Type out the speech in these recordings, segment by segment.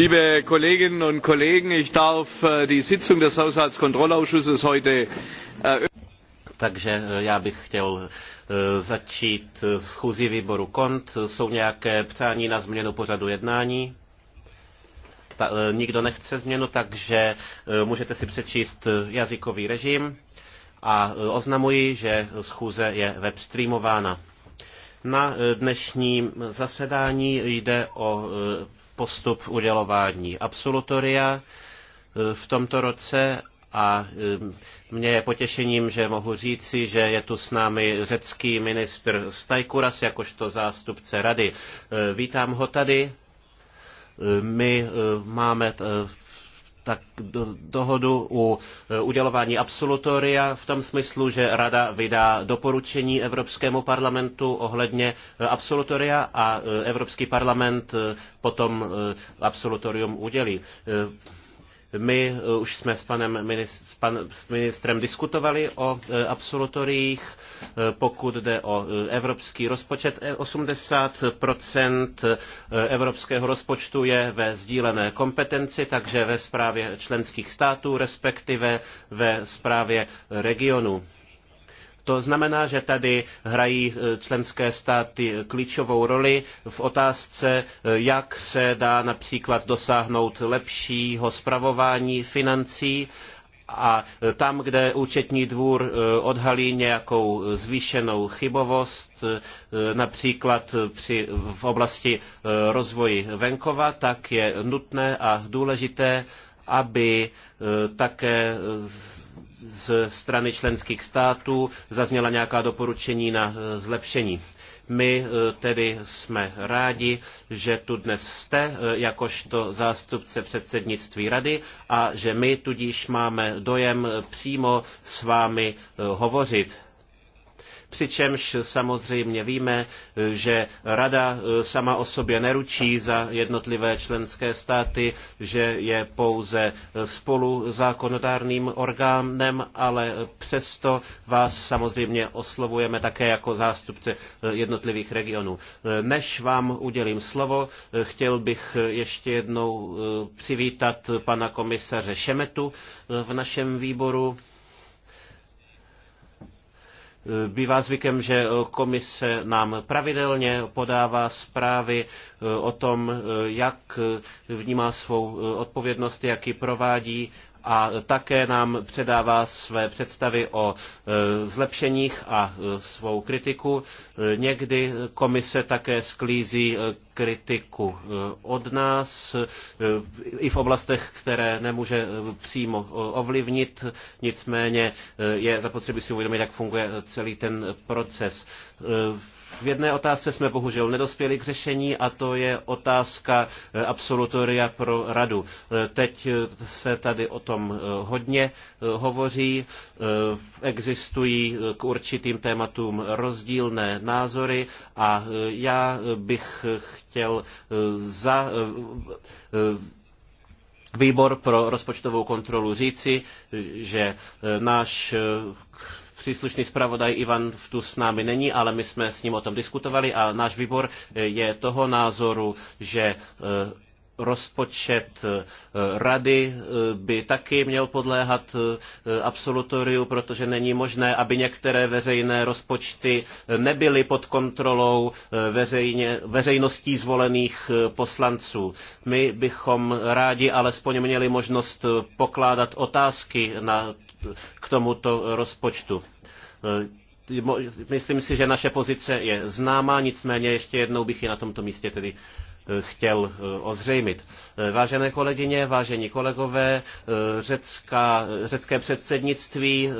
liebe kolleginnen und kollegen! ich darf äh, die sitzung des haushaltskontrollausschusses heute äh, takže äh, já bych chtěl začít schůzi výboru KONT. Jsou nějaké přání na změnu pořadu jednání? nikdo nechce změnu, takže můžete si přečíst jazykový režim a oznamuji, že schůze je webstreamována. Na dnešním zasedání jde o postup udělování absolutoria e, v tomto roce a e, mě je potěšením, že mohu říci, že je tu s námi řecký ministr Stajkuras jakožto zástupce rady. E, vítám ho tady. My máme tak do, dohodu u e, udělování absolutoria v tom smyslu, že Rada vydá doporučení Evropskému parlamentu ohledně e, absolutoria a e, Evropský parlament potom absolutorium udělí. My eh, už jsme s panem ministr, pan, s ministrem diskutovali o eh, absolutoriích, eh, pokud jde o evropský rozpočet. 80% evropského rozpočtu je ve sdílené kompetenci, takže ve správě členských států, respektive ve správě regionu. To znamená, že tady hrají e, členské státy e, klíčovou roli v otázce, e, jak se dá například dosáhnout lepšího zpravování financí a tam, kde účetní dvůr odhalí nějakou zvýšenou chybovost, například při, v oblasti rozvoji venkova, tak je nutné a důležité, aby také z strany členských států zazněla nějaká doporučení na e, zlepšení. My e, tedy jsme rádi, že tu dnes jste e, jakožto zástupce předsednictví rady a že my tudíž máme dojem přímo s vámi hovořit přičemž samozřejmě víme, že Rada eh, sama o sobě neručí za jednotlivé členské státy, že je pouze eh, spolu zákonodárným orgánem, ale přesto vás samozřejmě oslovujeme také jako zástupce eh, jednotlivých regionů. Než vám udělím slovo, chtěl bych ještě jednou přivítat pana komisaře Šemetu v našem výboru Bývá zvykem, že komise nám pravidelně podává zprávy eh, o tom, eh, jak eh, vnímá svou odpovědnost, jak ji provádí a také nám předává své představy o e, zlepšeních a e, svou kritiku. E, někdy komise také sklízí kritiku od nás i v oblastech, které nemůže přímo ovlivnit, nicméně je zapotřebí si uvědomit, jak funguje celý ten proces. V jedné otázce jsme bohužel nedospěli k řešení a to je otázka eh, absolutoria pro radu. Eh, teď eh, se tady o tom hodně hovoří, existují k určitým tématům rozdílné názory a já bych chtěl za výbor pro rozpočtovou kontrolu říci, že náš Příslušný zpravodaj Ivan v tu s námi není, ale my jsme s ním o tom diskutovali a náš výbor je toho názoru, že e, rozpočet e, rady e, by taky měl podléhat absolutoriu, protože není možné, aby některé veřejné rozpočty nebyly pod kontrolou veřejně, veřejností zvolených poslanců. My bychom rádi alespoň měli možnost pokládat otázky na k tomuto rozpočtu. E, myslím si, že naše pozice je známá, nicméně ještě jednou bych ji na tomto místě tedy e, chtěl e, ozřejmit. Vážené kolegyně, vážení kolegové, řecká, řecké předsednictví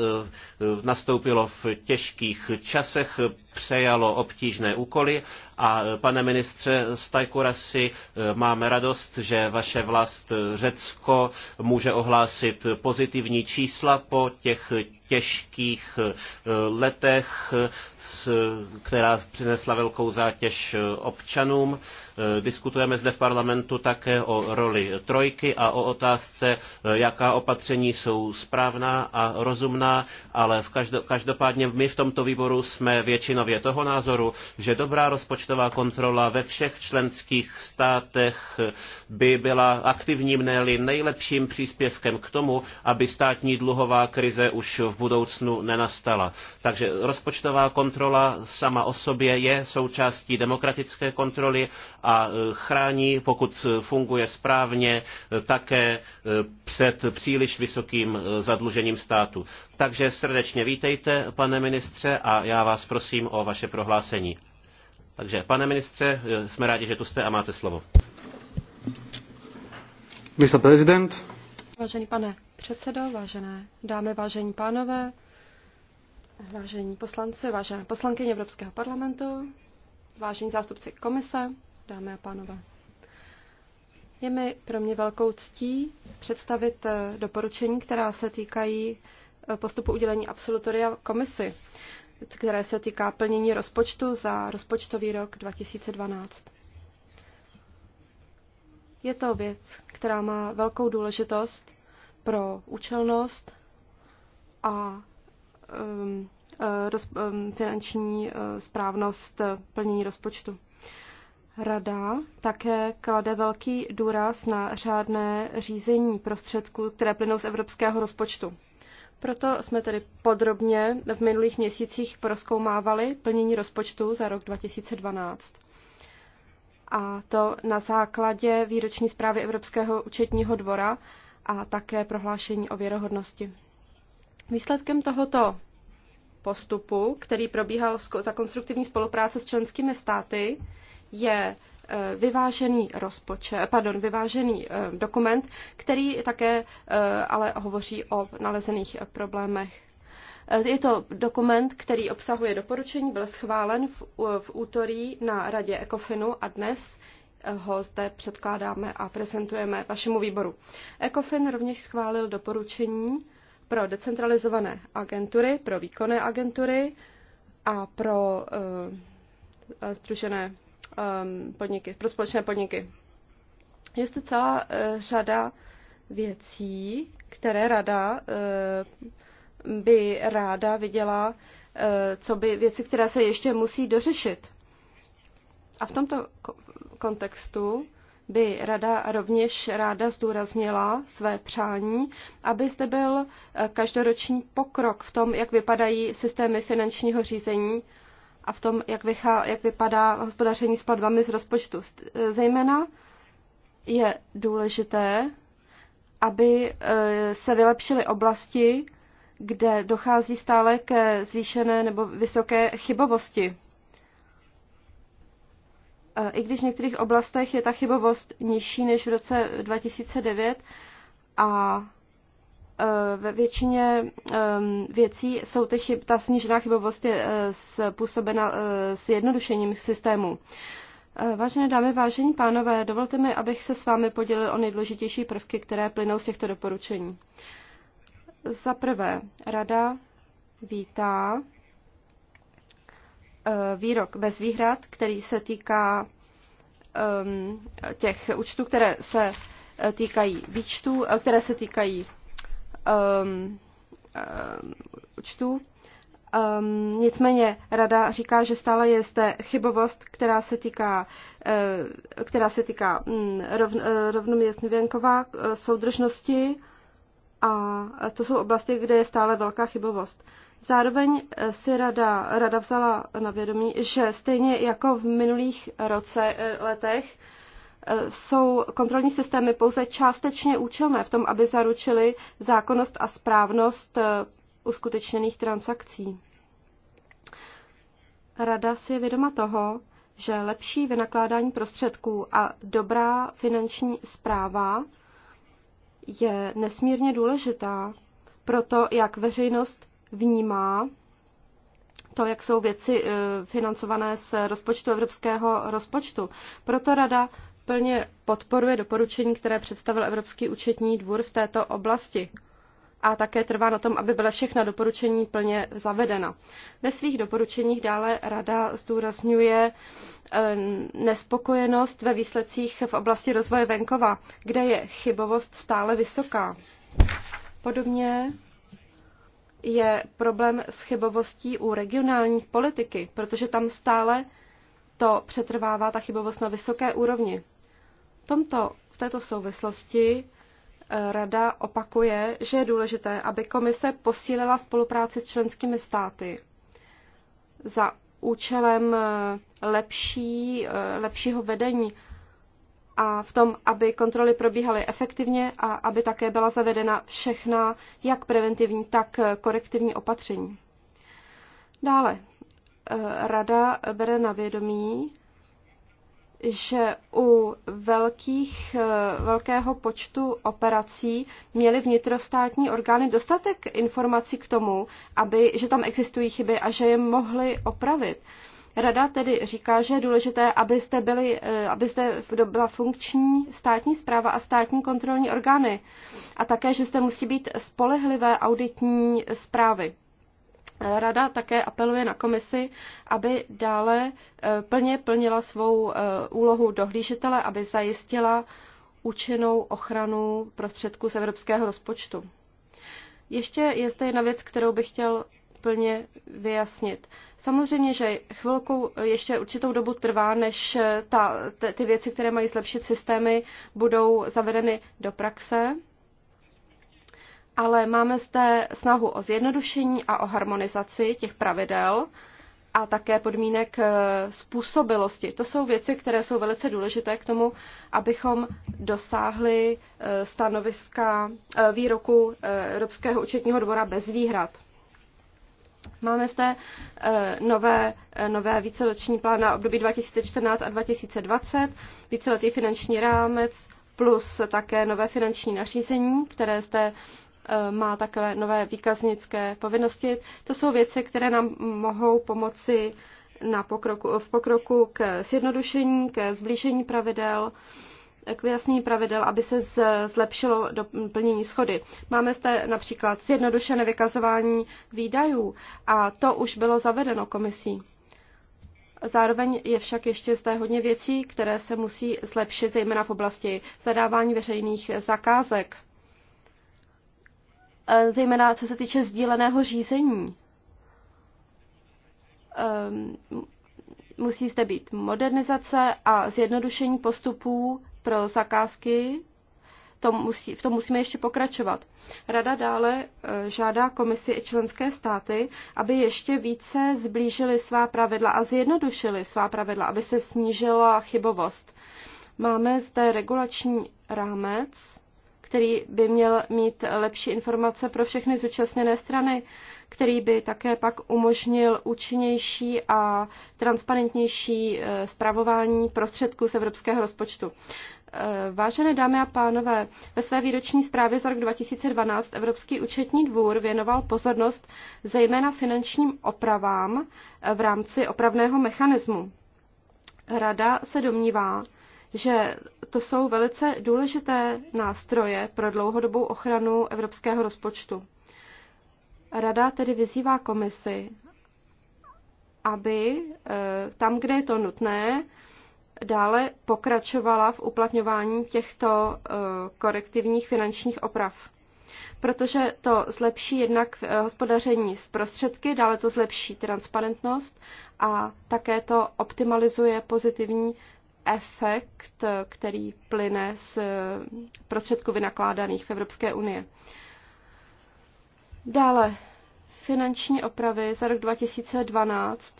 nastoupilo v těžkých časech přejalo obtížné úkoly a pane ministře Stajkurasi, e, máme radost, že vaše vlast Řecko může ohlásit pozitivní čísla po těch těžkých e, letech, která přinesla velkou zátěž občanům. E, diskutujeme zde v parlamentu také o roli trojky a o otázce, jaká opatření jsou správná a rozumná, ale v každopádně my v tomto výboru jsme většinově je toho názoru, že dobrá rozpočtová kontrola ve všech členských státech by byla aktivním, ne nejlepším příspěvkem k tomu, aby státní dluhová krize už v budoucnu nenastala. Takže rozpočtová kontrola sama o sobě je součástí demokratické kontroly a e, chrání, pokud funguje správně, také e, před příliš vysokým e, zadlužením státu. Takže srdečně vítejte, pane ministře, a já vás prosím o vaše prohlášení. Takže, pane ministře, jsme rádi, že tu jste a máte slovo. Mr. President. Vážený pane předsedo, vážené dámy, vážení pánové, vážení poslanci, vážené poslankyně Evropského parlamentu, vážení zástupci komise, dámy a pánové. Je mi pro mě velkou ctí představit doporučení, která se týkají postupu udělení absolutoria komisi, které se týká plnění rozpočtu za rozpočtový rok 2012. Je to věc, která má velkou důležitost pro účelnost a um, eh, roz, um, finanční uh, správnost plnění rozpočtu. Rada také klade velký důraz na řádné řízení prostředků, které plynou z evropského rozpočtu. Proto jsme tedy podrobně v minulých měsících proskoumávali plnění rozpočtu za rok 2012. A to na základě výroční zprávy Evropského účetního dvora a také prohlášení o věrohodnosti. Výsledkem tohoto postupu, který probíhal za konstruktivní spolupráce s členskými státy, je Eh, vyvážený rozpočet, pardon, vyvážený eh, dokument, který také eh, ale hovoří o nalezených problémech. Je to dokument, který obsahuje doporučení, byl schválen v, v útorí na radě Ekofinu a dnes ho zde předkládáme a prezentujeme vašemu výboru. Ecofin rovněž schválil doporučení pro decentralizované agentury, pro výkonné agentury a pro uh, združené Um, podniky, pro společné podniky. Je zde celá uh, řada věcí, které rada uh, by ráda viděla, uh, co by věci, které se ještě musí dořešit. A v tomto kontextu by rada rovněž ráda zdůraznila své přání, aby zde byl každoroční pokrok v tom, jak vypadají systémy finančního řízení a v tom, jak, vychá, jak vypadá hospodaření s platbami z rozpočtu. E, zejména je důležité, aby e, se vylepšily oblasti, kde dochází stále ke zvýšené nebo vysoké chybovosti. E, I když v některých oblastech je ta chybovost nižší než v roce 2009 a Eh, ve většině ehm, věcí jsou ty chyb, ta snížená chybovost je způsobena eh, eh, s jednodušením systému. Vážené dámy, vážení pánové, dovolte mi, abych se s vámi podělil o nejdůležitější prvky, které plynou z těchto doporučení. Za prvé, rada vítá výrok bez výhrad, který se týká ehm, těch účtů, které se týkají výčtů, které se týkají um, um, čtu. Um, nicméně rada říká, že stále je zde chybovost, která se týká, uh, která se týká um, rovn, uh, věnková uh, soudržnosti a to jsou oblasti, kde je stále velká chybovost. Zároveň si rada, rada vzala na vědomí, že stejně jako v minulých roce, eh, letech jsou kontrolní systémy pouze částečně účelné v tom, aby zaručili zákonnost a správnost eh, uskutečněných transakcí. Rada si je vědoma toho, že lepší vynakládání prostředků a dobrá finanční zpráva je nesmírně důležitá pro to, jak veřejnost vnímá to, jak jsou věci eh, financované z rozpočtu evropského rozpočtu. Proto rada plně podporuje doporučení, které představil Evropský účetní dvůr v této oblasti a také trvá na tom, aby byla všechna doporučení plně zavedena. Ve svých doporučeních dále Rada zdůrazňuje eh, nespokojenost ve výsledcích v oblasti rozvoje venkova, kde je chybovost stále vysoká. Podobně je problém s chybovostí u regionální politiky, protože tam stále to přetrvává ta chybovost na vysoké úrovni. V, tomto, v této souvislosti eh, Rada opakuje, že je důležité, aby komise posílila spolupráci s členskými státy za účelem eh, lepší, eh, lepšího vedení a v tom, aby kontroly probíhaly efektivně a aby také byla zavedena všechna, jak preventivní, tak korektivní opatření. Dále, rada bere na vědomí, že u velkých, velkého počtu operací měly vnitrostátní orgány dostatek informací k tomu, aby, že tam existují chyby a že je mohly opravit. Rada tedy říká, že je důležité, abyste byli, eh, abyste byla funkční státní zpráva a státní kontrolní orgány a také, že zde musí být spolehlivé auditní zprávy. Rada také apeluje na komisi, aby dále eh, plně plnila svou eh, úlohu dohlížitele, aby zajistila účinnou ochranu prostředků z evropského rozpočtu. Ještě je zde jedna věc, kterou bych chtěl plně vyjasnit. Samozřejmě, že chvilku eh, ještě určitou dobu trvá, než ta, ty věci, které mají zlepšit systémy, budou zavedeny do praxe ale máme zde snahu o zjednodušení a o harmonizaci těch pravidel a také podmínek eh, způsobilosti. To jsou věci, které jsou velice důležité k tomu, abychom dosáhli eh, stanoviska eh, výroku Evropského účetního dvora bez výhrad. Máme zde nové, nové víceroční plán na období 2014 a 2020, víceletý finanční rámec plus také nové finanční nařízení, které zde E, má takové nové výkaznické povinnosti. To jsou věci, které nám mohou pomoci na pokroku, v pokroku k zjednodušení, ke zblížení pravidel, k vyjasnění pravidel, aby se zlepšilo do plnění schody. Máme zde například zjednodušené vykazování výdajů a to už bylo zavedeno komisí. Zároveň je však ještě zde hodně věcí, které se musí zlepšit, zejména v oblasti zadávání veřejných zakázek zejména co se týče sdíleného řízení. Ehm, musí zde být modernizace a zjednodušení postupů pro zakázky. To musí, v tom musíme ještě pokračovat. Rada dále eh, žádá komisi i členské státy, aby ještě více zblížili svá pravidla a zjednodušili svá pravidla, aby se snížila chybovost. Máme zde regulační rámec, který by měl mít lepší informace pro všechny zúčastněné strany, který by také pak umožnil účinnější a transparentnější zpravování eh, prostředků z evropského rozpočtu. Eh, vážené dámy a pánové, ve své výroční zprávě za rok 2012 Evropský účetní dvůr věnoval pozornost zejména finančním opravám eh, v rámci opravného mechanismu. Rada se domnívá, že to jsou velice důležité nástroje pro dlouhodobou ochranu evropského rozpočtu. Rada tedy vyzývá komisi, aby e, tam, kde je to nutné, dále pokračovala v uplatňování těchto e, korektivních finančních oprav. Protože to zlepší jednak e, hospodaření s prostředky, dále to zlepší transparentnost a také to optimalizuje pozitivní efekt, který plyne z prostředků vynakládaných v Evropské unie. Dále, finanční opravy za rok 2012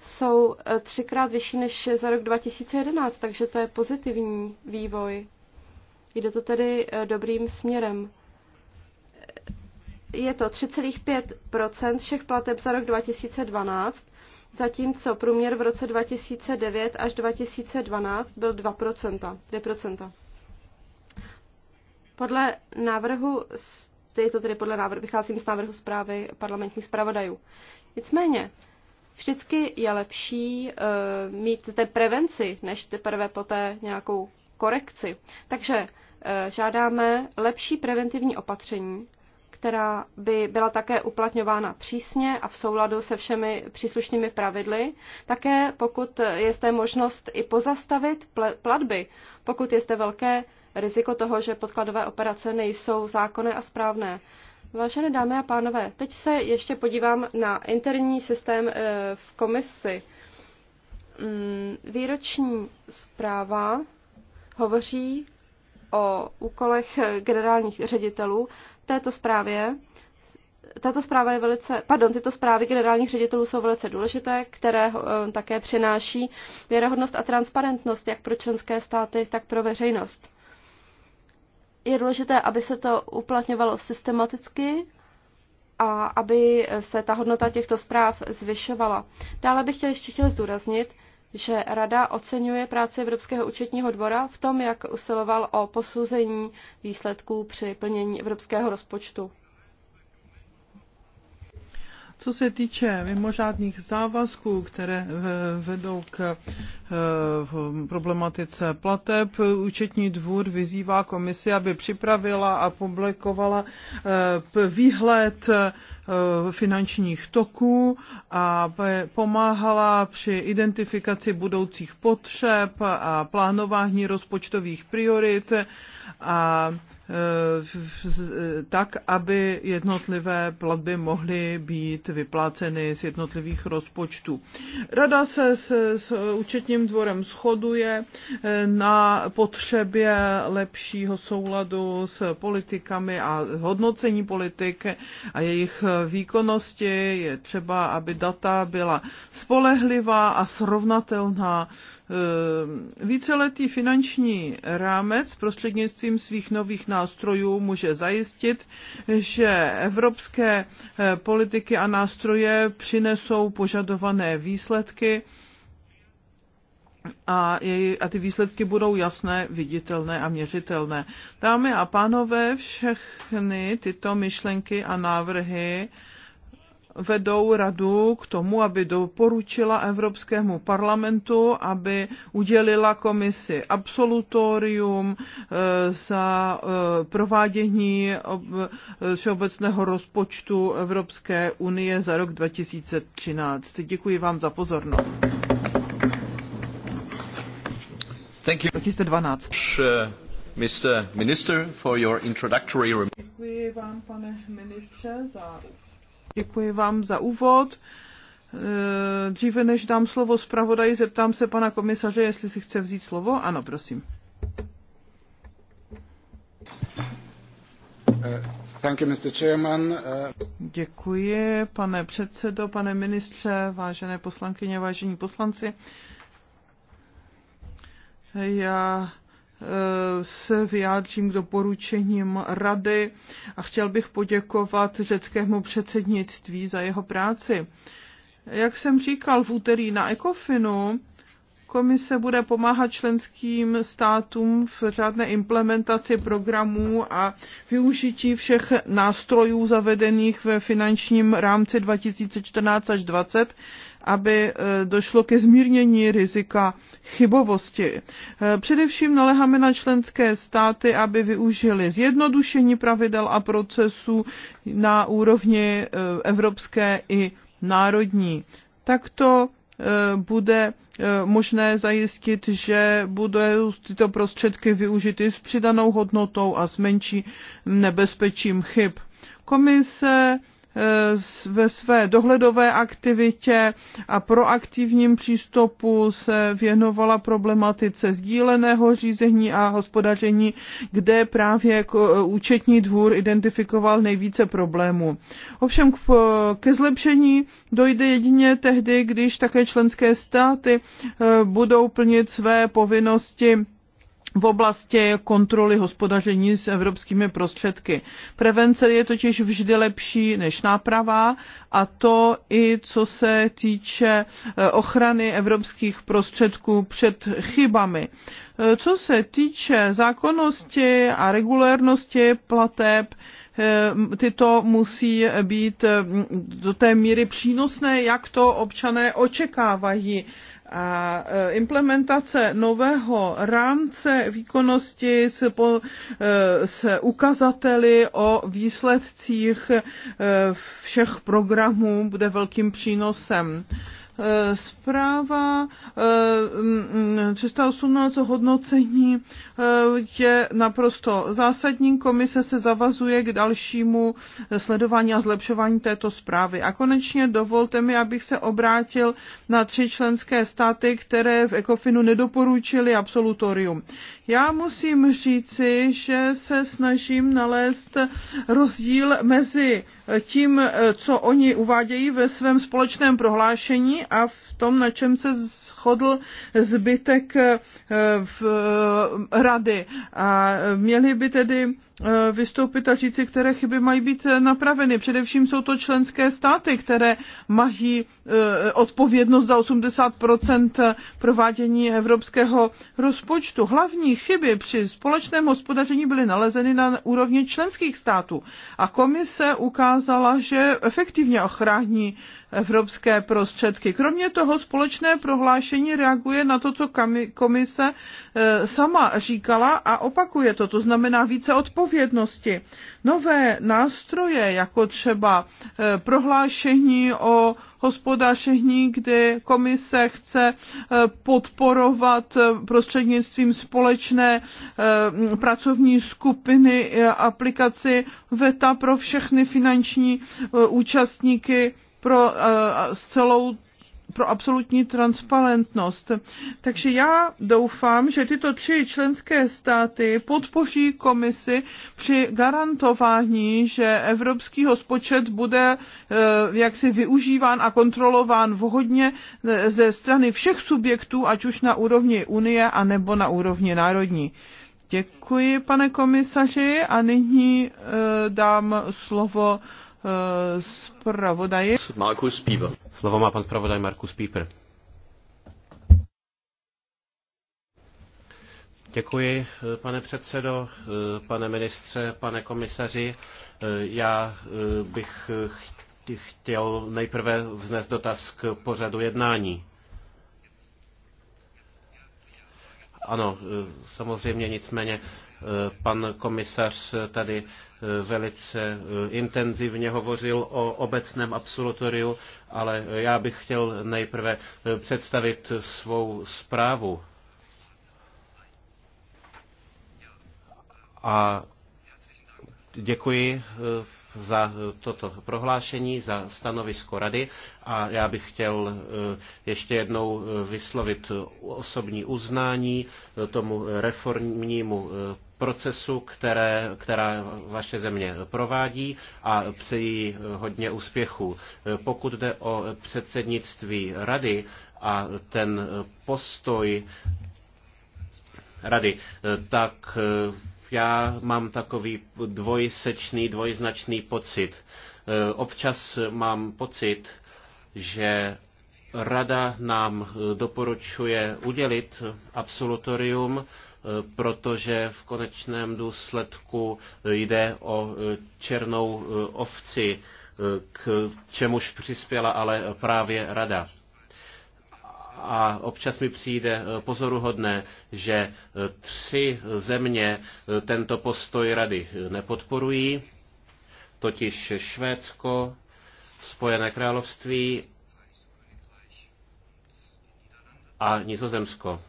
jsou eh, třikrát vyšší než za rok 2011, takže to je pozitivní vývoj. Jde to tedy eh, dobrým směrem. Je to 3,5 všech plateb za rok 2012 zatímco průměr v roce 2009 až 2012 byl 2%. 2%. Podle návrhu, je to tedy podle návrhu, vycházím z návrhu zprávy parlamentních zpravodajů. Nicméně, vždycky je lepší uh, mít té prevenci, než teprve poté nějakou korekci. Takže uh, žádáme lepší preventivní opatření, která by byla také uplatňována přísně a v souladu se všemi příslušnými pravidly. Také pokud je zde možnost i pozastavit platby, pokud je zde velké riziko toho, že podkladové operace nejsou zákonné a správné. Vážené dámy a pánové, teď se ještě podívám na interní systém eh, v komisi. Mm, výroční zpráva hovoří o úkolech generálních ředitelů této zprávě tato zpráva je velice, pardon, tyto zprávy generálních ředitelů jsou velice důležité, které eh, také přináší věrohodnost a transparentnost jak pro členské státy, tak pro veřejnost. Je důležité, aby se to uplatňovalo systematicky a aby se ta hodnota těchto zpráv zvyšovala. Dále bych chtěl ještě chtěl zdůraznit, že Rada oceňuje práci Evropského účetního dvora v tom, jak usiloval o posouzení výsledků při plnění evropského rozpočtu. Co se týče mimořádných závazků, které vedou k eh, problematice plateb, účetní dvůr vyzývá komisi, aby připravila a publikovala eh, výhled eh, finančních toků a pomáhala při identifikaci budoucích potřeb a plánování rozpočtových priorit a Eh, tak, aby jednotlivé platby mohly být vypláceny z jednotlivých rozpočtů. Rada se s, s účetním dvorem shoduje eh, na potřebě lepšího souladu s politikami a hodnocení politik a jejich výkonnosti. Je třeba, aby data byla spolehlivá a srovnatelná Eh, víceletý finanční rámec prostřednictvím svých nových nástrojů může zajistit, že evropské eh, politiky a nástroje přinesou požadované výsledky a, jej, a ty výsledky budou jasné, viditelné a měřitelné. Dámy a pánové, všechny tyto myšlenky a návrhy vedou radu k tomu, aby doporučila Evropskému parlamentu, aby udělila komisi absolutorium eh, za eh, provádění eh, všeobecného rozpočtu Evropské unie za rok 2013. Děkuji vám za pozornost. Thank you. 2012. Mr. Uh, Minister, for your introductory Děkuji vám, pane ministře, za Děkuji vám za úvod. E, dříve než dám slovo zpravodaji, zeptám se pana komisaře, jestli si chce vzít slovo. Ano, prosím. E, thank you, Mr. Chairman. E, Děkuji, pane předsedo, pane ministře, vážené poslankyně, vážení poslanci. Já Eh, se vyjádřím k doporučením rady a chtěl bych poděkovat řeckému předsednictví za jeho práci. Jak jsem říkal v úterý na Ekofinu, Komise bude pomáhat členským státům v řádné implementaci programů a využití všech nástrojů zavedených ve finančním rámci 2014 až 2020 aby eh, došlo ke zmírnění rizika chybovosti. Eh, především naléháme na členské státy, aby využili zjednodušení pravidel a procesů na úrovni eh, evropské i národní. Takto bude možné zajistit, že budou tyto prostředky využity s přidanou hodnotou a s menší nebezpečím chyb. Komise Eh, ve své dohledové aktivitě a proaktivním přístupu se věnovala problematice sdíleného řízení a hospodaření, kde právě eh, účetní dvůr identifikoval nejvíce problémů. Ovšem eh, ke zlepšení dojde jedině tehdy, když také členské státy budou plnit své povinnosti v oblasti kontroly hospodaření s evropskými prostředky. Prevence je totiž vždy lepší než náprava a to i co se týče eh, ochrany evropských prostředků před chybami. Eh, co se týče zákonnosti a regulérnosti plateb, eh, tyto musí být mm, do té míry přínosné, jak to občané očekávají. A e, implementace nového rámce výkonnosti s, po, e, s ukazateli o výsledcích e, všech programů bude velkým přínosem. Eh, zpráva eh, mm, mm, 318 hodnocení eh, je naprosto zásadní. Komise se zavazuje k dalšímu sledování a zlepšování této zprávy. A konečně dovolte mi, abych se obrátil na tři členské státy, které v ECOFINu nedoporučili absolutorium. Já musím říci, že se snažím nalézt rozdíl mezi tím, eh, co oni uvádějí ve svém společném prohlášení a v tom, na čem se shodl zbytek eh, v eh, rady. A měli by tedy vystoupit a říci, které chyby mají být napraveny. Především jsou to členské státy, které mají odpovědnost za 80 provádění evropského rozpočtu. Hlavní chyby při společném hospodaření byly nalezeny na úrovni členských států. A komise ukázala, ukázala, že efektivně ochrání evropské prostředky. Kromě toho společné prohlášení reaguje na to, co komise e, sama říkala a opakuje to, to znamená více odpovědnosti. Nové nástroje, jako třeba e, prohlášení o hospodaření, kdy komise chce e, podporovat prostřednictvím společné pracovní skupiny aplikaci VETA pro všechny finanční účastníky pro eh, celou pro absolutní transparentnost. Takže já doufám, že tyto tři členské státy podpoří komisi při garantování, že evropský hospočet bude eh, jaksi využíván a kontrolován vhodně eh, ze strany všech subjektů, ať už na úrovni Unie, anebo na úrovni národní. Děkuji, pane komisaři, a nyní dám slovo Eh, zpravodaji. Markus Pieper. Slovo má pan zpravodaj Markus Pieper. Děkuji, eh, pane předsedo, eh, pane ministře, pane komisaři. Já bych chtěl nejprve vznést dotaz k pořadu jednání. Ano, samozřejmě nicméně Pan komisař tady eh, velice eh, intenzivně hovořil o obecném absolutoriu, ale já bych chtěl nejprve eh, představit svou zprávu. A děkuji za toto prohlášení, za stanovisko rady a já bych chtěl ještě jednou vyslovit osobní uznání tomu reformnímu procesu, které, která vaše země provádí a přeji hodně úspěchů. Pokud jde o předsednictví rady a ten postoj rady, tak eh, já mám takový dvojsečný, dvojznačný pocit. Eh, občas mám pocit, že rada nám eh, doporučuje udělit absolutorium, protože v konečném důsledku jde o e, černou e, ovci, e, k čemuž přispěla ale právě rada. A občas mi přijde pozoruhodné, že tři země tento postoj rady nepodporují, totiž Švédsko, Spojené království a Nizozemsko.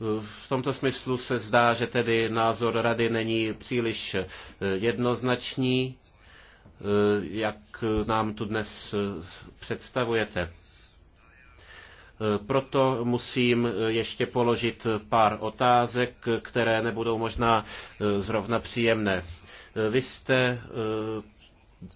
V tomto smyslu se zdá, že tedy názor rady není příliš eh, jednoznačný, eh, jak nám tu dnes eh, představujete. Proto musím ještě položit pár otázek, které nebudou možná zrovna příjemné. Vy jste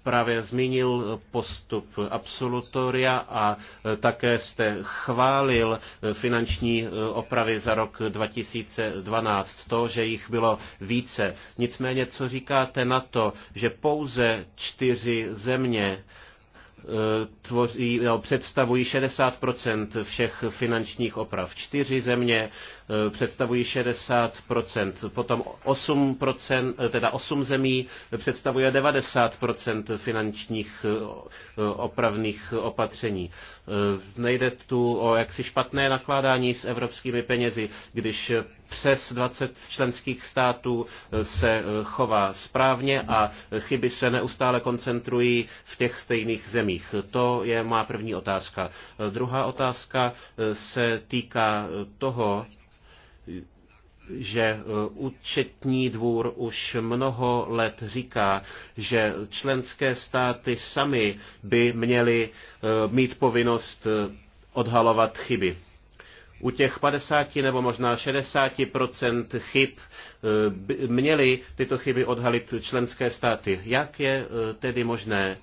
právě zmínil postup absolutoria a e, také jste chválil e, finanční e, opravy za rok 2012, to, že jich bylo více. Nicméně, co říkáte na to, že pouze čtyři země tvoří, no, představují 60 všech finančních oprav. Čtyři země Eh, představují 60%, potom 8%, eh, teda 8 zemí představuje 90% finančních eh, opravných opatření. Nejde tu o jaksi špatné nakládání s evropskými penězi, když přes 20 členských států se chová správně a chyby se neustále koncentrují v těch stejných zemích. To je má první otázka. Druhá otázka se týká toho, že e, účetní dvůr už mnoho let říká, že členské státy sami by měly e, mít povinnost e, odhalovat chyby. U těch 50 nebo možná 60 chyb měly tyto chyby odhalit členské státy. Jak je tedy možné,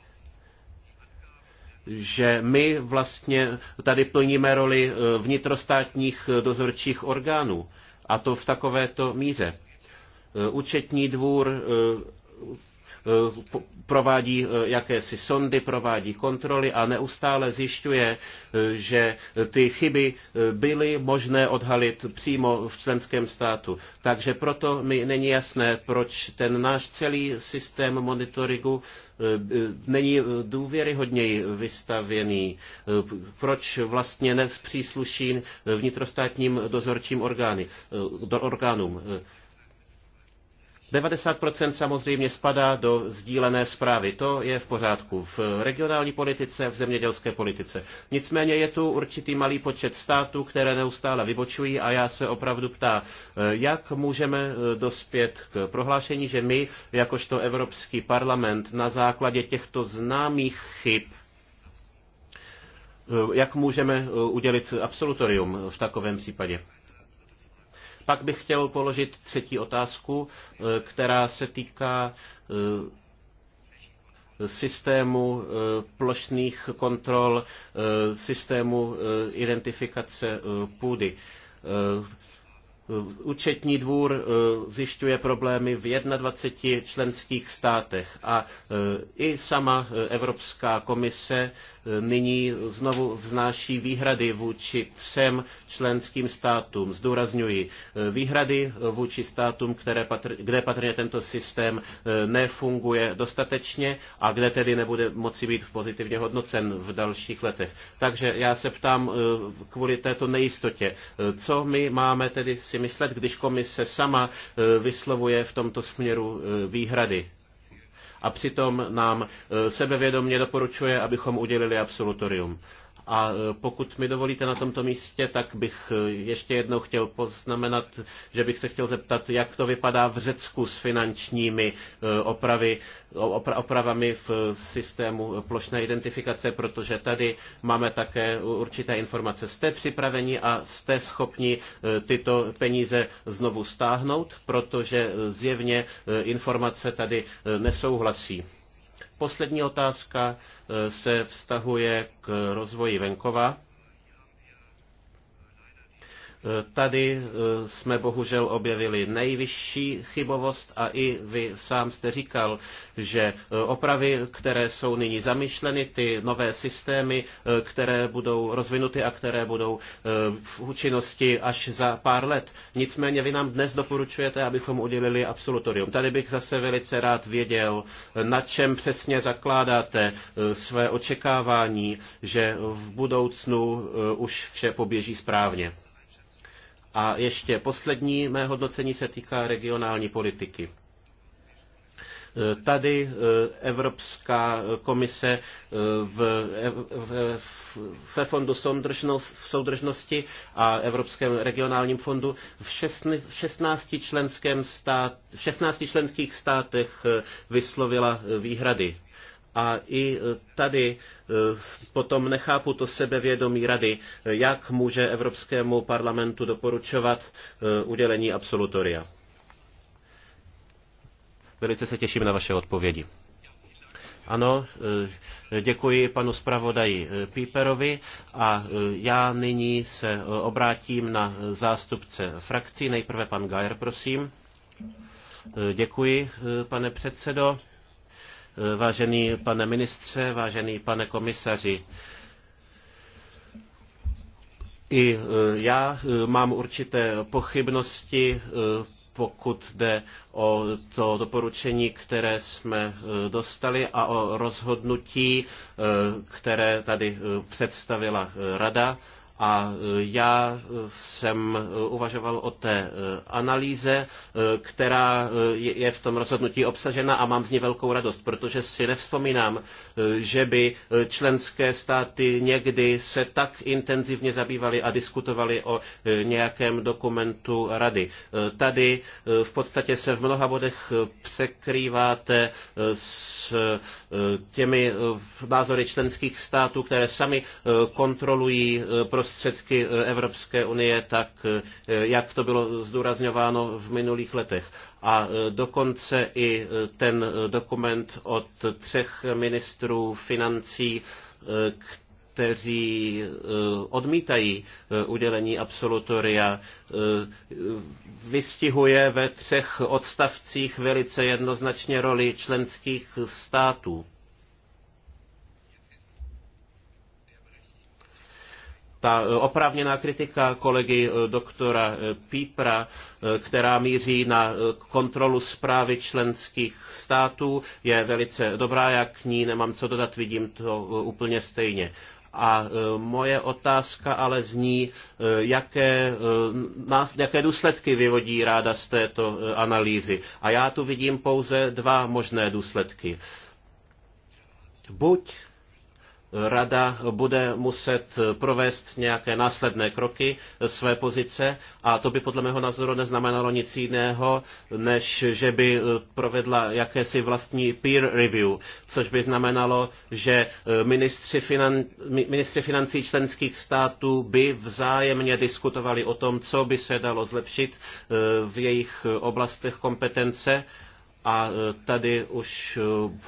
že my vlastně tady plníme roli eh, vnitrostátních eh, dozorčích orgánů. A to v takovéto míře. Eh, účetní dvůr Eh, provádí eh, jakési sondy, provádí kontroly a neustále zjišťuje, eh, že ty chyby byly možné odhalit přímo v členském státu. Takže proto mi není jasné, proč ten náš celý systém monitoringu není důvěryhodněji vystavěný. Proč vlastně nepřísluší vnitrostátním dozorčím orgány, orgánům? 90% samozřejmě spadá do sdílené zprávy. To je v pořádku v regionální politice, v zemědělské politice. Nicméně je tu určitý malý počet států, které neustále vybočují a já se opravdu ptá, jak můžeme eh, dospět k prohlášení, že my, jakožto Evropský parlament, na základě těchto známých chyb eh, jak můžeme eh, udělit absolutorium v takovém případě? Pak bych chtěl položit třetí otázku, e, která se týká e, systému e, plošných kontrol, systému identifikace půdy. Účetní dvůr zjišťuje problémy v 21 členských státech a i sama Evropská komise nyní znovu vznáší výhrady vůči třem členským státům. Zdůrazňuji, eh, výhrady vůči státům, které patr, kde patrně tento systém eh, nefunguje dostatečně a kde tedy nebude moci být pozitivně hodnocen v dalších letech. Takže já se ptám eh, kvůli této nejistotě, co my máme tedy si myslet, když komise sama vyslovuje v tomto směru výhrady? a přitom nám eh, sebevědomně doporučuje, abychom udělili absolutorium. A e, pokud mi dovolíte na tomto místě, tak bych e, ještě jednou chtěl poznamenat, že bych se chtěl zeptat, jak to vypadá v Řecku s finančními e, opravy, opra, opravami v systému plošné identifikace, protože tady máme také určité informace. Jste připraveni a jste schopni tyto peníze znovu stáhnout, protože zjevně informace tady nesouhlasí. Poslední otázka eh, se vztahuje k rozvoji venkova. Tady eh, jsme bohužel objevili nejvyšší chybovost a i vy sám jste říkal, že eh, opravy, které jsou nyní zamýšleny, ty nové systémy, eh, které budou rozvinuty a které budou v účinnosti až za pár let. Nicméně vy nám dnes doporučujete, abychom udělili absolutorium. Tady bych zase velice rád věděl, na čem přesně zakládáte své očekávání, že v budoucnu už vše poběží správně. A ještě poslední mé hodnocení se týká regionální politiky. Tady eh, Evropská komise eh, v, eh, v, v, ve fondu soudržnosti a Evropském regionálním fondu v 16, členském stát, 16 členských státech vyslovila výhrady a i e, tady e, potom nechápu to sebevědomí rady, e, jak může Evropskému parlamentu doporučovat udělení absolutoria. Velice se těším na vaše odpovědi. Ano, děkuji panu zpravodaji Píperovi a já nyní se obrátím na zástupce frakcí. Nejprve pan Gajer, prosím. Děkuji, pane předsedo. Vážený pane ministře, vážený pane komisaři, i e, já e, mám určité pochybnosti, e, pokud jde o to doporučení, které jsme dostali a o rozhodnutí, které tady představila Rada a e, já jsem e, uvažoval o té e, analýze, která je v tom rozhodnutí obsažena a mám z ní velkou radost, protože si nevzpomínám, že by členské státy někdy se tak intenzivně zabývaly a diskutovaly o nějakém dokumentu rady. Tady v podstatě se v mnoha bodech překrýváte s těmi názory členských států, které sami kontrolují prostředí prostředky eh, Evropské unie, tak eh, jak to bylo zdůrazňováno v minulých letech. A eh, dokonce i ten dokument od třech ministrů financí, kteří odmítají udělení absolutoria, vystihuje ve třech odstavcích velice jednoznačně roli členských států Ta e, oprávněná kritika kolegy e, doktora e, Pípra, která míří na kontrolu zprávy členských států, je velice dobrá, jak k ní nemám co dodat, vidím to úplně stejně. A moje otázka ale zní, jaké, nás, jaké důsledky vyvodí ráda z této analýzy. A já tu vidím pouze dva možné důsledky. Buď Rada bude muset provést nějaké následné kroky své pozice a to by podle mého názoru neznamenalo nic jiného, než že by provedla jakési vlastní peer review, což by znamenalo, že ministři, finan, ministři financí členských států by vzájemně diskutovali o tom, co by se dalo zlepšit eh, v jejich oblastech kompetence a eh, tady už eh,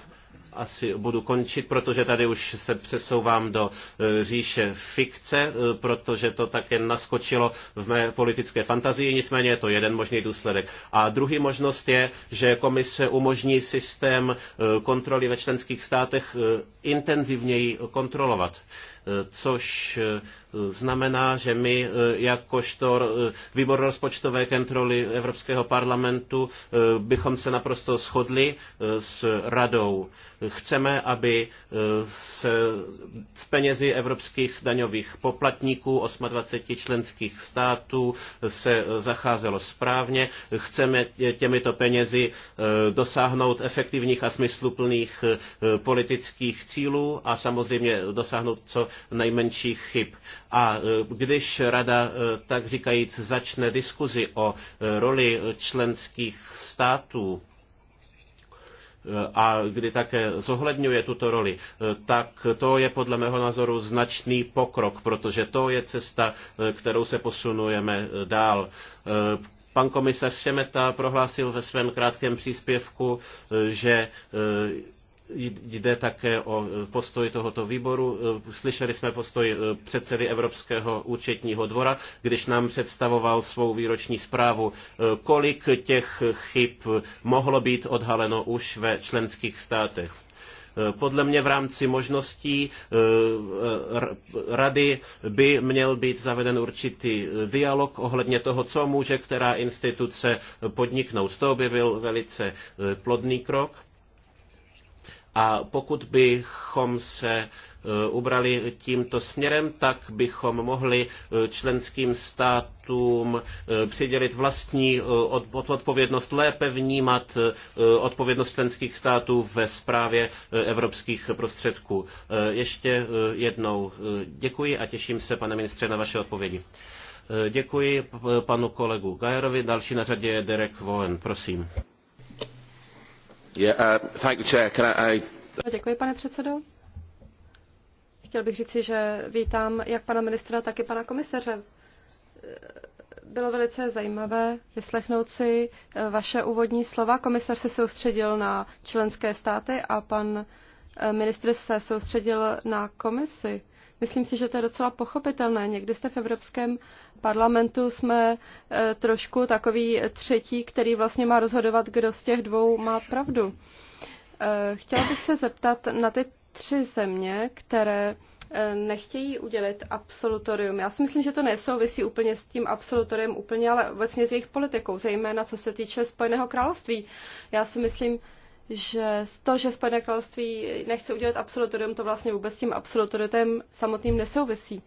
asi budu končit, protože tady už se přesouvám do eh, říše fikce, eh, protože to také naskočilo v mé politické fantazii, nicméně je to jeden možný důsledek. A druhý možnost je, že komise umožní systém eh, kontroly ve členských státech intenzivněji kontrolovat což znamená, že my jakožto výbor rozpočtové kontroly Evropského parlamentu bychom se naprosto shodli s radou, Chceme, aby e, se z penězi evropských daňových poplatníků 28 členských států se e, zacházelo správně. Chceme těmito penězi e, dosáhnout efektivních a smysluplných politických cílů a samozřejmě dosáhnout co nejmenších chyb. A když rada, tak říkajíc, začne diskuzi o roli členských států, a kdy také zohledňuje tuto roli, tak to je podle mého názoru značný pokrok, protože to je cesta, kterou se posunujeme dál. Pan komisař Šemeta prohlásil ve svém krátkém příspěvku, že Jde také o e, postoj tohoto výboru. E, slyšeli jsme postoj e, předsedy Evropského účetního dvora, když nám představoval svou výroční zprávu, kolik těch chyb mohlo být odhaleno už ve členských státech. Podle mě v rámci možností rady by měl být zaveden určitý dialog ohledně toho, co může která instituce podniknout. To by byl velice plodný krok. A pokud bychom se e, ubrali tímto směrem, tak bychom mohli e, členským státům e, přidělit vlastní odpovědnost, lépe vnímat odpovědnost členských států ve zprávě evropských prostředků. Ještě jednou děkuji a těším se, pane ministře, na vaše odpovědi. Děkuji panu kolegu Gajerovi. Další na řadě je Derek Vohen. Prosím. Uh, no, děkuji, pane předsedo. Chtěl bych říci, že vítám jak pana ministra, tak i pana komisaře. Bylo velice zajímavé vyslechnout si eh, vaše úvodní slova. Komisař se soustředil na členské státy a pan eh, ministr se soustředil na komisi. Myslím si, že to je docela pochopitelné. Někdy jste v Evropském parlamentu jsme e, trošku takový třetí, který vlastně má rozhodovat, kdo z těch dvou má pravdu. E, chtěla bych se zeptat na ty tři země, které e, nechtějí udělit absolutorium. Já si myslím, že to nesouvisí úplně s tím absolutorium úplně, ale obecně s jejich politikou, zejména co se týče Spojeného království. Já si myslím, že to, že Spojené království nechce udělat absolutorium, to vlastně vůbec s tím absolutoritem samotným nesouvisí.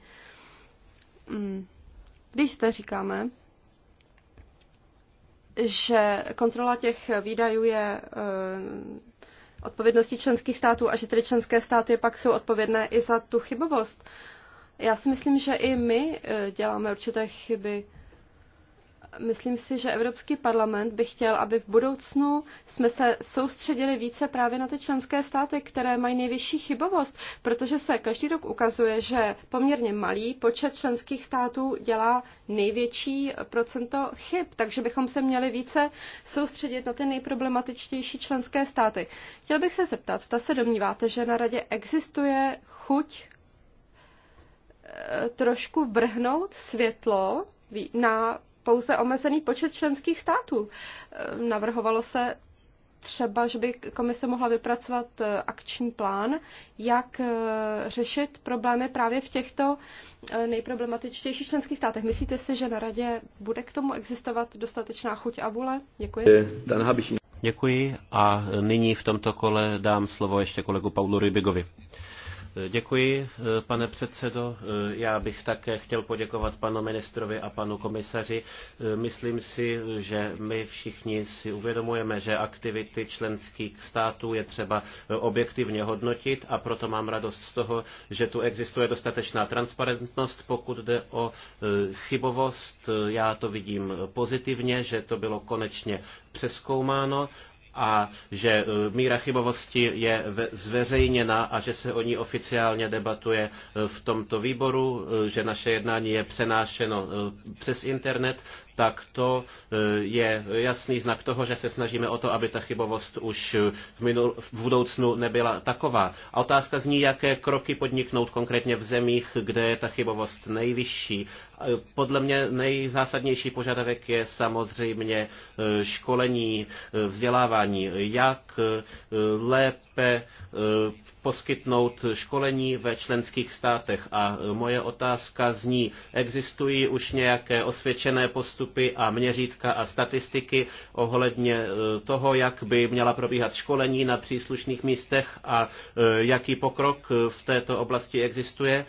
Mm. Když to říkáme, že kontrola těch výdajů je eh, odpovědností členských států a že tedy členské státy pak jsou odpovědné i za tu chybovost. Já si myslím, že i my eh, děláme určité chyby myslím si, že Evropský parlament by chtěl, aby v budoucnu jsme se soustředili více právě na ty členské státy, které mají nejvyšší chybovost, protože se každý rok ukazuje, že poměrně malý počet členských států dělá největší procento chyb, takže bychom se měli více soustředit na ty nejproblematičtější členské státy. Chtěl bych se zeptat, ta se domníváte, že na radě existuje chuť eh, trošku vrhnout světlo na pouze omezený počet členských států. Eh, navrhovalo se třeba, že by komise mohla vypracovat eh, akční plán, jak eh, řešit problémy právě v těchto nejproblematičtějších členských státech. Myslíte si, že na radě bude k tomu existovat dostatečná chuť a vůle? Děkuji. Děkuji a nyní v tomto kole dám slovo ještě kolegu Paulu Rybigovi. Eh, děkuji, eh, pane předsedo. Eh, já bych také chtěl poděkovat panu ministrovi a panu komisaři. Myslím si, že my všichni si uvědomujeme, že aktivity členských států je třeba objektivně hodnotit a proto mám radost z toho, že tu existuje dostatečná transparentnost, pokud jde o chybovost. Já to vidím pozitivně, že to bylo konečně přeskoumáno a že e, míra chybovosti je zveřejněna a že se o ní oficiálně debatuje e, v tomto výboru, e, že naše jednání je přenášeno přes internet, tak to eh, je jasný znak toho, že se snažíme o to, aby ta chybovost už eh, v, minul, v budoucnu nebyla taková. A otázka zní, jaké kroky podniknout konkrétně v zemích, kde je ta chybovost nejvyšší. Eh, podle mě nejzásadnější požadavek je samozřejmě školení, vzdělávání, jak lépe poskytnout školení ve členských státech. A moje otázka zní, existují už nějaké osvědčené postupy, postupy a měřítka a statistiky ohledně e, toho, jak by měla probíhat školení na příslušných místech a e, jaký pokrok e, v této oblasti existuje.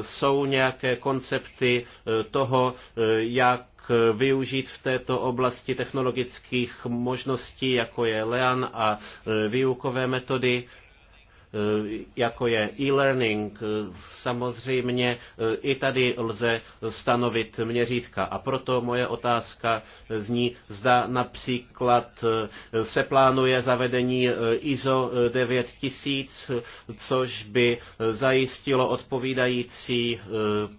Jsou nějaké koncepty toho, jak využít v této oblasti technologických možností, jako je LEAN a výukové metody Eh, jako je e-learning, eh, samozřejmě eh, i tady lze stanovit měřítka. A proto moje otázka zní, zda například se plánuje zavedení ISO 9000, což by zajistilo odpovídající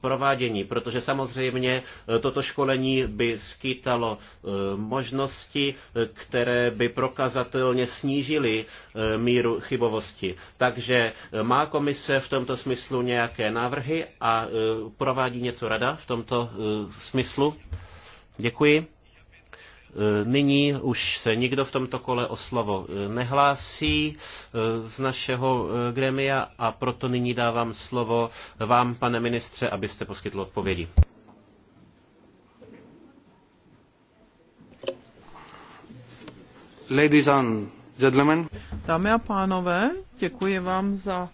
provádění, protože samozřejmě toto školení by skýtalo možnosti, které by prokazatelně snížily míru chybovosti. Takže e, má komise v tomto smyslu nějaké návrhy a e, provádí něco rada v tomto e, smyslu? Děkuji. Nyní už se nikdo v tomto kole o slovo nehlásí z našeho gremia a proto nyní dávám slovo vám, pane ministře, abyste poskytl odpovědi. Ladies and gentlemen. Dámy a pánové, děkuji vám za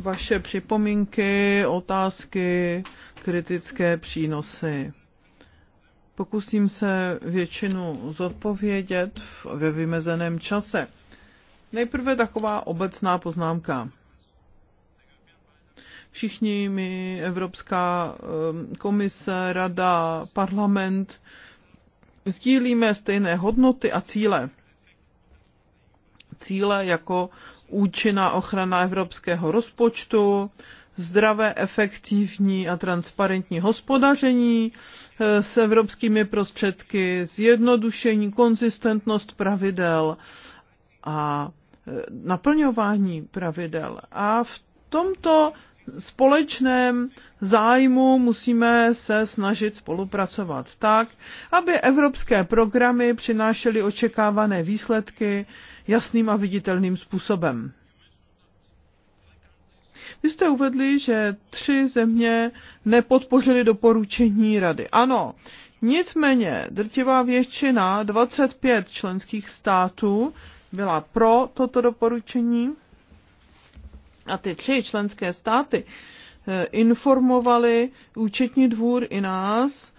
vaše připomínky, otázky, kritické přínosy. Pokusím se většinu zodpovědět ve vymezeném čase. Nejprve taková obecná poznámka. Všichni mi Evropská um, komise, rada, parlament sdílíme stejné hodnoty a cíle cíle jako účinná ochrana evropského rozpočtu, zdravé, efektivní a transparentní hospodaření eh, s evropskými prostředky, zjednodušení, konzistentnost pravidel a eh, naplňování pravidel. A v tomto společném zájmu musíme se snažit spolupracovat tak, aby evropské programy přinášely očekávané výsledky jasným a viditelným způsobem. Vy jste uvedli, že tři země nepodpořily doporučení rady. Ano, nicméně drtivá většina, 25 členských států, byla pro toto doporučení a ty tři členské státy eh, informovali účetní dvůr i nás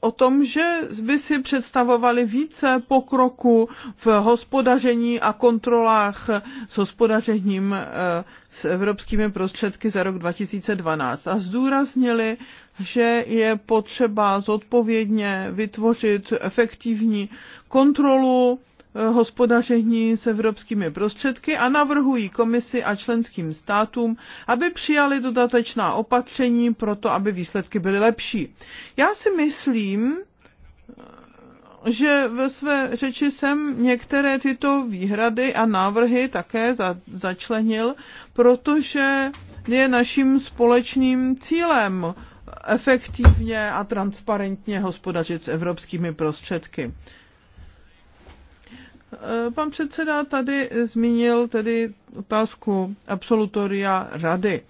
o tom, že by si představovali více pokroku v hospodaření a kontrolách s hospodařením eh, s evropskými prostředky za rok 2012 a zdůraznili, že je potřeba zodpovědně vytvořit efektivní kontrolu hospodaření s evropskými prostředky a navrhují komisi a členským státům, aby přijali dodatečná opatření pro to, aby výsledky byly lepší. Já si myslím, že ve své řeči jsem některé tyto výhrady a návrhy také za, začlenil, protože je naším společným cílem efektivně a transparentně hospodařit s evropskými prostředky. Eh, pan předseda tady zmínil tedy otázku absolutoria rady.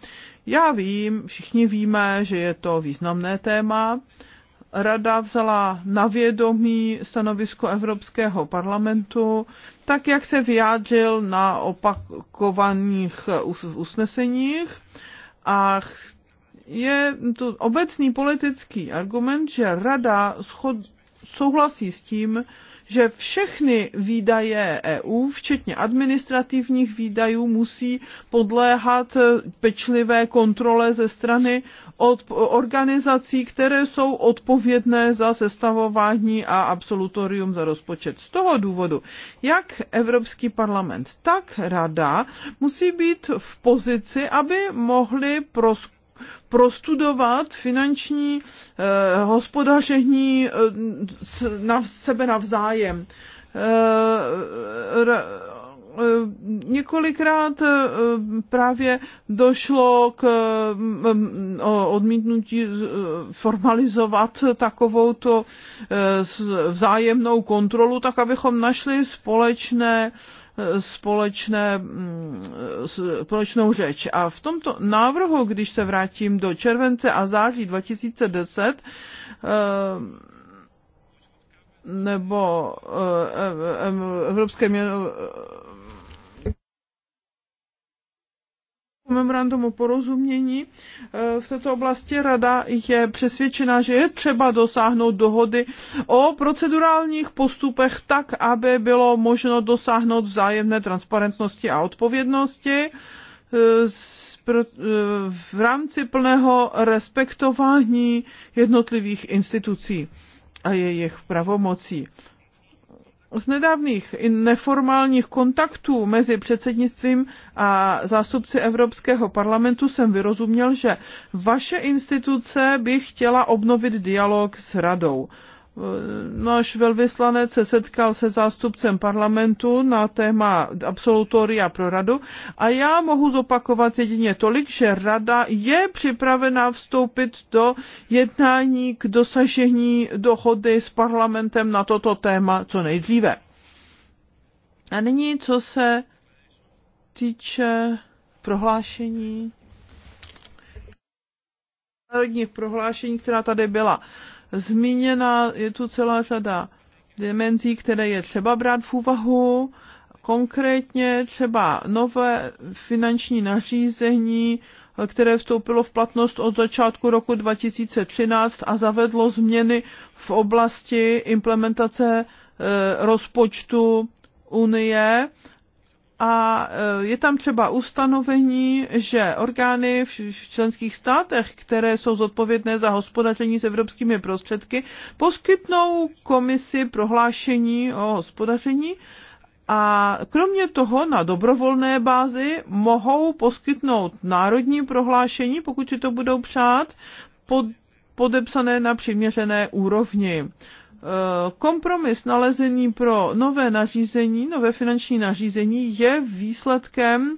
Já vím, všichni víme, že je to významné téma. Rada vzala na vědomí stanovisko Evropského parlamentu, tak jak se vyjádřil na opakovaných usneseních a je to obecný politický argument, že rada souhlasí s tím, že všechny výdaje EU, včetně administrativních výdajů, musí podléhat pečlivé kontrole ze strany od organizací, které jsou odpovědné za sestavování a absolutorium za rozpočet. Z toho důvodu, jak Evropský parlament, tak Rada musí být v pozici, aby mohli proskoumat prostudovat finanční eh, hospodaření eh, na sebe navzájem. Eh, ra, eh, několikrát eh, právě došlo k eh, odmítnutí formalizovat takovou to vzájemnou kontrolu, tak abychom našli společné společné, mm, společnou řeč. A v tomto návrhu, když se vrátím do července a září 2010, eh, nebo eh, eh, Evropské měnové memorandum o porozumění eh, v této oblasti. Rada je přesvědčena, že je třeba dosáhnout dohody o procedurálních postupech tak, aby bylo možno dosáhnout vzájemné transparentnosti a odpovědnosti eh, eh, v rámci plného respektování jednotlivých institucí a jejich pravomocí z nedávných neformálních kontaktů mezi předsednictvím a zástupci Evropského parlamentu jsem vyrozuměl, že vaše instituce by chtěla obnovit dialog s radou. Náš velvyslanec se setkal se zástupcem parlamentu na téma absolutoria pro radu a já mohu zopakovat jedině tolik, že rada je připravená vstoupit do jednání k dosažení dohody s parlamentem na toto téma co nejdříve. A nyní, co se týče prohlášení národních prohlášení, která tady byla zmíněna, je tu celá řada dimenzí, které je třeba brát v úvahu, konkrétně třeba nové finanční nařízení, které vstoupilo v platnost od začátku roku 2013 a zavedlo změny v oblasti implementace eh, rozpočtu Unie a e, je tam třeba ustanovení, že orgány v členských státech, které jsou zodpovědné za hospodaření s evropskými prostředky, poskytnou komisi prohlášení o hospodaření a kromě toho na dobrovolné bázi mohou poskytnout národní prohlášení, pokud si to budou přát, pod, podepsané na přiměřené úrovni. Eh, kompromis nalezený pro nové nařízení, nové finanční nařízení je výsledkem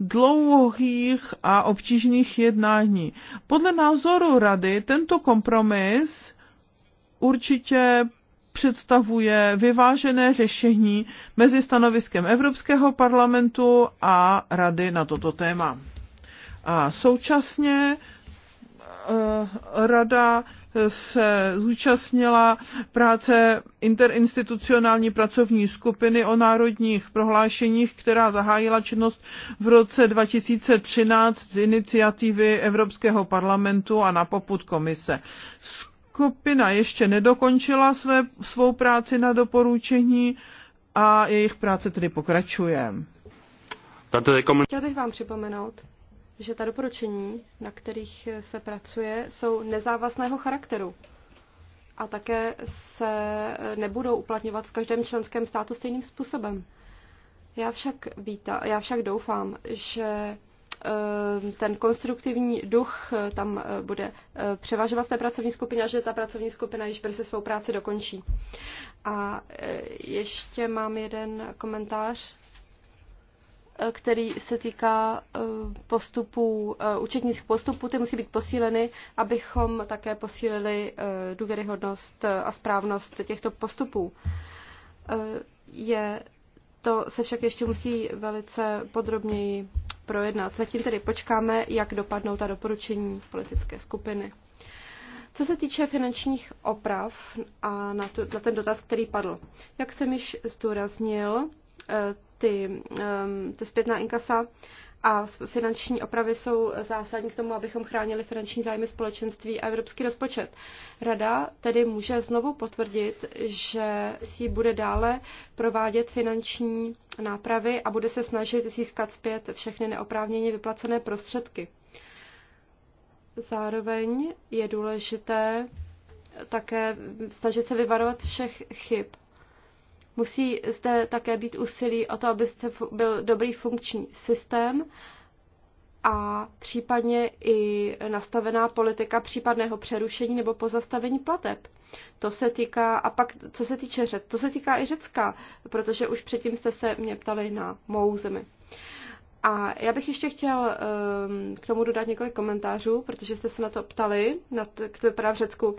dlouhých a obtížných jednání. Podle názoru rady tento kompromis určitě představuje vyvážené řešení mezi stanoviskem Evropského parlamentu a rady na toto téma. A současně Eh, rada se zúčastnila práce interinstitucionální pracovní skupiny o národních prohlášeních, která zahájila činnost v roce 2013 z iniciativy Evropského parlamentu a na poput komise. Skupina ještě nedokončila své, svou práci na doporučení a jejich práce tedy pokračuje. Chtěl bych vám připomenout, že ta doporučení, na kterých se pracuje, jsou nezávazného charakteru a také se nebudou uplatňovat v každém členském státu stejným způsobem. Já však, víta, já však doufám, že ehm, ten konstruktivní duch eh, tam eh, bude eh, převažovat v té pracovní skupině a že ta pracovní skupina již brzy svou práci dokončí. A ještě mám jeden komentář Eh, který se týká eh, postupů, eh, účetních postupů, ty musí být posíleny, abychom také posílili důvěryhodnost a správnost těchto postupů. Je, to se však ještě musí velice podrobněji projednat. Zatím tedy počkáme, jak dopadnou ta doporučení politické skupiny. Co se týče finančních oprav a na, tu, na ten dotaz, který padl, jak jsem již zdůraznil, Eh, ty, eh, ty zpětná inkasa a finanční opravy jsou zásadní k tomu, abychom chránili finanční zájmy společenství a evropský rozpočet. Rada tedy může znovu potvrdit, že si bude dále provádět finanční nápravy a bude se snažit získat zpět všechny neoprávněně vyplacené prostředky. Zároveň je důležité také snažit se vyvarovat všech chyb Musí zde také být úsilí o to, aby zde byl dobrý funkční systém a případně i nastavená politika případného přerušení nebo pozastavení plateb. To se týká, a pak, co se týče Řecka, to se týká i Řecka, protože už předtím jste se mě ptali na mou zemi. A já bych ještě chtěl um, k tomu dodat několik komentářů, protože jste se na to ptali, na to, jak to vypadá v Řecku.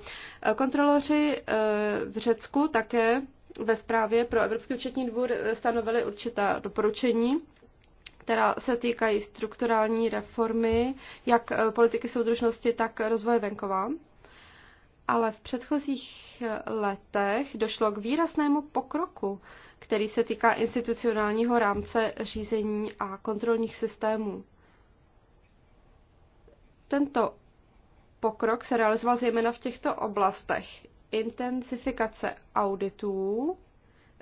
Kontroloři uh, v Řecku také ve zprávě pro Evropský účetní dvůr eh, stanovili určitá doporučení, která se týkají strukturální reformy, jak eh, politiky soudržnosti, tak rozvoje venkova. Ale v předchozích eh, letech došlo k výraznému pokroku, který se týká institucionálního rámce řízení a kontrolních systémů. Tento pokrok se realizoval zejména v těchto oblastech intenzifikace auditů,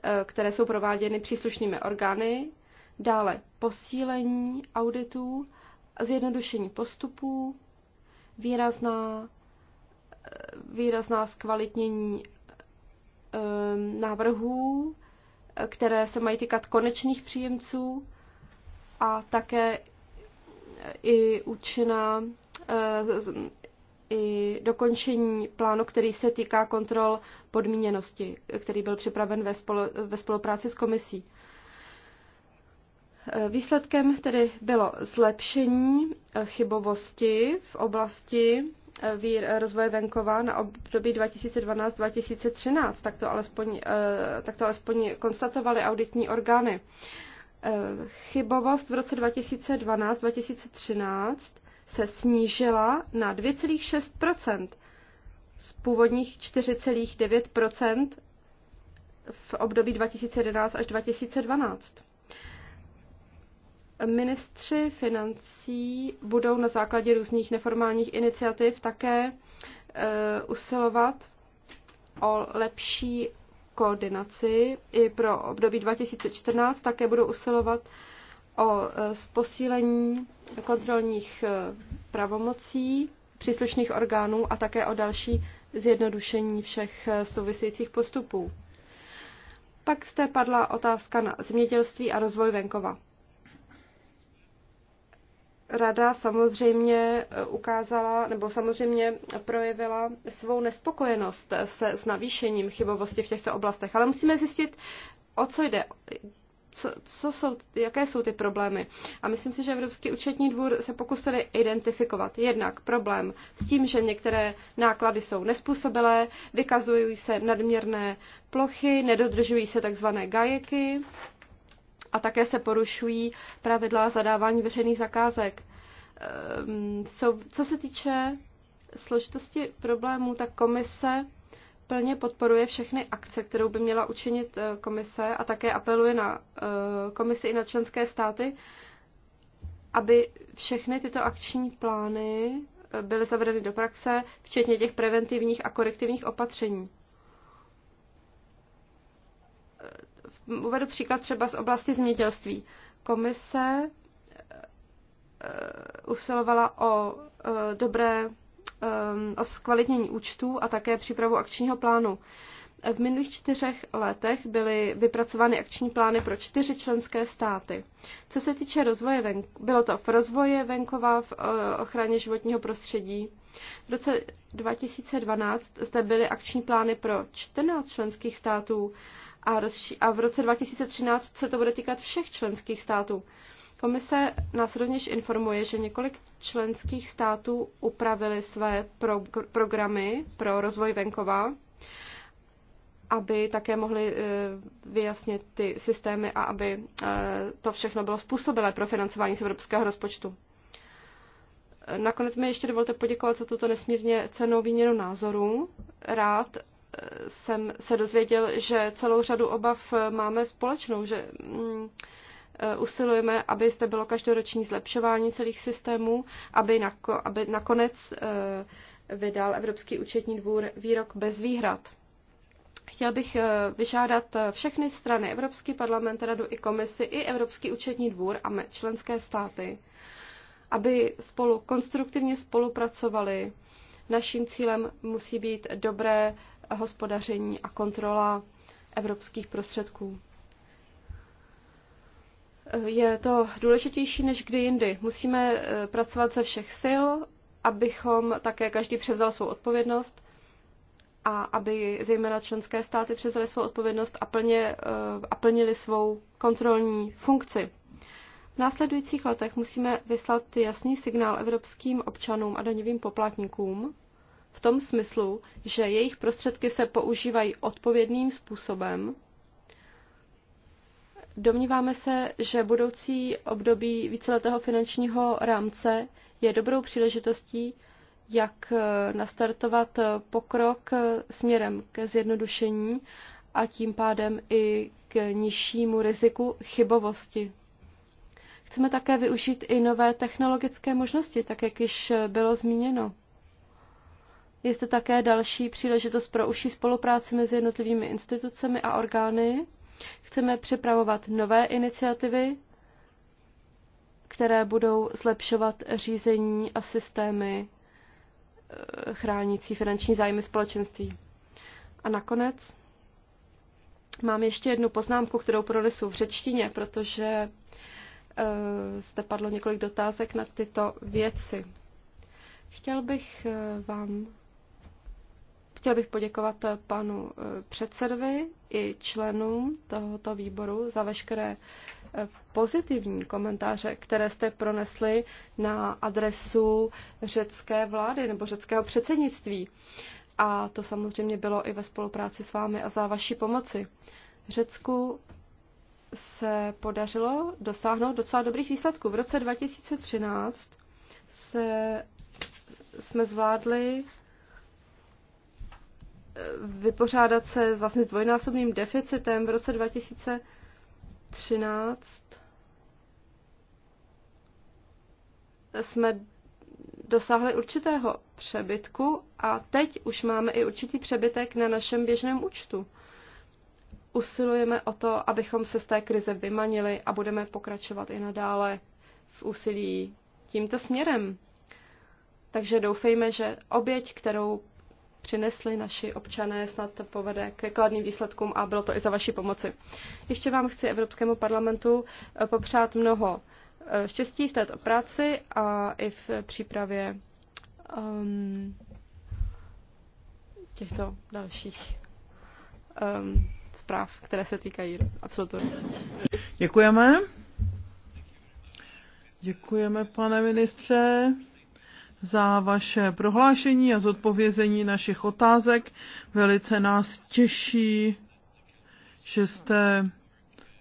eh, které jsou prováděny příslušnými orgány, dále posílení auditů, zjednodušení postupů, výrazná, eh, výrazná zkvalitnění eh, návrhů, které se mají týkat konečných příjemců a také i účinná i dokončení plánu, který se týká kontrol podmíněnosti, který byl připraven ve, spol- ve spolupráci s komisí. Výsledkem tedy bylo zlepšení eh, chybovosti v oblasti eh, eh, rozvoje venkova na období 2012-2013, tak to, alespoň, tak to alespoň konstatovali auditní orgány. Chybovost v roce 2012-2013 se snížila na 2,6 z původních 4,9 v období 2011 až 2012. Ministři financí budou na základě různých neformálních iniciativ také e, usilovat o lepší koordinaci i pro období 2014, také budou usilovat o e, posílení kontrolních e, pravomocí příslušných orgánů a také o další zjednodušení všech e, souvisejících postupů. Pak jste padla otázka na zemědělství a rozvoj venkova. Rada samozřejmě ukázala, nebo samozřejmě projevila svou nespokojenost se s navýšením chybovosti v těchto oblastech, ale musíme zjistit, o co jde, co, co jsou, jaké jsou ty problémy. A myslím si, že Evropský účetní dvůr se pokusili identifikovat jednak problém s tím, že některé náklady jsou nespůsobilé, vykazují se nadměrné plochy, nedodržují se takzvané gajeky a také se porušují pravidla zadávání veřejných zakázek. Ehm, co se týče složitosti problémů, tak komise plně podporuje všechny akce, kterou by měla učinit eh, komise a také apeluje na eh, komisi i na členské státy, aby všechny tyto akční plány eh, byly zavedeny do praxe, včetně těch preventivních a korektivních opatření. Uvedu příklad třeba z oblasti zemědělství. Komise usilovala o dobré a um, zkvalitnění účtů a také přípravu akčního plánu. V minulých čtyřech letech byly vypracovány akční plány pro čtyři členské státy. Co se týče rozvoje venk, bylo to v rozvoje venkova, v eh, ochraně životního prostředí. V roce 2012 zde byly akční plány pro 14 členských států a v roce 2013 se to bude týkat všech členských států. Komise nás rovněž informuje, že několik členských států upravili své pro, programy pro rozvoj venkova, aby také mohli eh, vyjasnit ty systémy a aby eh, to všechno bylo způsobilé pro financování z evropského rozpočtu. Nakonec mi ještě dovolte poděkovat za tuto nesmírně cenou výměnu názorů. Rád eh, jsem se dozvěděl, že celou řadu obav máme společnou, že mm, Eh, usilujeme, aby zde bylo každoroční zlepšování celých systémů, aby, nako, aby nakonec eh, vydal Evropský účetní dvůr výrok bez výhrad. Chtěl bych eh, vyžádat všechny strany, Evropský parlament, Radu i komisi, i Evropský účetní dvůr a členské státy, aby spolu konstruktivně spolupracovali. Naším cílem musí být dobré hospodaření a kontrola evropských prostředků. Je to důležitější než kdy jindy. Musíme eh, pracovat ze všech sil, abychom také každý převzal svou odpovědnost a aby zejména členské státy převzaly svou odpovědnost a, plně, eh, a plnili svou kontrolní funkci. V následujících letech musíme vyslat jasný signál evropským občanům a daňovým poplatníkům v tom smyslu, že jejich prostředky se používají odpovědným způsobem Domníváme se, že budoucí období víceletého finančního rámce je dobrou příležitostí, jak eh, nastartovat eh, pokrok eh, směrem ke zjednodušení a tím pádem i k nižšímu riziku chybovosti. Chceme také využít i nové technologické možnosti, tak jak již bylo zmíněno. Je to také další příležitost pro užší spolupráci mezi jednotlivými institucemi a orgány Chceme připravovat nové iniciativy, které budou zlepšovat řízení a systémy eh, chránící finanční zájmy společenství. A nakonec mám ještě jednu poznámku, kterou pronesu v řečtině, protože eh, zde padlo několik dotázek na tyto věci. Chtěl bych eh, vám Chtěl bych poděkovat eh, panu eh, předsedovi i členům tohoto výboru za veškeré eh, pozitivní komentáře, které jste pronesli na adresu řecké vlády nebo řeckého předsednictví. A to samozřejmě bylo i ve spolupráci s vámi a za vaší pomoci. Řecku se podařilo dosáhnout docela dobrých výsledků. V roce 2013 se, jsme zvládli vypořádat se vlastně s dvojnásobným deficitem v roce 2013 jsme dosáhli určitého přebytku a teď už máme i určitý přebytek na našem běžném účtu. Usilujeme o to, abychom se z té krize vymanili a budeme pokračovat i nadále v úsilí tímto směrem. Takže doufejme, že oběť, kterou přinesli naši občané, snad povede ke kladným výsledkům a bylo to i za vaši pomoci. Ještě vám chci Evropskému parlamentu eh, popřát mnoho eh, štěstí v této práci a i v přípravě um, těchto dalších um, zpráv, které se týkají absolutně. Děkujeme. Děkujeme, pane ministře za vaše prohlášení a zodpovězení našich otázek. Velice nás těší, že jste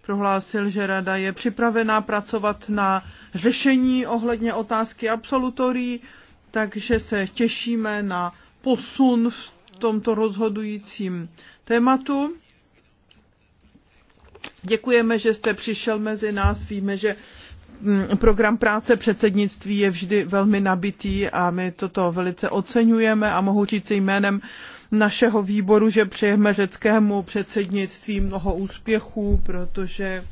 prohlásil, že rada je připravená pracovat na řešení ohledně otázky absolutorí, takže se těšíme na posun v tomto rozhodujícím tématu. Děkujeme, že jste přišel mezi nás. Víme, že Mm, program práce předsednictví je vždy velmi nabitý a my toto velice oceňujeme a mohu říct jménem našeho výboru, že přejeme řeckému předsednictví mnoho úspěchů, protože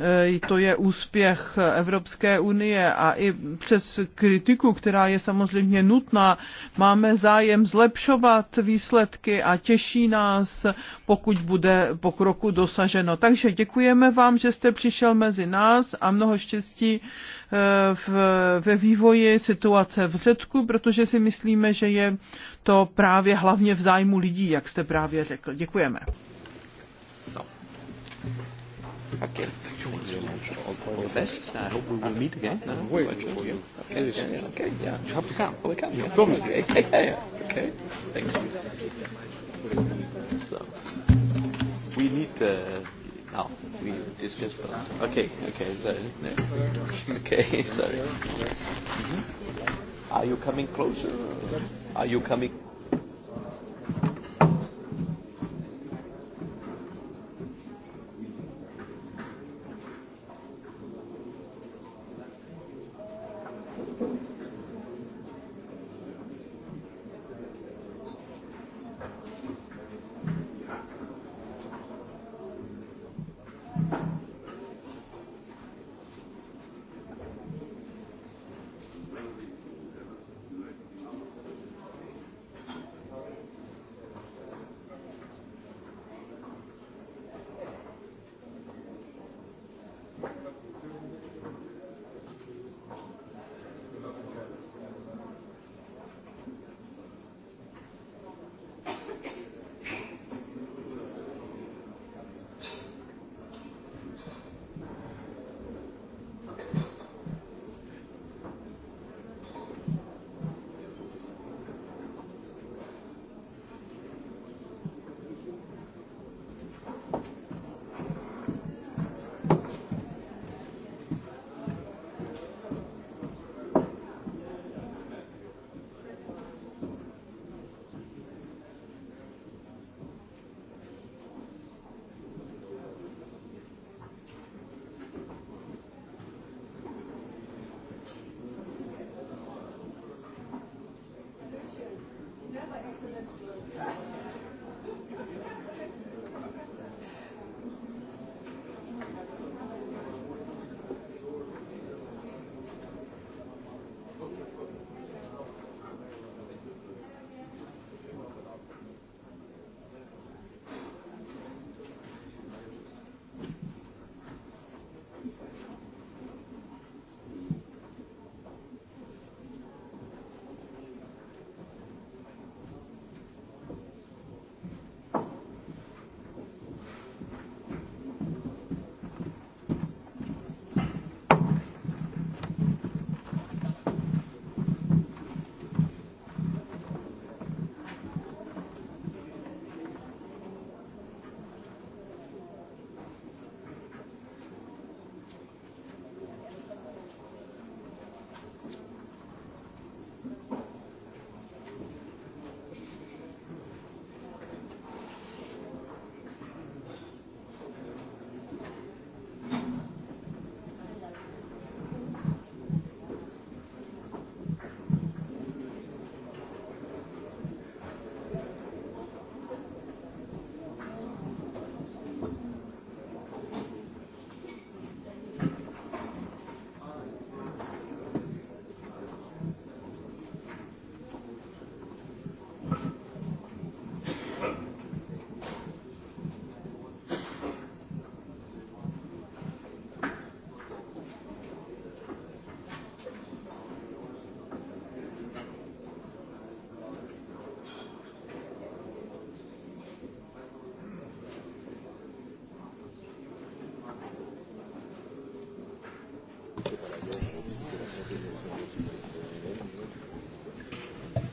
Eh, to je úspěch Evropské unie a i přes kritiku, která je samozřejmě nutná, máme zájem zlepšovat výsledky a těší nás, pokud bude pokroku dosaženo. Takže děkujeme vám, že jste přišel mezi nás a mnoho štěstí eh, ve vývoji situace v Řecku, protože si myslíme, že je to právě hlavně v zájmu lidí, jak jste právě řekl. Děkujeme. So. Okay. Thanks so All, the best. I hope we will meet again. No? I'm waiting for you. Okay. Yeah, okay. Yeah. You have to come. Well, I come. You yeah. promised. Yeah, yeah, yeah. Okay. Thanks. So we need. to. Uh, no, we discuss. Okay. Okay. Sorry. No. Okay. Sorry. Mm-hmm. Are you coming closer? are you coming? closer?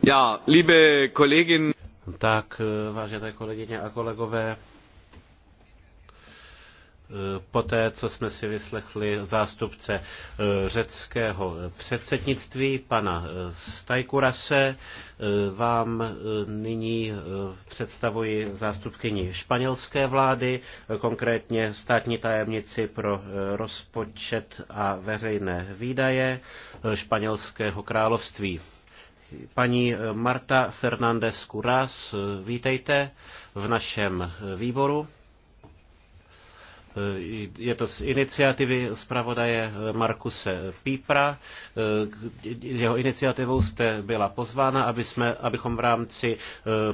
Ja, liebe Kollegin. Tak, eh, vážené kolegyně a kolegové, eh, Poté, co jsme si vyslechli zástupce eh, řeckého předsednictví, pana Stajkurase, vám nyní představuji zástupkyni španělské vlády, konkrétně státní tajemnici pro rozpočet a veřejné výdaje španělského království paní eh, Marta Fernández Curas, eh, Vítejte v našem eh, výboru. Je to z iniciativy zpravodaje Markuse Pípra. Jeho iniciativou jste byla pozvána, aby jsme, abychom v rámci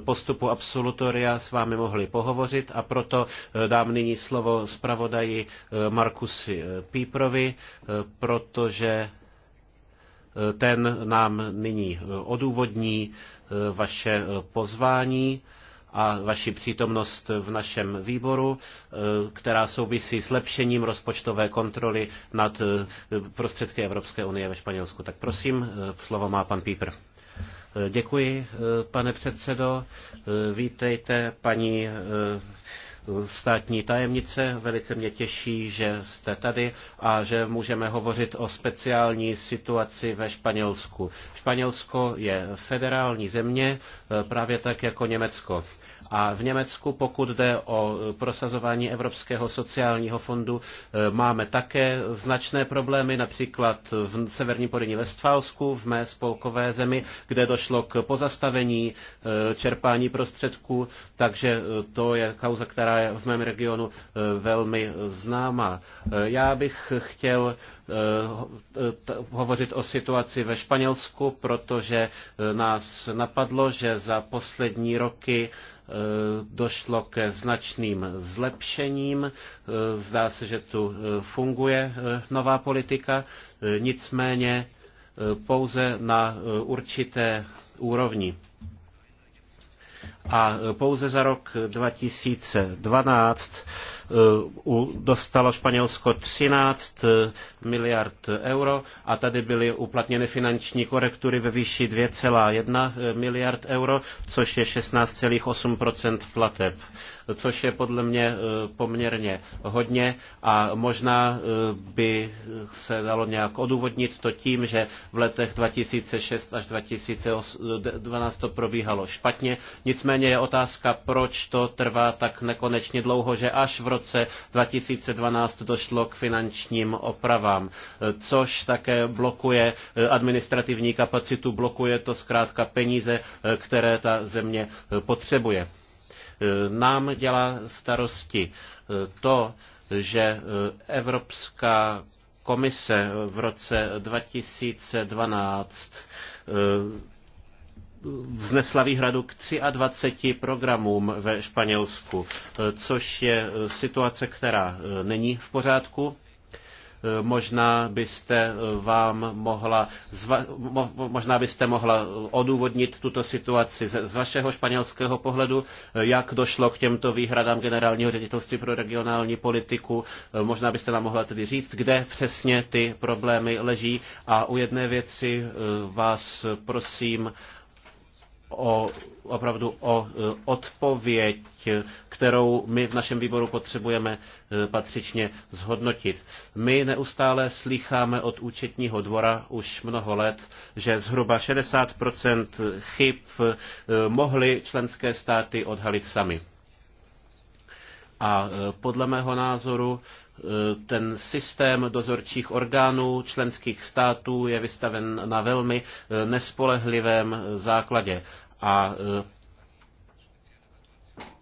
postupu absolutoria s vámi mohli pohovořit a proto dám nyní slovo zpravodaji Markusi Píprovi, protože ten nám nyní eh, odůvodní eh, vaše eh, pozvání a vaši přítomnost v našem výboru, která souvisí s lepšením rozpočtové kontroly nad prostředky Evropské unie ve Španělsku. Tak prosím, slovo má pan Píper. Děkuji, pane předsedo. Vítejte, paní státní tajemnice. Velice mě těší, že jste tady a že můžeme hovořit o speciální situaci ve Španělsku. Španělsko je federální země, e, právě tak jako Německo. A v Německu, pokud jde o prosazování Evropského sociálního fondu, e, máme také značné problémy, například v severní Podení Westfalsku, v mé spolkové zemi, kde došlo k pozastavení e, čerpání prostředků, takže to je kauza, která která je v mém regionu eh, velmi známá. Eh, já bych chtěl eh, hovořit o situaci ve Španělsku, protože nás napadlo, že za poslední roky došlo ke značným zlepšením. Zdá se, že tu funguje nová politika, nicméně pouze na určité úrovni. A pouze za rok 2012 dostalo Španělsko 13 eh, miliard euro a tady byly uplatněny finanční korektury ve výši 2,1 eh, miliard euro, což je 16,8 plateb což je podle mě eh, poměrně hodně a možná by se dalo nějak odůvodnit to tím, že v letech 2006 až 2012 to probíhalo špatně. Nicméně je otázka, proč to trvá tak nekonečně dlouho, že až v roce roce 2012 došlo k finančním opravám, což také blokuje eh, administrativní kapacitu, blokuje to zkrátka peníze, eh, které ta země eh, potřebuje. Nám dělá starosti to, že Evropská komise v roce 2012 vznesla výhradu k 23 programům ve Španělsku, což je situace, která není v pořádku. Možná byste vám mohla, zva, možná byste mohla odůvodnit tuto situaci z, z vašeho španělského pohledu, jak došlo k těmto výhradám generálního ředitelství pro regionální politiku. Možná byste nám mohla tedy říct, kde přesně ty problémy leží. A u jedné věci vás prosím, o, opravdu o e, odpověď, kterou my v našem výboru potřebujeme e, patřičně zhodnotit. My neustále slýcháme od účetního dvora už mnoho let, že zhruba 60 chyb e, mohly členské státy odhalit sami. A podle mého názoru Eh, ten systém dozorčích orgánů členských států je vystaven na velmi eh, nespolehlivém eh, základě. A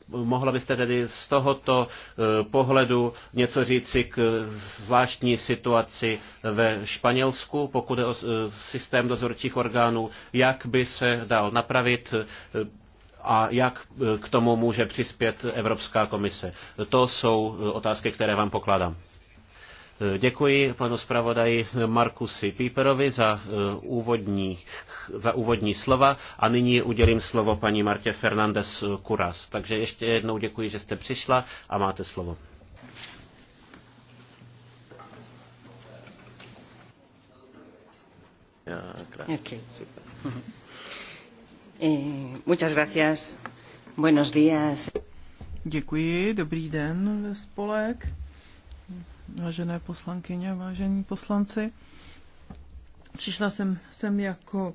mohla byste tedy z tohoto pohledu něco říci k zvláštní situaci ve Španělsku, pokud je o systém dozorčích orgánů, jak by se dal napravit, a jak e, k tomu může přispět Evropská komise. To jsou e, otázky, které vám pokládám. E, děkuji panu zpravodaji Markusi Píperovi za úvodní, za úvodní slova a nyní udělím slovo paní Martě Fernandez Kuras. Takže ještě jednou děkuji, že jste přišla a máte slovo. Okay. Eh, Děkuji, dobrý den spolek. Vážené poslankyně, vážení poslanci. Přišla jsem sem jako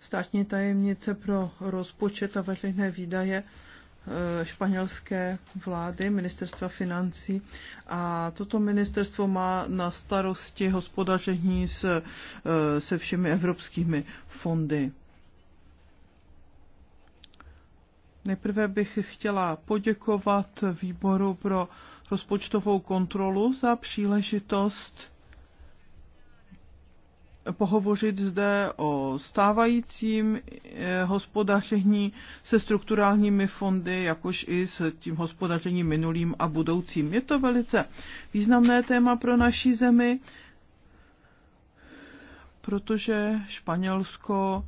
státní tajemnice pro rozpočet a veřejné výdaje eh, španělské vlády, ministerstva financí. A toto ministerstvo má na starosti hospodaření se, eh, se všemi evropskými fondy. Nejprve bych chtěla poděkovat výboru pro rozpočtovou kontrolu za příležitost pohovořit zde o stávajícím eh, hospodaření se strukturálními fondy, jakož i s tím hospodařením minulým a budoucím. Je to velice významné téma pro naší zemi, protože Španělsko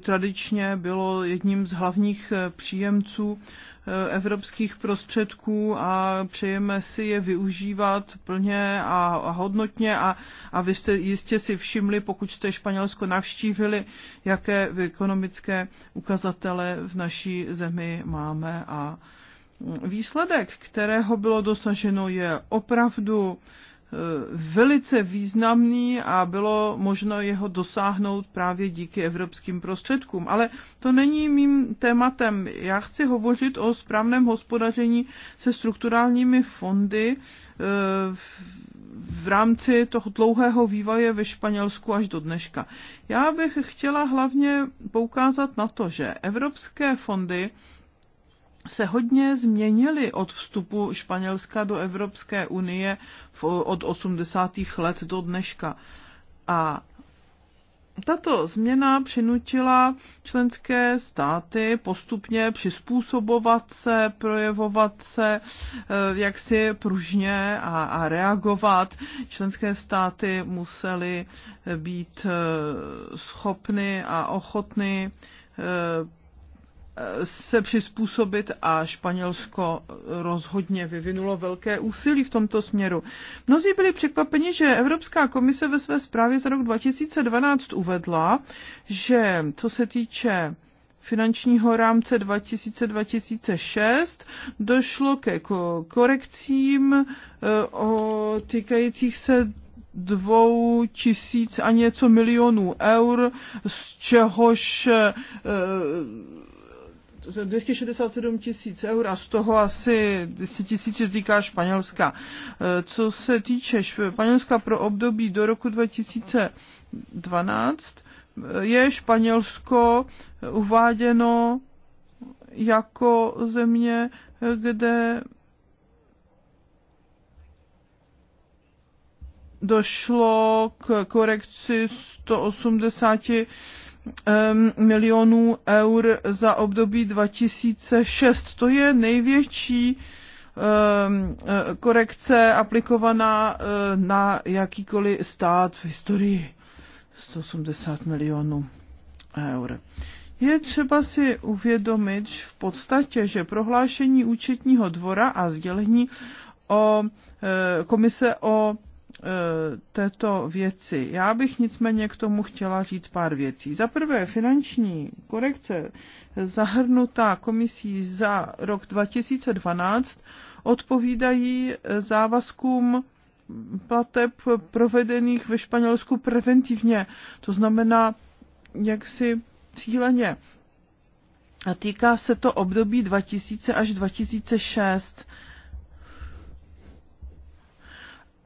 tradičně bylo jedním z hlavních eh, příjemců eh, evropských prostředků a přejeme si je využívat plně a, hodnotně a, a vy jste jistě si všimli, pokud jste Španělsko navštívili, jaké ekonomické ukazatele v naší zemi máme a výsledek, kterého bylo dosaženo, je opravdu Eh, velice významný a bylo možno jeho dosáhnout právě díky evropským prostředkům. Ale to není mým tématem. Já chci hovořit o správném hospodaření se strukturálními fondy eh, v rámci toho dlouhého vývoje ve Španělsku až do dneška. Já bych chtěla hlavně poukázat na to, že evropské fondy se hodně změnily od vstupu Španělska do Evropské unie v, od 80. let do dneška. A tato změna přinutila členské státy postupně přizpůsobovat se, projevovat se eh, jaksi pružně a, a reagovat. Členské státy musely být eh, schopny a ochotny eh, se přizpůsobit a Španělsko rozhodně vyvinulo velké úsilí v tomto směru. Mnozí byli překvapeni, že Evropská komise ve své zprávě za rok 2012 uvedla, že co se týče finančního rámce 2000-2006 došlo ke korekcím e, o týkajících se dvou tisíc a něco milionů eur, z čehož e, 267 tisíc eur a z toho asi 10 tisíc se týká Španělska. Eh, co se týče Španělska pro období do roku 2012, eh, je Španělsko eh, uváděno jako země, kde došlo k korekci 180 milionů eur za období 2006. To je největší eh, korekce aplikovaná eh, na jakýkoliv stát v historii. 180 milionů eur. Je třeba si uvědomit že v podstatě, že prohlášení účetního dvora a sdělení o eh, komise o Eh, této věci. Já bych nicméně k tomu chtěla říct pár věcí. Za prvé, finanční korekce zahrnutá komisí za rok 2012 odpovídají eh, závazkům plateb provedených ve Španělsku preventivně, to znamená jaksi cíleně. A týká se to období 2000 až 2006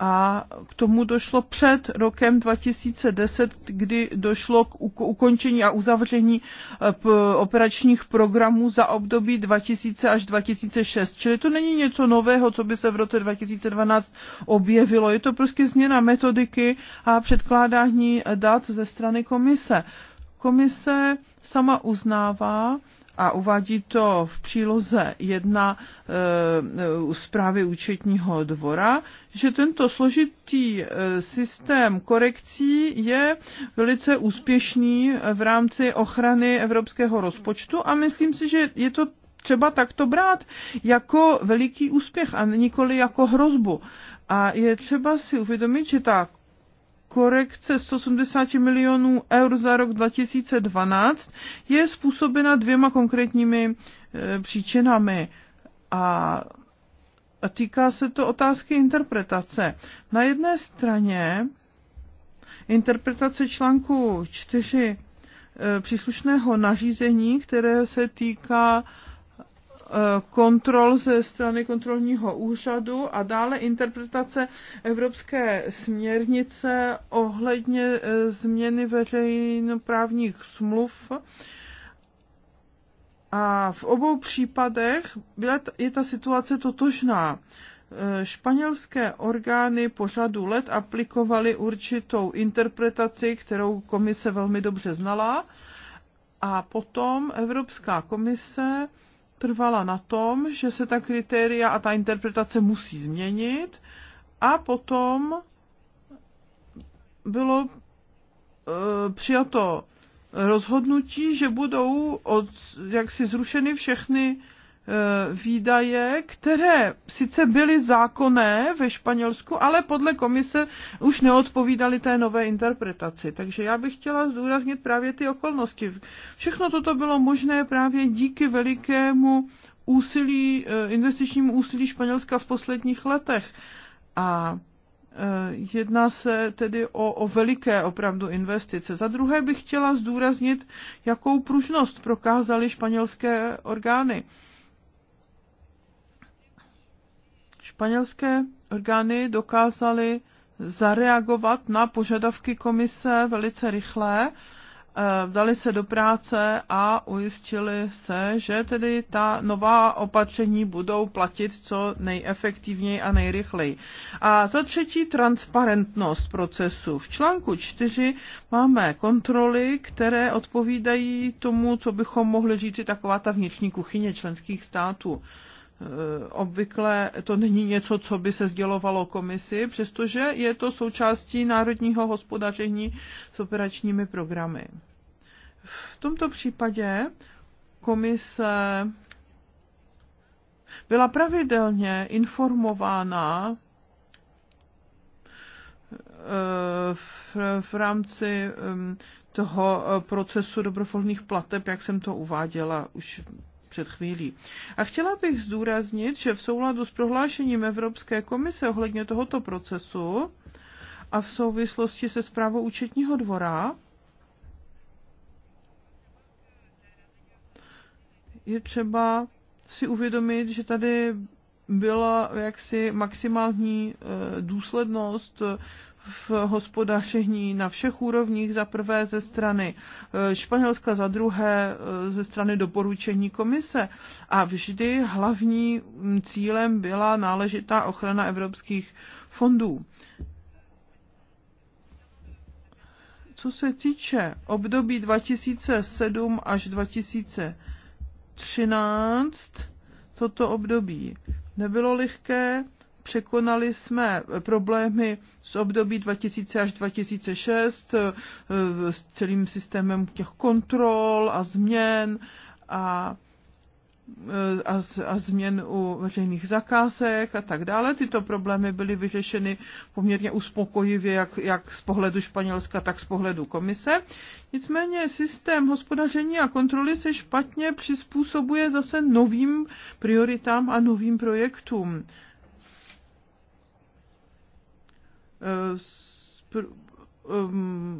a k tomu došlo před rokem 2010, kdy došlo k ukončení a uzavření eh, operačních programů za období 2000 až 2006. Čili to není něco nového, co by se v roce 2012 objevilo. Je to prostě změna metodiky a předkládání dat ze strany komise. Komise sama uznává, a uvádí to v příloze jedna e, zprávy účetního dvora, že tento složitý eh, systém korekcí je velice úspěšný v rámci ochrany evropského rozpočtu a myslím si, že je to třeba takto brát jako veliký úspěch a nikoli jako hrozbu. A je třeba si uvědomit, že ta korekce 180 milionů eur za rok 2012 je způsobena dvěma konkrétními e, příčinami. A týká se to otázky interpretace. Na jedné straně interpretace článku 4 e, příslušného nařízení, které se týká Eh, kontrol ze strany kontrolního úřadu a dále interpretace evropské směrnice ohledně eh, změny veřejnoprávních smluv. A v obou případech byla, je ta situace totožná. Eh, španělské orgány po řadu let aplikovaly určitou interpretaci, kterou komise velmi dobře znala, a potom Evropská komise trvala na tom, že se ta kritéria a ta interpretace musí změnit a potom bylo e, přijato rozhodnutí, že budou od, jaksi zrušeny všechny E, výdaje, které sice byly zákonné ve Španělsku, ale podle komise už neodpovídaly té nové interpretaci. Takže já bych chtěla zdůraznit právě ty okolnosti. Všechno toto bylo možné právě díky velikému úsilí, e, investičnímu úsilí Španělska v posledních letech. A e, Jedná se tedy o, o veliké opravdu investice. Za druhé bych chtěla zdůraznit, jakou pružnost prokázaly španělské orgány Španělské orgány dokázaly zareagovat na požadavky komise velice rychle, eh, dali se do práce a ujistili se, že tedy ta nová opatření budou platit co nejefektivněji a nejrychleji. A za třetí transparentnost procesu. V článku čtyři máme kontroly, které odpovídají tomu, co bychom mohli říct, taková ta vnitřní kuchyně členských států. Eh, obvykle to není něco, co by se sdělovalo komisi, přestože je to součástí národního hospodaření s operačními programy. V tomto případě komise byla pravidelně informována eh, v, v rámci eh, toho procesu dobrovolných plateb, jak jsem to uváděla už před chvílí. A chtěla bych zdůraznit, že v souladu s prohlášením Evropské komise ohledně tohoto procesu a v souvislosti se zprávou účetního dvora, je třeba si uvědomit, že tady byla jaksi maximální eh, důslednost v hospodaření na všech úrovních, za prvé ze strany e, Španělska, za druhé e, ze strany doporučení komise. A vždy hlavní cílem byla náležitá ochrana evropských fondů. Co se týče období 2007 až 2013, toto období nebylo lehké Překonali jsme problémy z období 2000 až 2006 eh, s celým systémem těch kontrol a změn a eh, a, a změn u veřejných zakázek a tak dále. Tyto problémy byly vyřešeny poměrně uspokojivě jak, jak z pohledu Španělska, tak z pohledu komise. Nicméně systém hospodaření a kontroly se špatně přizpůsobuje zase novým prioritám a novým projektům. Eh,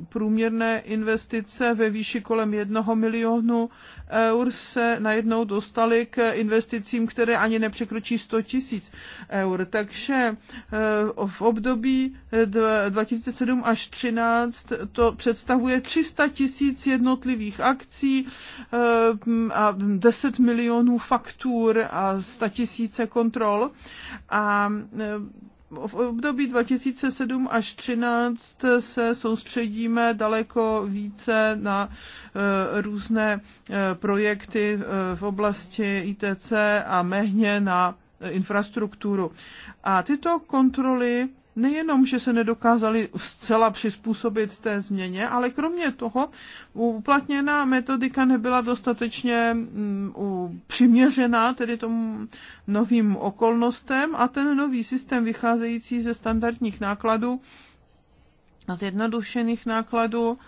průměrné investice ve výši kolem jednoho milionu eur se najednou dostaly k investicím, které ani nepřekročí 100 tisíc eur. Takže eh, v období 2007 až 2013 to představuje 300 tisíc jednotlivých akcí eh, a 10 milionů faktur a 100 tisíce kontrol. A v období 2007 až 2013 se soustředíme daleko více na eh, různé eh, projekty eh, v oblasti ITC a mehně na infrastrukturu. A tyto kontroly nejenom, že se nedokázali zcela přizpůsobit té změně, ale kromě toho uplatněná metodika nebyla dostatečně mm, přiměřená tedy tomu novým okolnostem a ten nový systém vycházející ze standardních nákladů a zjednodušených nákladů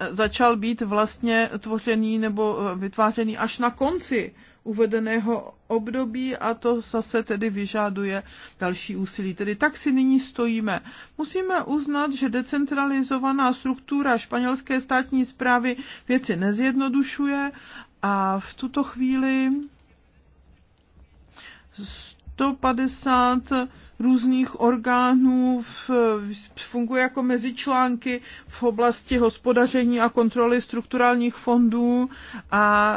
e, začal být vlastně tvořený nebo e, vytvářený až na konci uvedeného období a to zase tedy vyžaduje další úsilí. Tedy tak si nyní stojíme. Musíme uznat, že decentralizovaná struktura španělské státní zprávy věci nezjednodušuje a v tuto chvíli 150 různých orgánů, v, funguje jako mezičlánky v oblasti hospodaření a kontroly strukturálních fondů a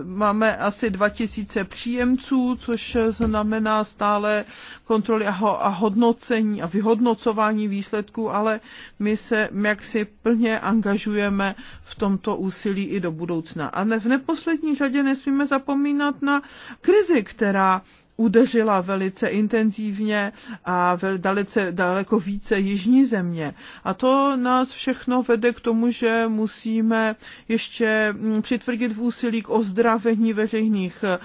e, máme asi 2000 příjemců, což znamená stále kontroly a, ho, a hodnocení a vyhodnocování výsledků, ale my se jaksi plně angažujeme v tomto úsilí i do budoucna. A ne, v neposlední řadě nesmíme zapomínat na krizi, která udeřila velice intenzivně a dalece, daleko více jižní země. A to nás všechno vede k tomu, že musíme ještě mm, přitvrdit v úsilí k ozdravení veřejných e,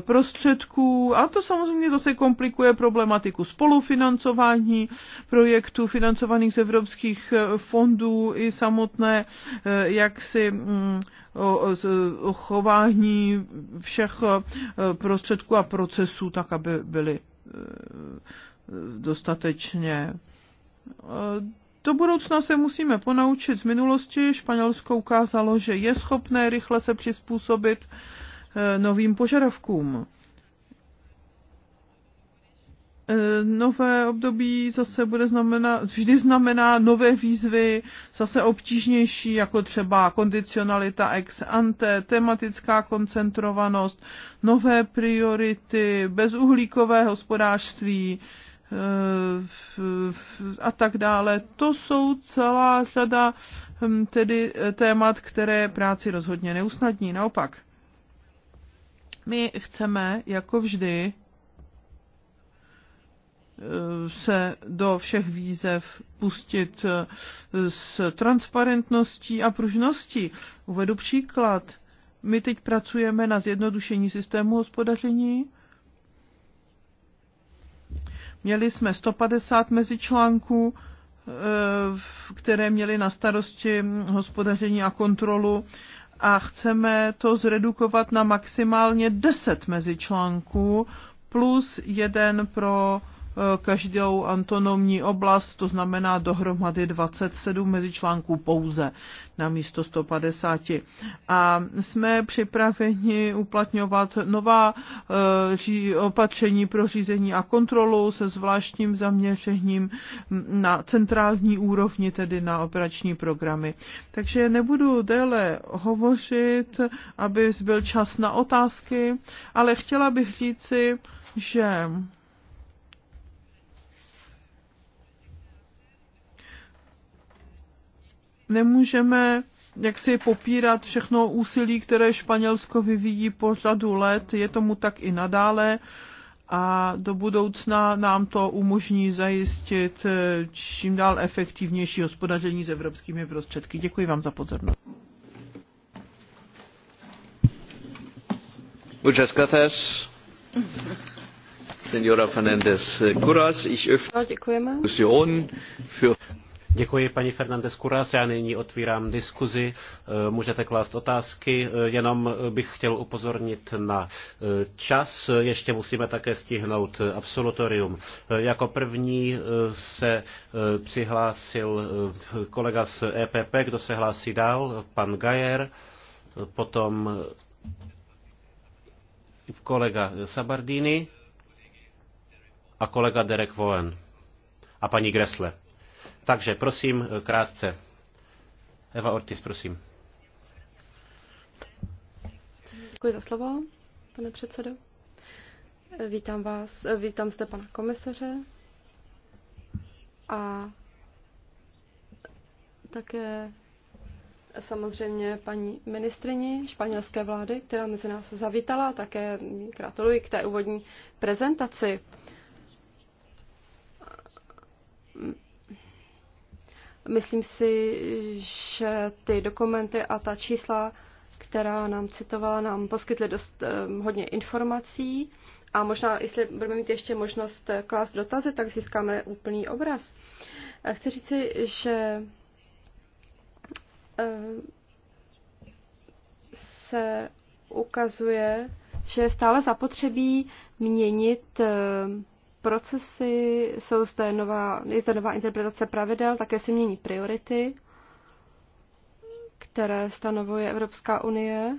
prostředků a to samozřejmě zase komplikuje problematiku spolufinancování projektů financovaných z evropských e, fondů i samotné e, jaksi mm, chování všech e, prostředků a procesů, tak aby byly e, dostatečně e, do budoucna se musíme ponaučit z minulosti. Španělsko ukázalo, že je schopné rychle se přizpůsobit novým požadavkům. Eh, nové období zase bude znamenat vždy znamená nové výzvy, zase obtížnější, jako třeba kondicionalita ex ante, tematická koncentrovanost, nové priority, bezuhlíkové hospodářství eh, a tak dále. To jsou celá řada hm, tedy eh, témat, které práci rozhodně neusnadní. Naopak, my chceme, jako vždy, se do všech výzev pustit eh, s transparentností a pružností. Uvedu příklad. My teď pracujeme na zjednodušení systému hospodaření. Měli jsme 150 mezičlánků, eh, které měly na starosti hospodaření a kontrolu a chceme to zredukovat na maximálně 10 mezičlánků plus jeden pro každou antonomní oblast, to znamená dohromady 27 článků pouze na místo 150. A jsme připraveni uplatňovat nová eh, opatření pro řízení a kontrolu se zvláštním zaměřením na centrální úrovni, tedy na operační programy. Takže nebudu déle hovořit, aby byl čas na otázky, ale chtěla bych říci, že nemůžeme jak si popírat všechno úsilí, které Španělsko vyvíjí po řadu let. Je tomu tak i nadále a do budoucna nám to umožní zajistit eh, čím dál efektivnější hospodaření s evropskými prostředky. Děkuji vám za pozornost. Muchas gracias, señora Fernández Curas. Ich öffne no, Diskussion für Děkuji paní Fernandez Kuras. Já nyní otvírám diskuzi. E, můžete klást otázky. E, jenom bych chtěl upozornit na e, čas. Ještě musíme také stihnout absolutorium. Jako první se přihlásil kolega z EPP. Kdo se hlásí dál? Pan Gajer. Potom kolega Sabardini a kolega Derek Voen a paní Gressle. Takže prosím, eh, krátce. Eva Ortiz, prosím. Děkuji za slovo, pane předsedo. Eh, vítám vás, eh, vítám zde pana komisaře a také samozřejmě paní ministrini španělské vlády, která mezi nás zavítala, také gratuluji k té úvodní prezentaci Myslím si, že ty dokumenty a ta čísla, která nám citovala, nám poskytly dost eh, hodně informací a možná, jestli budeme mít ještě možnost eh, klást dotazy, tak získáme úplný obraz. Chci říci, že eh, se ukazuje, že je stále zapotřebí měnit procesy, jsou zde nová, je zde nová interpretace pravidel, také se mění priority, které stanovuje Evropská unie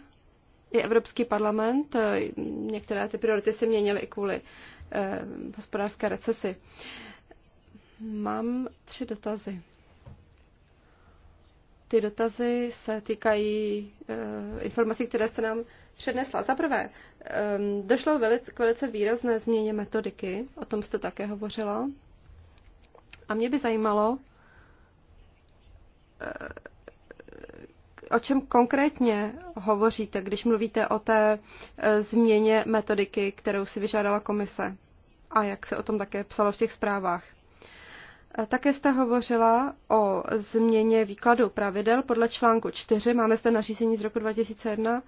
i Evropský parlament. Některé ty priority se měnily i kvůli eh, hospodářské recesi. Mám tři dotazy. Ty dotazy se týkají eh, informací, které jste nám eh, přednesla. Za prvé, ehm, došlo velice, k velice výrazné změně metodiky, o tom jste také hovořila. A mě by zajímalo, eh, o čem konkrétně hovoříte, když mluvíte o té eh, změně metodiky, kterou si vyžádala komise a jak se o tom také psalo v těch zprávách. Eh, také jste hovořila o změně výkladu pravidel podle článku 4. Máme zde nařízení z roku 2001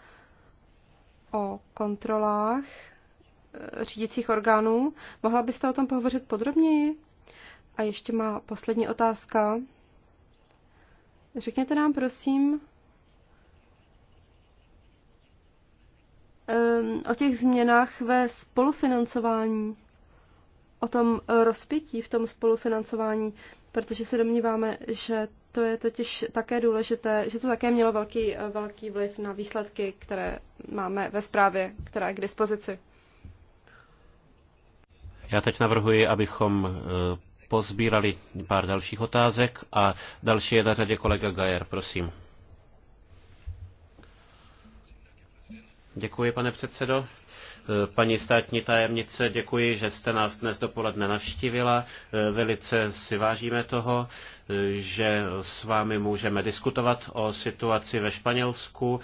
o kontrolách eh, řídicích orgánů. Mohla byste o tom pohovořit podrobněji? A ještě má poslední otázka. Řekněte nám, prosím, ehm, o těch změnách ve spolufinancování, o tom rozpětí v tom spolufinancování, protože se domníváme, že to je totiž také důležité, že to také mělo velký, velký vliv na výsledky, které máme ve zprávě, která je k dispozici. Já teď navrhuji, abychom e, pozbírali pár dalších otázek a další je na řadě kolega Gajer, prosím. Děkuji, pane předsedo. Eh, paní státní tajemnice, děkuji, že jste nás dnes dopoledne navštívila. Eh, velice si vážíme toho, eh, že s vámi můžeme diskutovat o situaci ve Španělsku,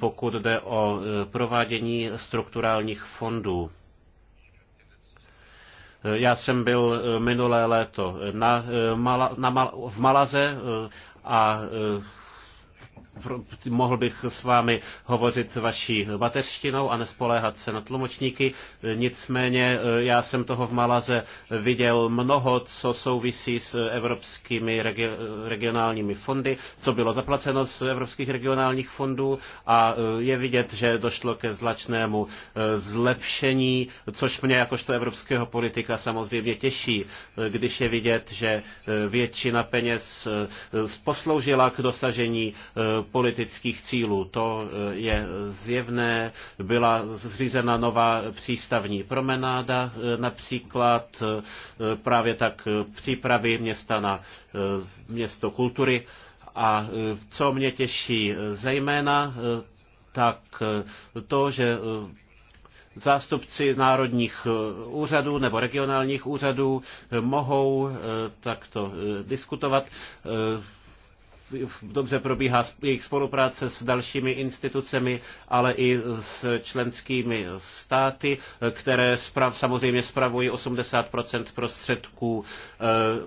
pokud jde o provádění strukturálních fondů. Já jsem byl minulé léto na, na, na, v Malaze a mohl bych s vámi hovořit vaší mateřštinou a nespoléhat se na tlumočníky. E, nicméně e, já jsem toho v Malaze viděl mnoho, co souvisí s evropskými regionálními fondy, co bylo zaplaceno z evropských regionálních fondů a e, je vidět, že došlo ke zlačnému zlepšení, což mě jakožto evropského politika samozřejmě těší, když je vidět, že většina peněz posloužila k dosažení politických cílů. To eh, je zjevné. Byla zřízena nová přístavní promenáda, eh, například eh, právě tak přípravy města na město kultury. A co mě těší zejména, tak to, že zástupci národních úřadů nebo regionálních úřadů mohou takto diskutovat dobře probíhá jejich spolupráce s dalšími institucemi, ale i s členskými státy, které sprav, samozřejmě spravují 80 prostředků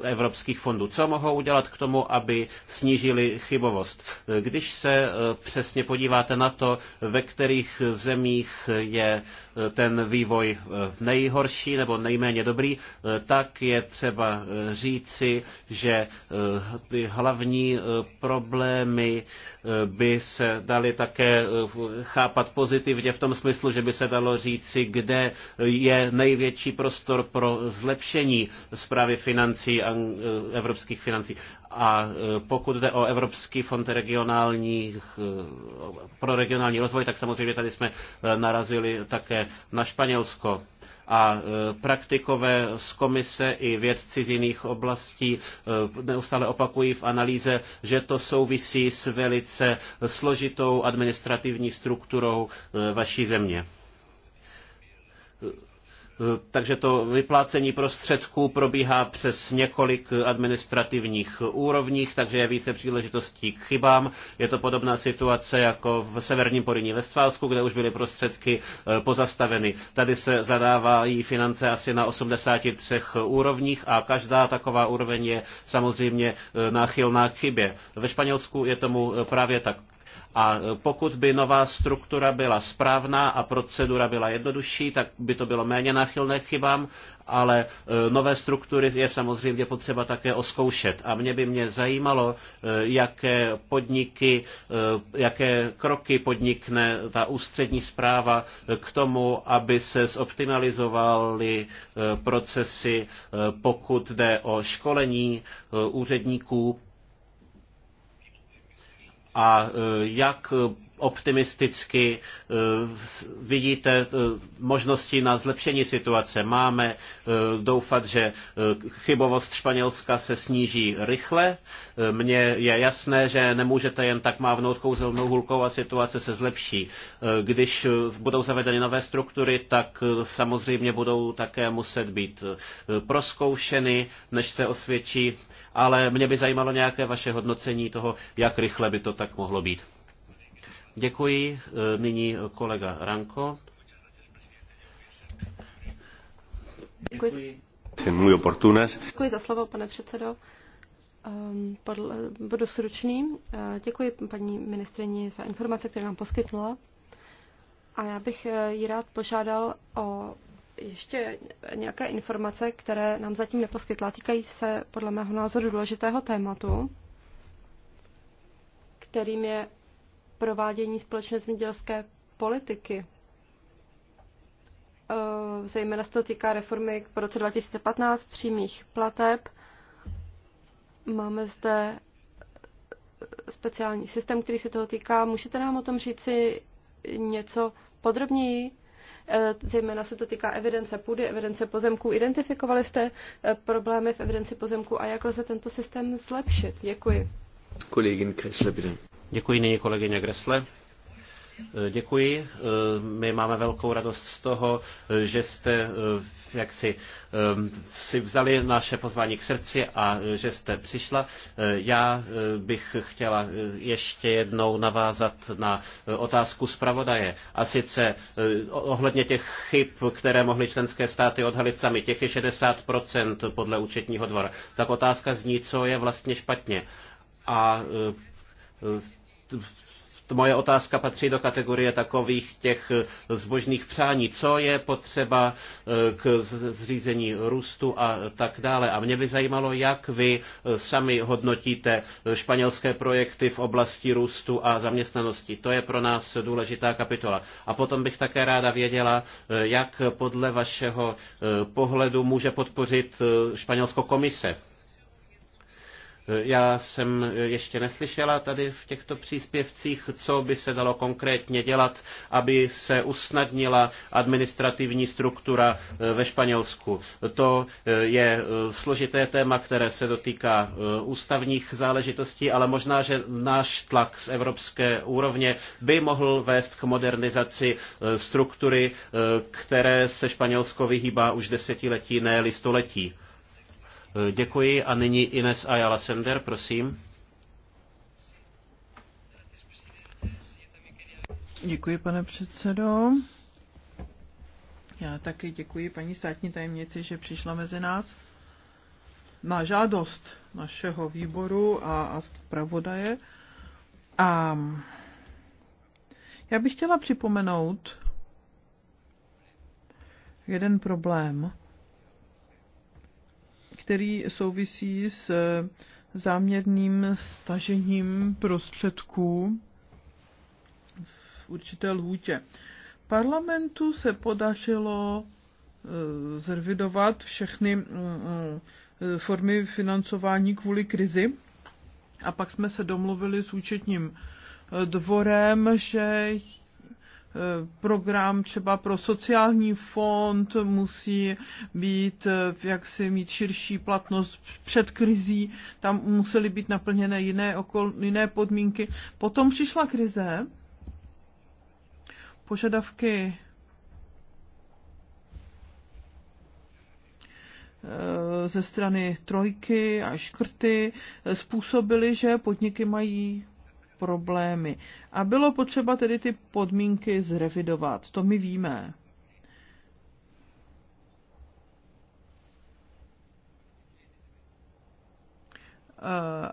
eh, evropských fondů. Co mohou udělat k tomu, aby snížili chybovost? Když se eh, přesně podíváte na to, ve kterých zemích je eh, ten vývoj nejhorší nebo nejméně dobrý, tak je třeba říci, že ty hlavní problémy eh, by se daly také eh, chápat pozitivně v tom smyslu, že by se dalo říci, kde je největší prostor pro zlepšení zprávy financí, eh, evropských financí. A pokud jde o Evropský fond regionálních, pro regionální rozvoj, tak samozřejmě tady jsme narazili také na Španělsko a e, praktikové z komise i vědci z jiných oblastí e, neustále opakují v analýze, že to souvisí s velice složitou administrativní strukturou e, vaší země takže to vyplácení prostředků probíhá přes několik administrativních úrovních, takže je více příležitostí k chybám. Je to podobná situace jako v severním Poriní Vestfálsku, kde už byly prostředky eh, pozastaveny. Tady se zadávají finance asi na 83 úrovních a každá taková úroveň je samozřejmě eh, náchylná k chybě. Ve Španělsku je tomu eh, právě tak a pokud by nová struktura byla správná a procedura byla jednodušší, tak by to bylo méně náchylné k chybám, ale e, nové struktury je samozřejmě potřeba také oskoušet. A mě by mě zajímalo, e, jaké podniky, e, jaké kroky podnikne ta ústřední zpráva k tomu, aby se zoptimalizovaly procesy, pokud jde o školení úředníků a e, jak optimisticky eh, vidíte eh, možnosti na zlepšení situace. Máme eh, doufat, že chybovost Španělska se sníží rychle. Mně je jasné, že nemůžete jen tak mávnout kouzelnou hulkou a situace se zlepší. Když budou zavedeny nové struktury, tak samozřejmě budou také muset být proskoušeny, než se osvědčí ale mě by zajímalo nějaké vaše hodnocení toho, jak rychle by to tak mohlo být. Děkuji. E, nyní kolega Ranko. Děkuji. Děkuji za slovo, pane předsedo. Ehm, podle, budu stručný. E, děkuji paní ministrině za informace, které nám poskytla. A já bych e, ji rád požádal o ještě nějaké informace, které nám zatím neposkytla. Týkají se podle mého názoru důležitého tématu, kterým je provádění společné zemědělské politiky. Eh, zejména se to týká reformy po roce 2015 přímých plateb. Máme zde eh, speciální systém, který se toho týká. Můžete nám o tom říci něco podrobněji? Eh, zejména se to týká evidence půdy, evidence pozemků. Identifikovali jste problémy v evidenci pozemků a jak lze tento systém zlepšit? Děkuji. Kolegin Kressle, bitte. Děkuji nyní kolegyně Gresle. Eh, děkuji. Eh, my máme velkou radost z toho, eh, že jste jak si, si vzali naše pozvání k srdci a že jste přišla. Já bych chtěla ještě jednou navázat na otázku zpravodaje. A sice ohledně těch chyb, které mohly členské státy odhalit sami, těch je 60% podle účetního dvora. Tak otázka zní, co je vlastně špatně. A moje otázka patří do kategorie takových těch zbožných přání. Co je potřeba eh, k zřízení růstu a tak dále. A mě by zajímalo, jak vy eh, sami hodnotíte eh, španělské projekty v oblasti růstu a zaměstnanosti. To je pro nás důležitá kapitola. A potom bych také ráda věděla, jak podle vašeho pohledu může podpořit španělsko komise já jsem ještě neslyšela tady v těchto příspěvcích, co by se dalo konkrétně dělat, aby se usnadnila administrativní struktura eh, ve Španělsku. To eh, je eh, složité téma, které se dotýká ústavních záležitostí, ale možná, že náš tlak z evropské úrovně by mohl vést k modernizaci struktury, které se Španělsko vyhýbá už desetiletí, ne století. Eh, děkuji a nyní Ines Ayala Sender, prosím. Děkuji, pane předsedo. Já taky děkuji paní státní tajemnici, že přišla mezi nás. Na žádost našeho výboru a, a zpravodaje. A já bych chtěla připomenout jeden problém, který souvisí s eh, záměrným stažením prostředků v určité lhůtě. Parlamentu se podařilo eh, zrevidovat všechny mm, mm, formy financování kvůli krizi a pak jsme se domluvili s účetním eh, dvorem, že Eh, program třeba pro sociální fond musí být, eh, jak si mít širší platnost před krizí, tam musely být naplněné jiné, okol, jiné podmínky. Potom přišla krize, požadavky eh, ze strany trojky a škrty způsobily, že podniky mají problémy. A bylo potřeba tedy ty podmínky zrevidovat, to my víme.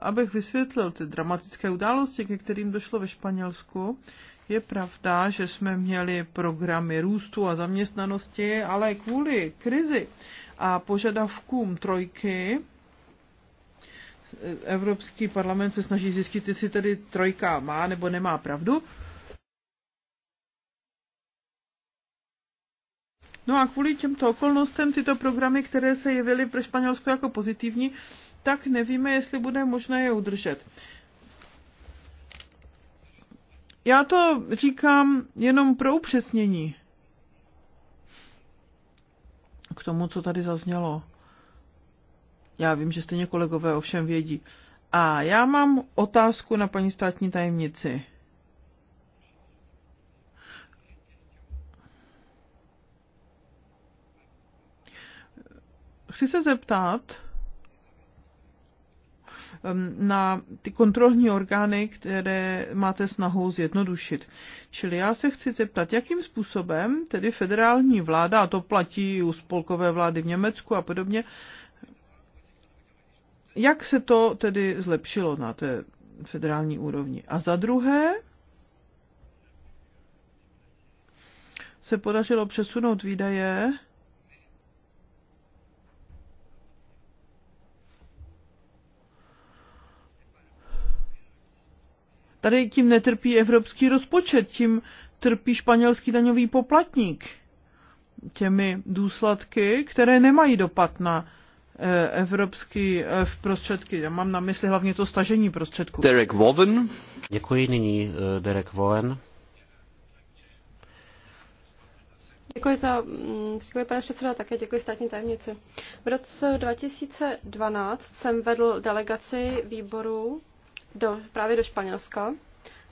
Abych vysvětlil ty dramatické události, ke kterým došlo ve Španělsku, je pravda, že jsme měli programy růstu a zaměstnanosti, ale kvůli krizi a požadavkům trojky Evropský parlament se snaží zjistit, jestli tedy trojka má nebo nemá pravdu. No a kvůli těmto okolnostem tyto programy, které se jevily pro Španělsko jako pozitivní, tak nevíme, jestli bude možné je udržet. Já to říkám jenom pro upřesnění k tomu, co tady zaznělo. Já vím, že stejně kolegové ovšem vědí. A já mám otázku na paní státní tajemnici. Chci se zeptat na ty kontrolní orgány, které máte snahu zjednodušit. Čili já se chci zeptat, jakým způsobem tedy federální vláda, a to platí u spolkové vlády v Německu a podobně, jak se to tedy zlepšilo na té federální úrovni. A za druhé se podařilo přesunout výdaje Tady tím netrpí evropský rozpočet, tím trpí španělský daňový poplatník těmi důsledky, které nemají dopad na Eh, evropský eh, v prostředky. Já mám na mysli hlavně to stažení prostředků. Derek Woven. Děkuji nyní eh, Derek Woven. Děkuji za, mm, děkuji pane předsedo, také děkuji státní tajemnici. V roce 2012 jsem vedl delegaci výboru do, právě do Španělska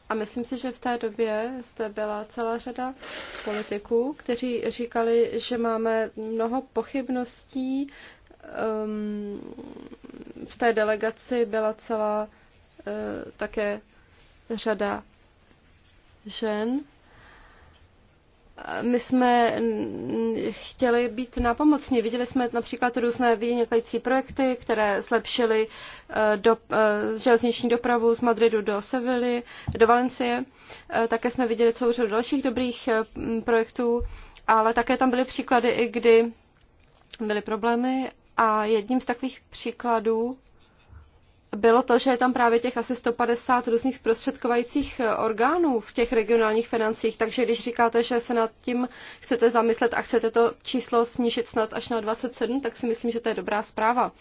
a myslím si, že v té době zde byla celá řada politiků, kteří říkali, že máme mnoho pochybností Ehm, v té delegaci byla celá eh, také řada žen. My jsme chtěli být nápomocní. Viděli jsme například různé vynikající projekty, které zlepšily eh, do, eh, železniční dopravu z Madridu do Sevily, do Valencie. Také jsme viděli celou řadu dalších dobrých projektů, ale také tam byly příklady, i kdy byly problémy a jedním z takových příkladů bylo to, že je tam právě těch asi 150 různých zprostředkovajících eh, orgánů v těch regionálních financích, takže když říkáte, že se nad tím chcete zamyslet a chcete to číslo snížit snad až na 27, tak si myslím, že to je dobrá zpráva.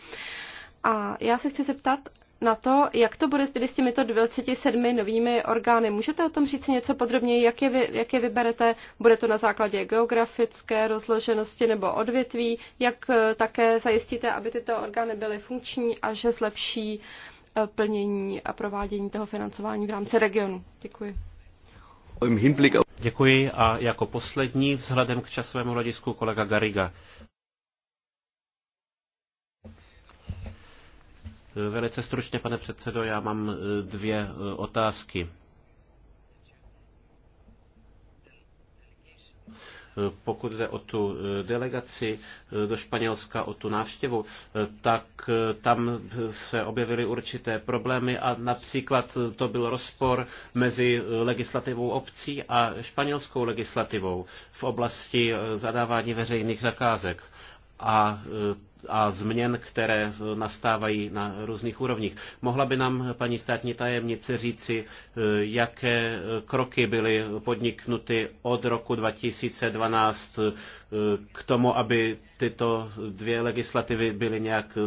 A já se chci zeptat, na to, jak to bude tedy s těmito 27 novými orgány. Můžete o tom říct něco podrobněji, jak je, vy, jak je vyberete? Bude to na základě geografické rozloženosti nebo odvětví? Jak eh, také zajistíte, aby tyto orgány byly funkční a že zlepší eh, plnění a provádění toho financování v rámci regionu? Děkuji. Děkuji a jako poslední vzhledem k časovému hledisku kolega Gariga. Velice stručně, pane předsedo, já mám e, dvě e, otázky. E, pokud jde o tu delegaci do Španělska, o tu návštěvu, tak tam se objevily určité problémy a například to byl rozpor mezi legislativou obcí a španělskou legislativou v oblasti zadávání veřejných zakázek. A a změn, které nastávají na různých úrovních. Mohla by nám paní státní tajemnice říci, eh, jaké kroky byly podniknuty od roku 2012 eh, k tomu, aby tyto dvě legislativy byly nějak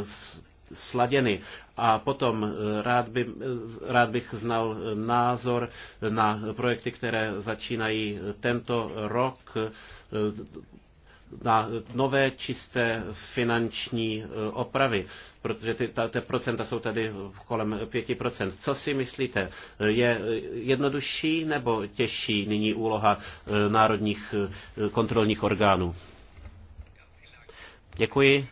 sladěny. A potom eh, rád, by, rád bych znal názor na projekty, které začínají tento rok na nové čisté finanční eh, opravy, protože ty, ta, ty procenta jsou tady kolem 5%. Co si myslíte, je jednodušší nebo těžší nyní úloha eh, národních eh, kontrolních orgánů? Děkuji.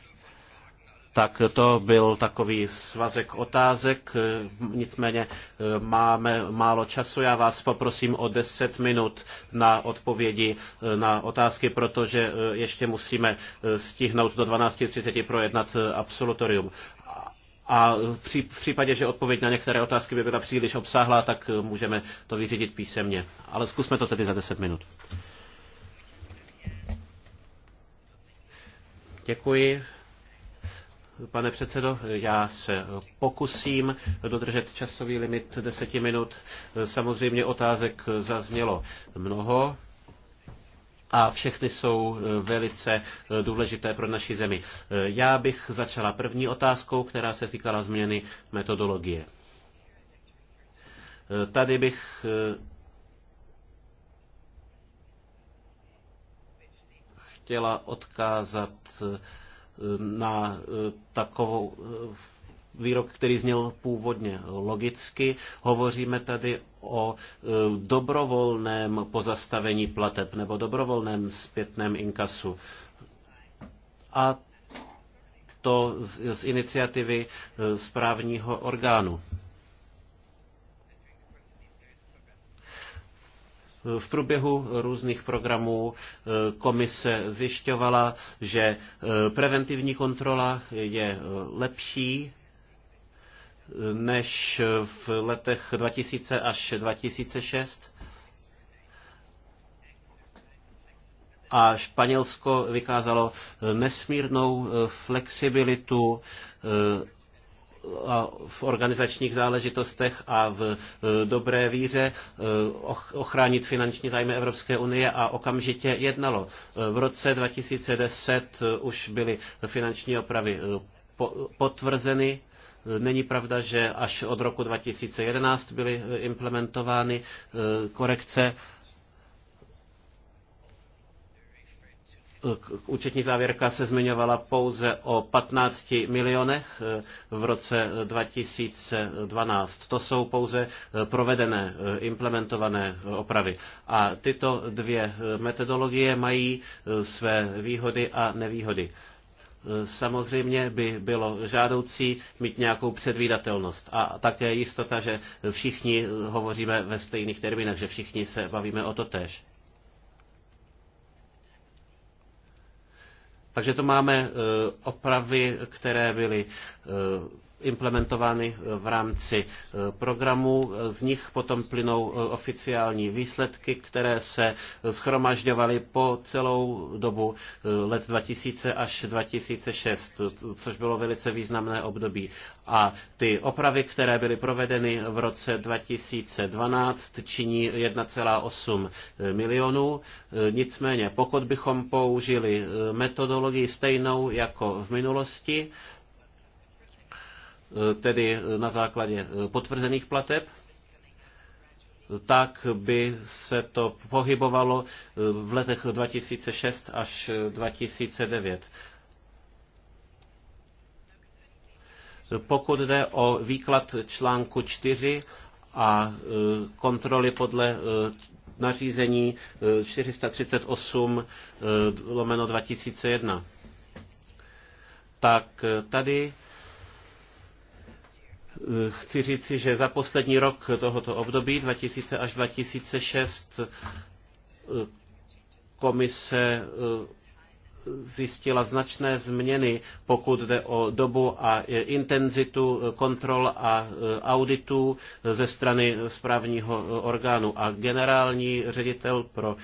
Tak to byl takový svazek otázek, eh, nicméně eh, máme málo času. Já vás poprosím o 10 minut na odpovědi eh, na otázky, protože ještě musíme stihnout do 12.30 projednat absolutorium. A v případě, že odpověď na některé otázky by byla příliš obsáhlá, tak můžeme to vyřídit písemně. Ale zkusme to tedy za 10 minut. Děkuji. Pane předsedo, já se pokusím dodržet časový limit deseti minut. Samozřejmě otázek zaznělo mnoho a všechny jsou velice důležité pro naši zemi. Já bych začala první otázkou, která se týkala změny metodologie. Tady bych eh, chtěla odkázat eh, na eh, takovou eh, výrok, který zněl původně logicky. Hovoříme tady o eh, dobrovolném pozastavení plateb nebo dobrovolném zpětném inkasu. A to z, z iniciativy správního orgánu. V průběhu různých programů eh, komise zjišťovala, že eh, preventivní kontrola je eh, lepší než v letech 2000 až 2006. A Španělsko vykázalo nesmírnou flexibilitu v organizačních záležitostech a v e, dobré víře e, ochránit finanční zájmy Evropské unie a okamžitě jednalo. E, v roce 2010 už byly finanční opravy potvrzeny. Není pravda, že až od roku 2011 byly implementovány korekce účetní závěrka se zmiňovala pouze o 15 milionech eh, v roce 2012. Eh, to jsou pouze eh, provedené, implementované opravy. A tyto dvě metodologie mají své výhody a nevýhody. Samozřejmě by bylo žádoucí mít nějakou předvídatelnost a také jistota, že všichni hovoříme ve stejných termínech, že všichni se bavíme o to tež. Takže to máme eh, opravy, které byly eh, implementovány eh, v rámci eh, programu. Z nich potom plynou eh, oficiální výsledky, které se schromažďovaly po celou dobu let 2000 až 2006, což bylo velice významné období. A ty opravy, které byly provedeny v roce 2012, činí 1,8 milionů. Nicméně, pokud bychom použili metodologii stejnou jako v minulosti, tedy na základě eh, potvrzených plateb, tak by se to pohybovalo eh, v letech 2006 až 2009. Eh, Pokud jde o výklad článku 4 a kontroly podle nařízení 438 lomeno 2001, tak tady Chci říci, že za poslední rok tohoto období 2000 až 2006 komise eh, zjistila značné změny, pokud jde o dobu a intenzitu kontrol a eh, auditů eh, ze strany správního orgánu. A generální ředitel pro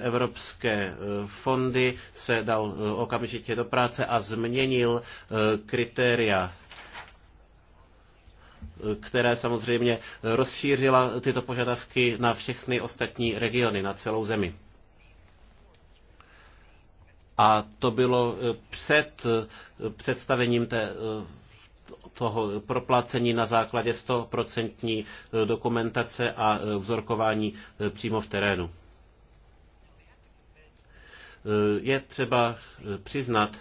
evropské fondy se dal okamžitě do práce a změnil kritéria které samozřejmě rozšířila tyto požadavky na všechny ostatní regiony, na celou zemi. A to bylo eh, před eh, představením té, eh, toho proplácení na základě 100% dokumentace a vzorkování přímo v terénu. Je třeba přiznat,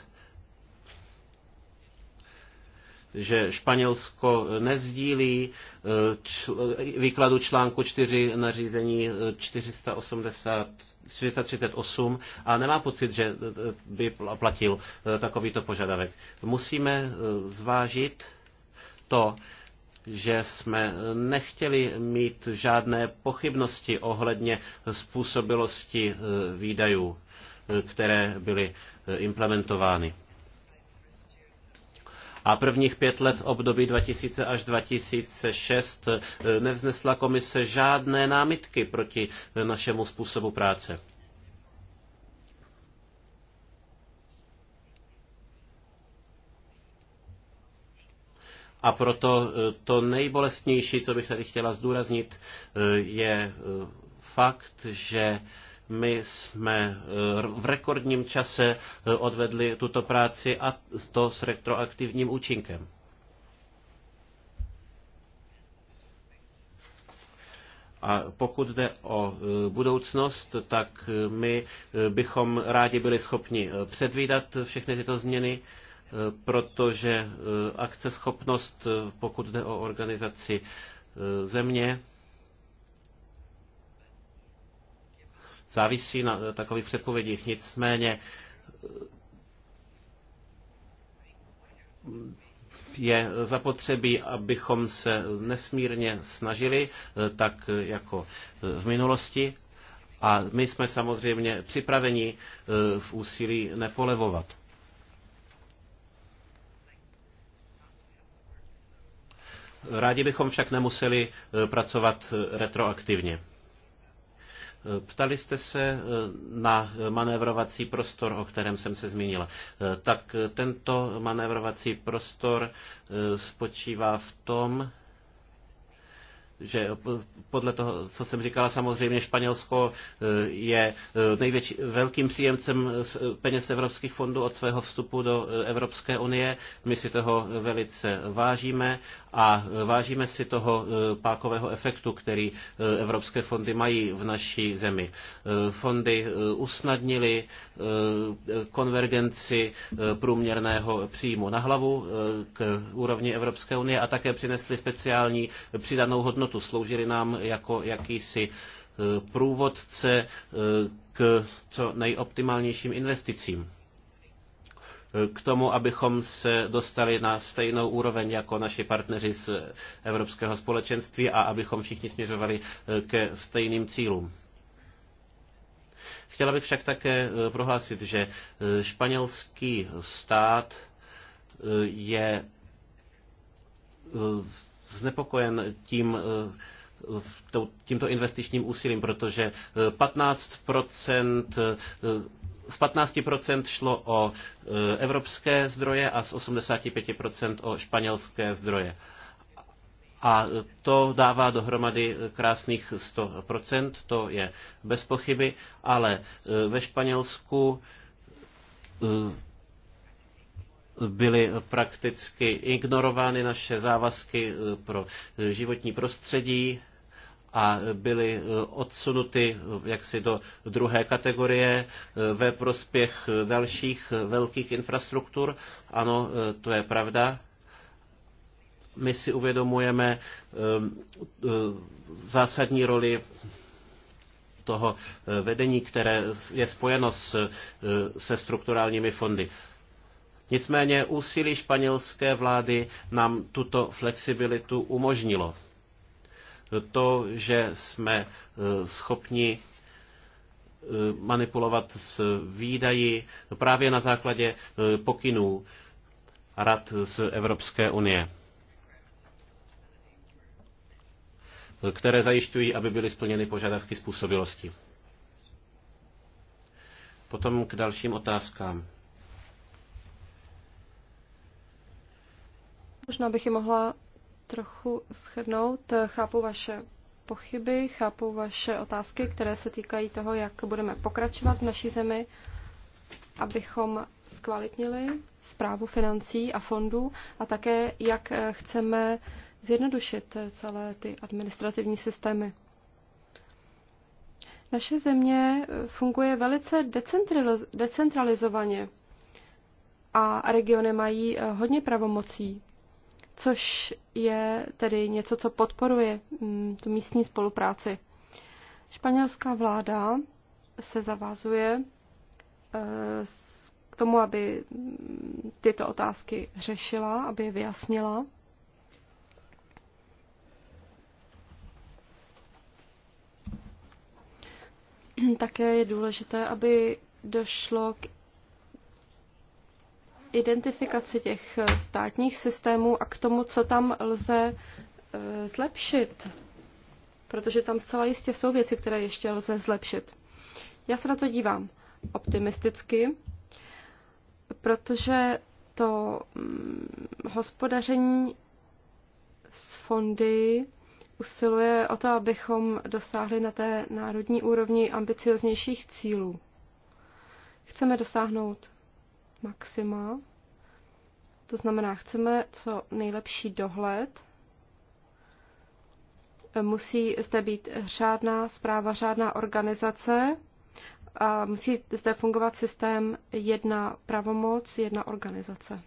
že Španělsko nezdílí eh, výkladu článku 4 nařízení 480, eh, 438 a nemá pocit, že eh, by platil takovýto požadavek. Musíme zvážit to, že jsme nechtěli mít žádné pochybnosti ohledně způsobilosti výdajů, které byly implementovány. A prvních pět let období 2000 až 2006 eh, nevznesla komise žádné námitky proti eh, našemu způsobu práce. A proto eh, to nejbolestnější, co bych tady chtěla zdůraznit, je fakt, že my jsme eh, v rekordním čase eh, odvedli tuto práci a to s retroaktivním účinkem. A pokud jde o eh, budoucnost, tak my bychom rádi byli schopni předvídat všechny tyto změny, protože akceschopnost, pokud jde o organizaci země, závisí na eh, takových předpovědích. Nicméně eh, je zapotřebí, abychom se nesmírně snažili, eh, tak jako v minulosti. A my jsme samozřejmě připraveni v úsilí nepolevovat. Rádi bychom však nemuseli pracovat retroaktivně. Ptali jste se e, na manévrovací prostor, o kterém jsem se zmínila. E, tak e, tento manévrovací prostor spočívá v tom, že podle toho, co jsem říkala, samozřejmě Španělsko eh, je eh, největší, velkým příjemcem eh, peněz evropských fondů od svého vstupu do Evropské unie. My si toho velice vážíme a vážíme si toho pákového efektu, který evropské fondy mají v naší zemi. Fondy usnadnili konvergenci průměrného příjmu na hlavu k úrovni Evropské unie a také přinesli speciální přidanou hodnotu hodnotu, sloužili nám jako jakýsi e, průvodce e, k co nejoptimálnějším investicím e, k tomu, abychom se dostali na stejnou úroveň jako naši partneři z Evropského společenství a abychom všichni směřovali ke stejným cílům. Chtěla bych však také prohlásit, že španělský stát je znepokojen tím, eh, tímto investičním úsilím, protože 15% eh, eh, z 15% šlo o evropské zdroje a z 85% o španělské zdroje. A to dává dohromady krásných 100%, to je bez pochyby, ale ve Španělsku byly prakticky ignorovány naše závazky eh, pro životní prostředí a byly eh, odsunuty eh, jaksi do druhé kategorie ve prospěch dalších velkých infrastruktur. Ano, to je pravda. My si uvědomujeme zásadní roli toho vedení, které je spojeno se strukturálními fondy. Nicméně úsilí španělské vlády nám tuto flexibilitu umožnilo. To, že jsme e, schopni e, manipulovat s výdaji právě na základě e, pokynů rad z Evropské unie, které zajišťují, aby byly splněny požadavky způsobilosti. Potom k dalším otázkám. Možná bych ji mohla trochu shrnout. Chápu vaše pochyby, chápu vaše otázky, které se týkají toho, jak budeme pokračovat v naší zemi, abychom zkvalitnili zprávu financí a fondů a také, jak chceme zjednodušit celé ty administrativní systémy. Naše země funguje velice decentralizovaně a regiony mají hodně pravomocí což je tedy něco, co podporuje mm, tu místní spolupráci. Španělská vláda se zavazuje eh, k tomu, aby mm, tyto otázky řešila, aby je vyjasnila. Také je důležité, aby došlo k identifikaci těch eh, státních systémů a k tomu, co tam lze eh, zlepšit. Protože tam zcela jistě jsou věci, které ještě lze zlepšit. Já se na to dívám optimisticky, protože to mm, hospodaření s fondy usiluje o to, abychom dosáhli na té národní úrovni ambicioznějších cílů. Chceme dosáhnout maxima. To znamená, chceme co nejlepší dohled. Musí zde být řádná zpráva, řádná organizace a musí zde fungovat systém jedna pravomoc, jedna organizace.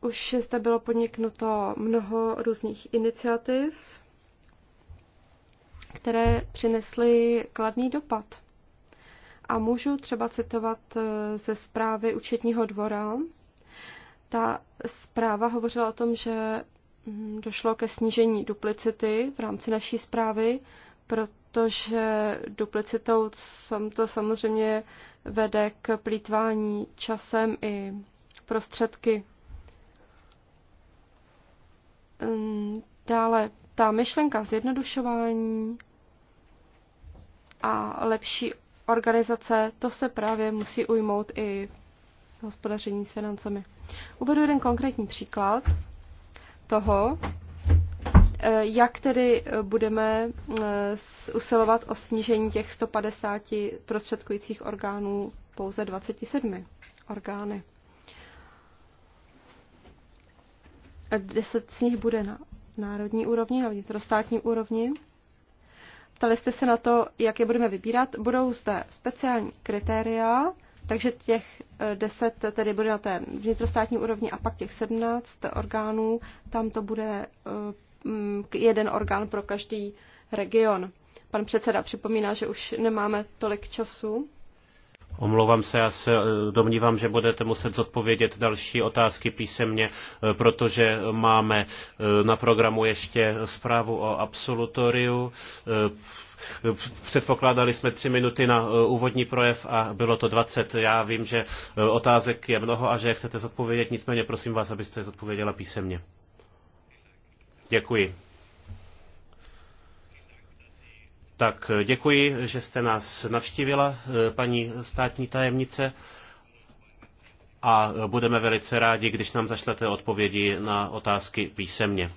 Už zde bylo podniknuto mnoho různých iniciativ, které přinesly kladný dopad. A můžu třeba citovat eh, ze zprávy účetního dvora. Ta zpráva hovořila o tom, že mm, došlo ke snížení duplicity v rámci naší zprávy, protože duplicitou to samozřejmě vede k plítvání časem i prostředky. Mm, dále ta myšlenka zjednodušování a lepší organizace, to se právě musí ujmout i v hospodaření s financemi. Uvedu jeden konkrétní příklad toho, eh, jak tedy eh, budeme eh, usilovat o snížení těch 150 prostředkujících orgánů pouze 27 orgány. Deset 10 z nich bude na národní úrovni, na vnitrostátní úrovni. Ptali jste se na to, jak je budeme vybírat. Budou zde speciální kritéria, takže těch 10 eh, tedy bude na té vnitrostátní úrovni a pak těch 17 orgánů, tam to bude eh, mm, jeden orgán pro každý region. Pan předseda připomíná, že už nemáme tolik času. Omlouvám se, já se eh, domnívám, že budete muset zodpovědět další otázky písemně, eh, protože máme eh, na programu ještě zprávu o absolutoriu. Předpokládali jsme tři minuty na úvodní projev a bylo to 20. Já vím, že otázek je mnoho a že je chcete zodpovědět, nicméně prosím vás, abyste je zodpověděla písemně. Děkuji. Tak děkuji, že jste nás navštívila, eh, paní státní tajemnice, a budeme velice rádi, když nám zašlete odpovědi na otázky písemně.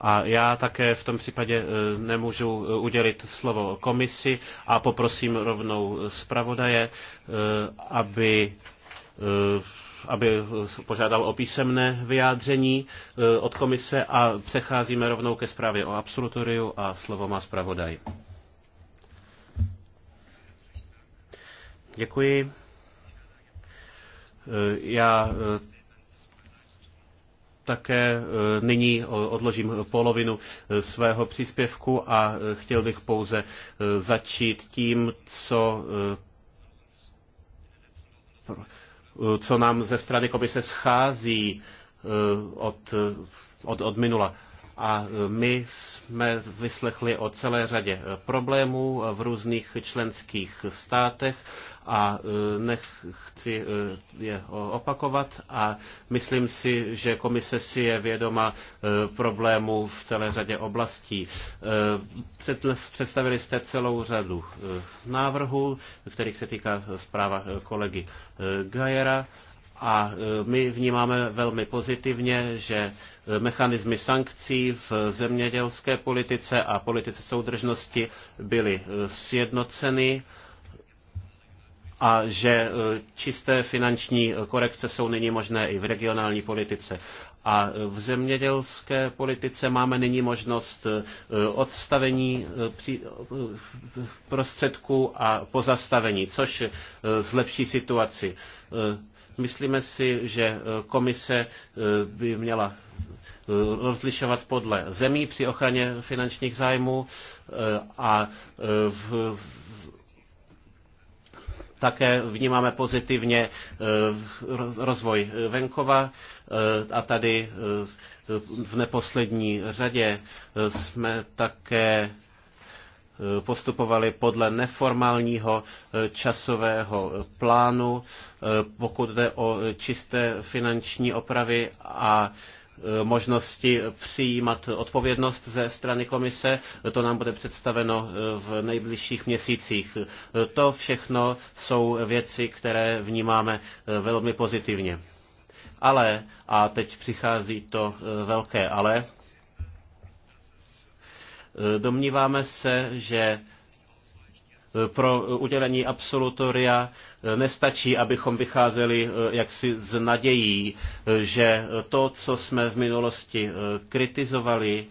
A já také v tom případě eh, nemůžu eh, udělit slovo komisi a poprosím rovnou zpravodaje, aby aby eh, požádal o písemné vyjádření eh, od komise a přecházíme rovnou ke zprávě o absolutoriu a slovo má zpravodaj. Děkuji. Eh, já také nyní odložím polovinu svého příspěvku a chtěl bych pouze začít tím, co Eh, co nám ze strany komise schází eh, od, eh, od, od minula. A my jsme vyslechli o celé řadě problémů v různých členských státech, a e, nechci e, je opakovat a myslím si, že komise si je vědoma e, problémů v celé řadě oblastí. Představili jste celou řadu návrhů, kterých se týká zpráva kolegy Gajera a my vnímáme velmi pozitivně, že mechanismy sankcí v zemědělské politice a politice soudržnosti byly sjednoceny a že e, čisté finanční korekce jsou nyní možné i v regionální politice. A e, v zemědělské politice máme nyní možnost e, odstavení prostředků a pozastavení, což zlepší situaci. Myslíme si, že komise by měla rozlišovat podle zemí při ochraně finančních zájmů a v také vnímáme pozitivně eh, rozvoj eh, venkova eh, a tady v neposlední řadě jsme také postupovali podle neformálního eh, časového eh, plánu, eh, pokud jde o čisté finanční opravy a možnosti přijímat odpovědnost ze strany komise. To nám bude představeno v nejbližších měsících. To všechno jsou věci, které vnímáme velmi pozitivně. Ale, a teď přichází to velké ale, Domníváme se, že pro udělení absolutoria nestačí, abychom vycházeli eh, jaksi z nadějí, eh, že to, co jsme v minulosti eh, kritizovali,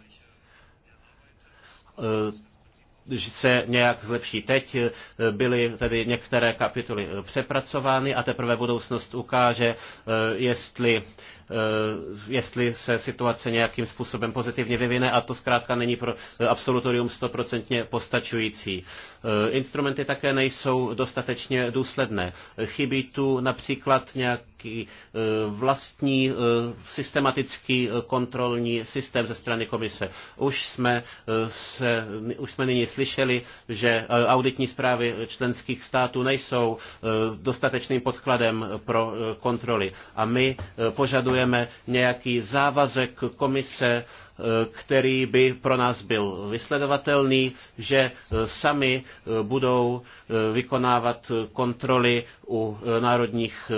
se nějak zlepší. Teď byly tedy některé kapitoly přepracovány a teprve budoucnost ukáže, jestli Eh, jestli se situace nějakým způsobem pozitivně vyvine a to zkrátka není pro eh, absolutorium stoprocentně postačující. Eh, instrumenty také nejsou dostatečně důsledné. Chybí tu například nějaký vlastní systematický kontrolní systém ze strany komise. Už jsme, se, už jsme nyní slyšeli, že auditní zprávy členských států nejsou dostatečným podkladem pro kontroly. A my požadujeme nepotřebujeme nějaký závazek komise, e, který by pro nás byl vysledovatelný, že e, sami e, budou vykonávat kontroly u národních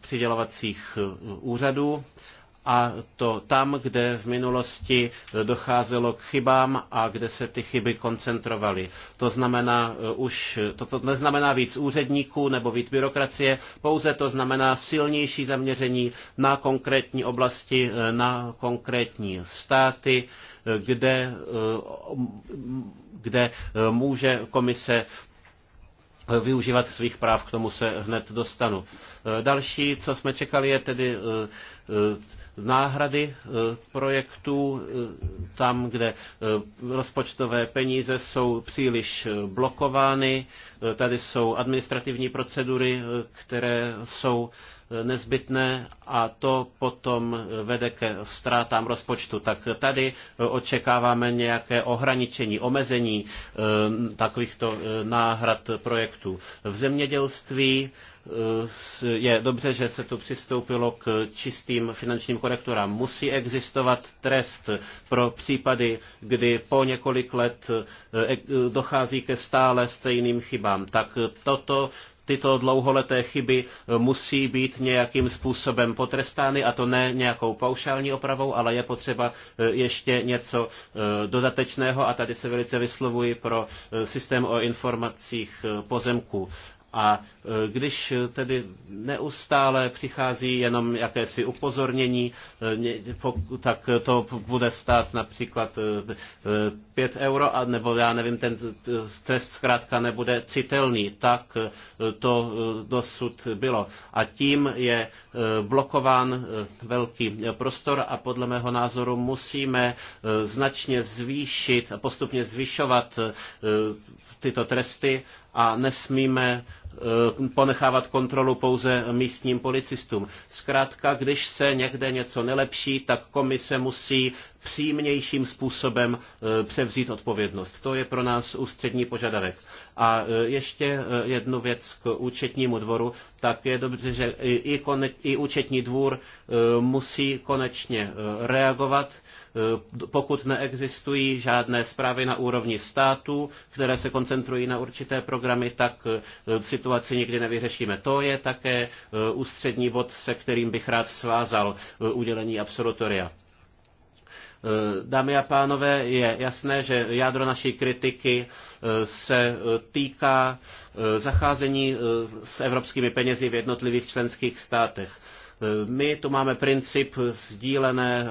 přidělovacích úřadů a to tam, kde v minulosti docházelo k chybám a kde se ty chyby koncentrovaly. To znamená eh, už, to, to neznamená víc úředníků nebo víc byrokracie, pouze to znamená silnější zaměření na konkrétní oblasti, eh, na konkrétní státy, eh, kde, kde může komise využívat svých práv, k tomu se hned dostanu. Eh, další, co jsme čekali, je tedy eh, eh, náhrady projektů tam, kde rozpočtové peníze jsou příliš blokovány. Tady jsou administrativní procedury, které jsou nezbytné a to potom vede ke ztrátám rozpočtu. Tak tady očekáváme nějaké ohraničení, omezení takovýchto náhrad projektů. V zemědělství Eh, je dobře, že se tu přistoupilo k čistým finančním korekturám. Musí existovat trest pro případy, kdy po několik let eh, eh, dochází ke stále stejným chybám. Tak toto tyto dlouholeté chyby musí být nějakým způsobem potrestány a to ne nějakou paušální opravou, ale je potřeba ještě něco dodatečného a tady se velice vyslovuji pro systém o informacích pozemků. A e, když tedy neustále přichází jenom jakési upozornění, e, tak to bude stát například 5 e, euro, a nebo já nevím, ten trest zkrátka nebude citelný. Tak to dosud bylo. A tím je blokován velký prostor a podle mého názoru musíme značně zvýšit a postupně zvyšovat tyto tresty a nesmíme Eh, ponechávat kontrolu pouze místním policistům. Zkrátka, když se někde něco nelepší, tak komise musí přímějším způsobem e, převzít odpovědnost. To je pro nás ústřední požadavek. A e, ještě e, jednu věc k účetnímu dvoru, tak je dobře, že i, kone, i účetní dvůr musí konečně reagovat, pokud neexistují žádné zprávy na úrovni států, které se koncentrují na určité programy, tak situaci nikdy nevyřešíme. To je také ústřední bod, se kterým bych rád svázal udělení absolutoria. Eh, dámy a pánové, je jasné, že jádro naší kritiky eh, se eh, týká zacházení s evropskými penězi v jednotlivých členských státech. My tu máme princip sdílené,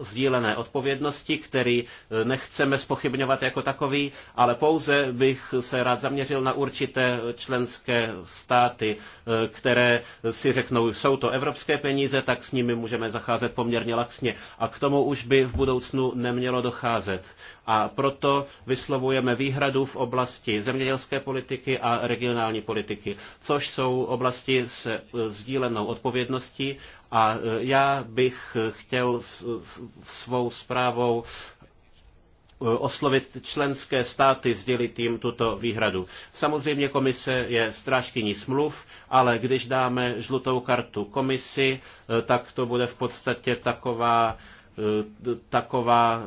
sdílené odpovědnosti, který e, nechceme spochybňovat jako takový, ale pouze bych se rád zaměřil na určité členské státy, e, které si řeknou, jsou to evropské peníze, tak s nimi můžeme zacházet poměrně laxně. A k tomu už by v budoucnu nemělo docházet. A proto vyslovujeme výhradu v oblasti zemědělské politiky a regionální politiky, což jsou oblasti s e, sdílenou odpovědností odpovědnosti a e, já bych chtěl svou zprávou e, oslovit členské státy, sdělit jim tuto výhradu. Samozřejmě komise je strážkyní smluv, ale když dáme žlutou kartu komisi, e, tak to bude v podstatě taková, taková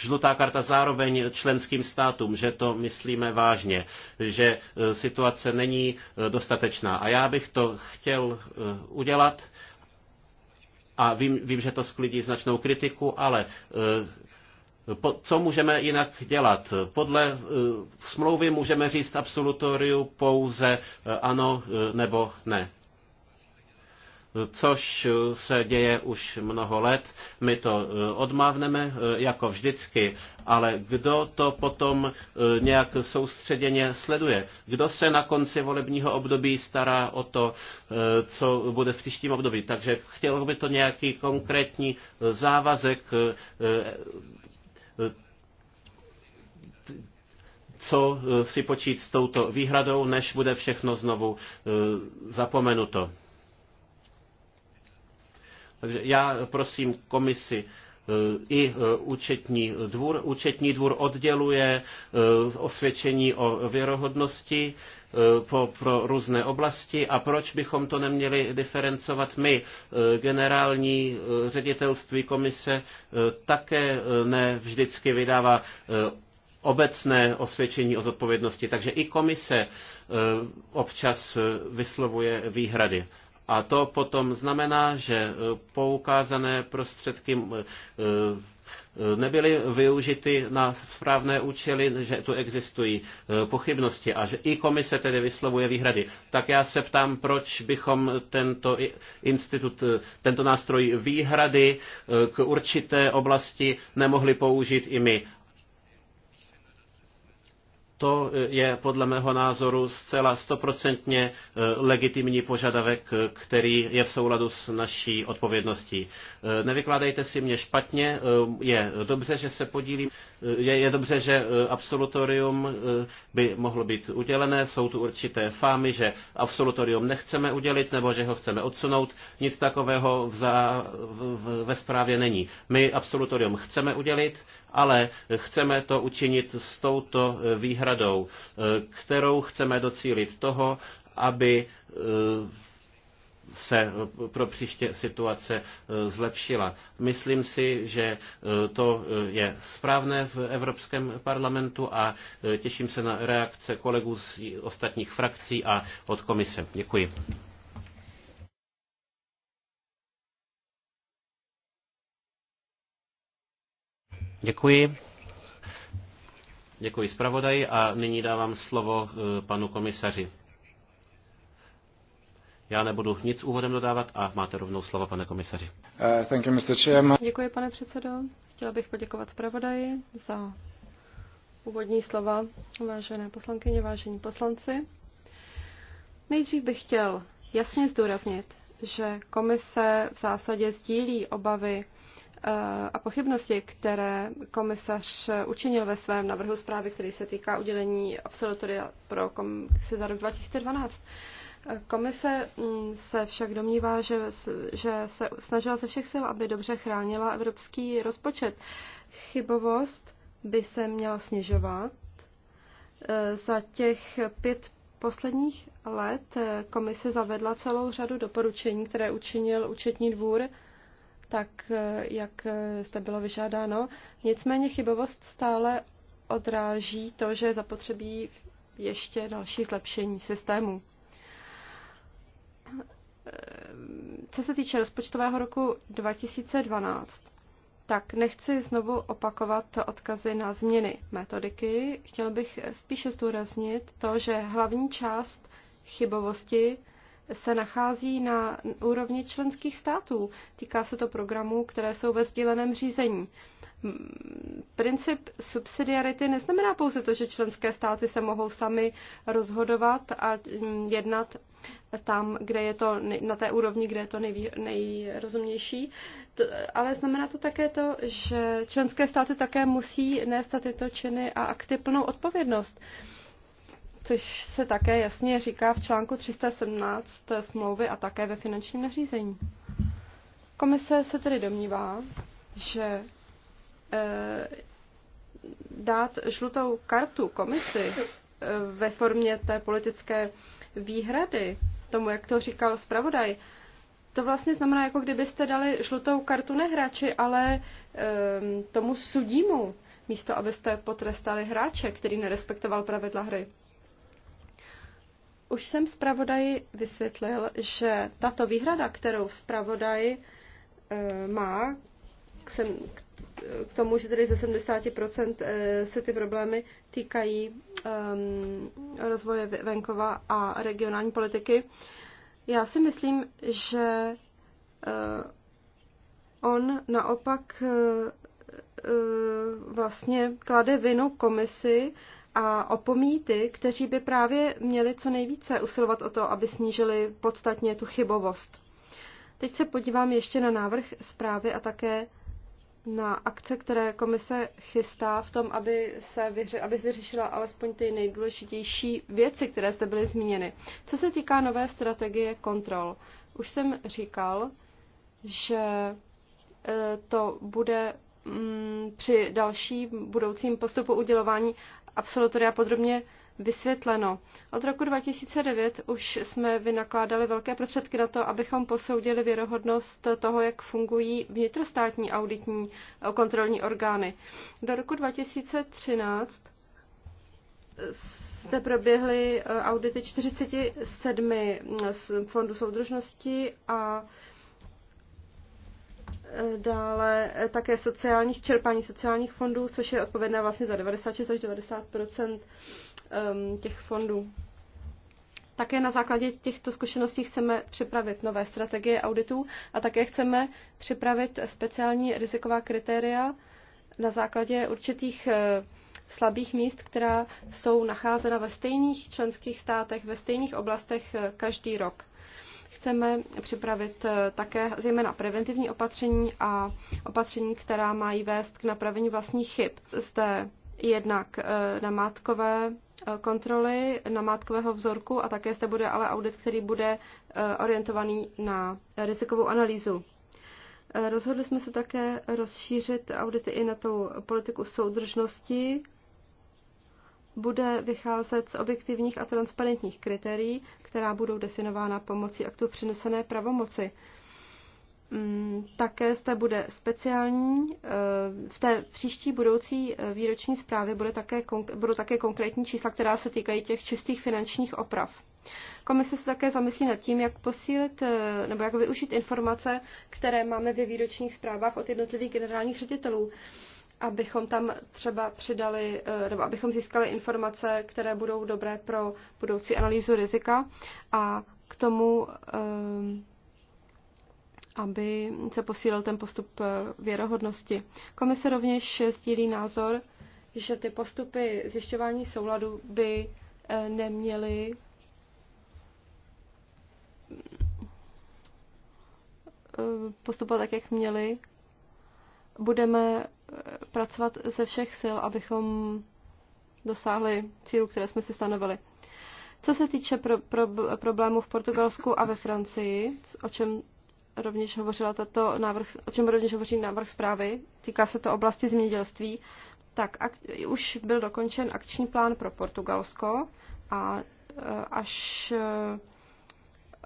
žlutá karta zároveň členským státům, že to myslíme vážně, že e, situace není e, dostatečná. A já bych to chtěl e, udělat a vím, vím že to sklidí značnou kritiku, ale co můžeme jinak dělat? Podle smlouvy můžeme říct absolutoriu pouze ano nebo ne což se děje už mnoho let. My to eh, odmávneme eh, jako vždycky, ale kdo to potom eh, nějak soustředěně sleduje? Kdo se na konci volebního období stará o to, co bude v příštím období? Takže chtělo by to nějaký konkrétní závazek co si počít s touto výhradou, než bude všechno znovu zapomenuto. Takže já prosím komisi, eh, i eh, účetní dvůr. Účetní dvůr odděluje eh, osvědčení o věrohodnosti po, pro různé oblasti a proč bychom to neměli diferencovat my. Generální ředitelství komise také ne vždycky vydává obecné osvědčení o zodpovědnosti, takže i komise občas vyslovuje výhrady. A to potom znamená, že e, poukázané prostředky e, e, nebyly využity na správné účely, že tu existují pochybnosti a že i komise tedy vyslovuje výhrady. Tak já se ptám, proč bychom tento institut, tento nástroj výhrady k určité oblasti nemohli použít i my. To eh, je podle mého názoru zcela stoprocentně eh, legitimní požadavek, eh, který je v souladu s naší odpovědností. Nevykládejte si mě špatně, je dobře, že se podílím, je, je dobře, že absolutorium by mohlo být udělené, jsou tu určité fámy, že absolutorium nechceme udělit nebo že ho chceme odsunout, nic takového v za, v, v, ve zprávě není. My absolutorium chceme udělit, ale chceme to učinit s touto eh, výhradou, eh, kterou chceme docílit toho, aby eh, se pro příště situace zlepšila. Myslím si, že to je správné v Evropském parlamentu a těším se na reakce kolegů z ostatních frakcí a od komise. Děkuji. Děkuji. Děkuji zpravodaji a nyní dávám slovo eh, panu komisaři. Já nebudu nic úvodem dodávat a máte rovnou slovo, pane komisaři. Eh, thank you, Mr. Chairman. Děkuji, pane předsedo. Chtěla bych poděkovat zpravodaji za úvodní slova, vážené poslankyně, vážení poslanci. Nejdřív bych chtěl jasně zdůraznit, že komise v zásadě sdílí obavy Eh, a pochybnosti, které komisař učinil ve svém návrhu zprávy, který se týká udělení absolutoria pro komisi za rok 2012. Eh, komise mm, se však domnívá, že, že se snažila ze všech sil, aby dobře chránila evropský rozpočet. Chybovost by se měla snižovat. Eh, za těch pět posledních let komise zavedla celou řadu doporučení, které učinil účetní dvůr tak eh, jak jste bylo vyžádáno. Nicméně chybovost stále odráží to, že zapotřebí ještě další zlepšení systému. Eh, co se týče rozpočtového roku 2012, tak nechci znovu opakovat odkazy na změny metodiky. Chtěl bych spíše zdůraznit to, že hlavní část chybovosti se nachází na úrovni členských států. Týká se to programů, které jsou ve sdíleném řízení. Princip subsidiarity neznamená pouze to, že členské státy se mohou sami rozhodovat a mm, jednat tam, kde je to na té úrovni, kde je to nejví, nejrozumější, to, ale znamená to také to, že členské státy také musí nést za tyto činy a akty plnou odpovědnost. Um, což se také jasně říká v článku 317 smlouvy a také ve finančním nařízení. Komise se tedy domnívá, že e, dát žlutou kartu komisi e, ve formě té politické výhrady, tomu, jak to říkal zpravodaj, to vlastně znamená, jako kdybyste dali žlutou kartu ne hráči, ale e, tomu sudímu, místo abyste potrestali hráče, který nerespektoval pravidla hry. Už jsem zpravodaji vysvětlil, že tato výhrada, kterou zpravodaj eh, má k tomu, že tedy ze 70% eh, se ty problémy týkají ehm, rozvoje venkova a regionální politiky, já si myslím, že eh, on naopak vlastně klade vinu komisi a opomíjí ty, kteří by právě měli co nejvíce usilovat o to, aby snížili podstatně tu chybovost. Teď se podívám ještě na návrh zprávy a také na akce, které komise chystá v tom, aby se vyři, aby vyřešila alespoň ty nejdůležitější věci, které zde byly zmíněny. Co se týká nové strategie kontrol, už jsem říkal, že e, to bude mm, při další budoucím postupu udělování absolutoria podrobně vysvětleno. Od roku 2009 už jsme vynakládali velké prostředky na to, abychom posoudili věrohodnost toho, jak fungují vnitrostátní auditní kontrolní orgány. Do roku 2013 jste proběhly eh, audity 47 z Fondu soudržnosti a Eh, dále eh, také sociálních, čerpání sociálních fondů, což je odpovědné vlastně za 96 až 90 ehm, těch fondů. Také na základě těchto zkušeností chceme připravit nové strategie auditů a také chceme připravit speciální riziková kritéria na základě určitých eh, slabých míst, která jsou nacházena ve stejných členských státech, ve stejných oblastech každý rok. Chceme připravit eh, také zejména preventivní opatření a opatření, která mají vést k napravení vlastních chyb. Zde jednak eh, mátkové eh, kontroly mátkového vzorku a také zde bude ale audit, který bude orientovaný na rizikovou analýzu. Rozhodli jsme se také rozšířit audity i na tu politiku soudržnosti bude vycházet z objektivních a transparentních kritérií, která budou definována pomocí aktu přinesené pravomoci. Mm, také zde bude speciální, eh, v té příští budoucí eh, výroční zprávě bude také, budou také konkrétní čísla, která se týkají těch čistých finančních oprav. Komise se také zamyslí nad tím, jak posílit eh, nebo jak využít informace, které máme ve výročních zprávách od jednotlivých generálních ředitelů abychom tam třeba přidali, eh, nebo abychom získali informace, které budou dobré pro budoucí analýzu rizika a k tomu, eh, aby se posílil ten postup eh, věrohodnosti. Komise rovněž sdílí názor, že ty postupy zjišťování souladu by neměly postupovat tak, jak měli. Budeme pracovat ze všech sil, abychom dosáhli cílů, které jsme si stanovili. Co se týče pro, pro, problémů v Portugalsku a ve Francii, o čem rovněž hovořila tato návrh, o čem rovněž hovoří návrh zprávy, týká se to oblasti zemědělství, tak ak, už byl dokončen akční plán pro Portugalsko a e, až e,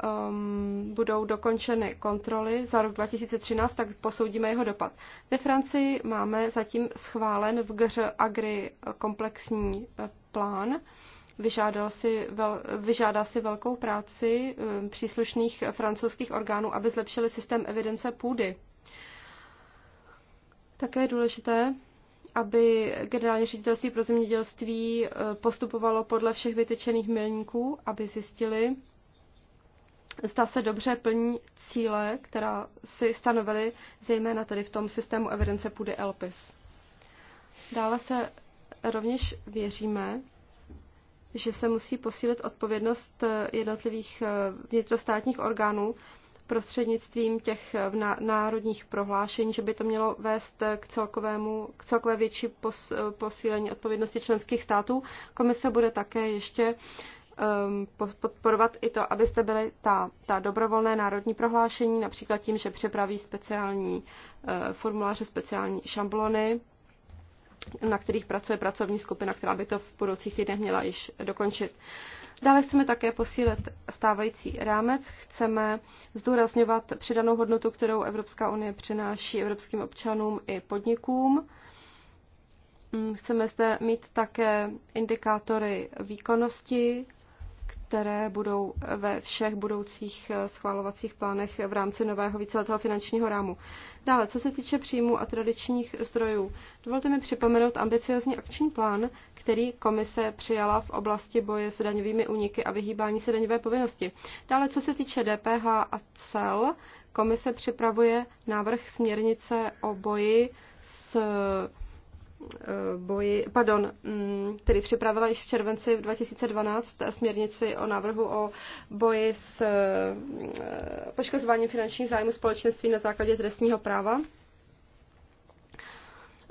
um, budou dokončeny kontroly za rok 2013, tak posoudíme jeho dopad. Ve Francii máme zatím schválen v GŘ Agri komplexní eh, plán. Vyžádal si vel, vyžádá si velkou práci um, příslušných francouzských orgánů, aby zlepšili systém evidence půdy. Také je důležité, aby generální ředitelství pro zemědělství eh, postupovalo podle všech vytyčených milníků, aby zjistili, zda se dobře plní cíle, která si stanovili zejména tedy v tom systému evidence půdy LPIS. Dále se rovněž věříme, že se musí posílit odpovědnost jednotlivých eh, vnitrostátních orgánů prostřednictvím těch eh, národních prohlášení, že by to mělo vést eh, k, celkovému, k celkové větší pos, posílení odpovědnosti členských států. Komise bude také ještě um, podporovat i to, abyste byli ta, ta dobrovolné národní prohlášení, například tím, že přepraví speciální uh, formuláře, speciální šamblony, na kterých pracuje pracovní skupina, která by to v budoucích týdnech měla již dokončit. Dále chceme také posílit stávající rámec, chceme zdůrazňovat přidanou hodnotu, kterou Evropská unie přináší evropským občanům i podnikům. Mm, chceme zde mít také indikátory výkonnosti, které budou ve všech budoucích eh, schválovacích plánech v rámci nového víceletého finančního rámu. Dále, co se týče příjmu a tradičních zdrojů, dovolte mi připomenout ambiciozní akční plán, který komise přijala v oblasti boje s daňovými úniky a vyhýbání se daňové povinnosti. Dále, co se týče DPH a cel, komise připravuje návrh směrnice o boji s Eh, boji, pardon, který mm, připravila již v červenci 2012 směrnici o návrhu o boji s eh, poškozováním finančních zájmů společenství na základě trestního práva.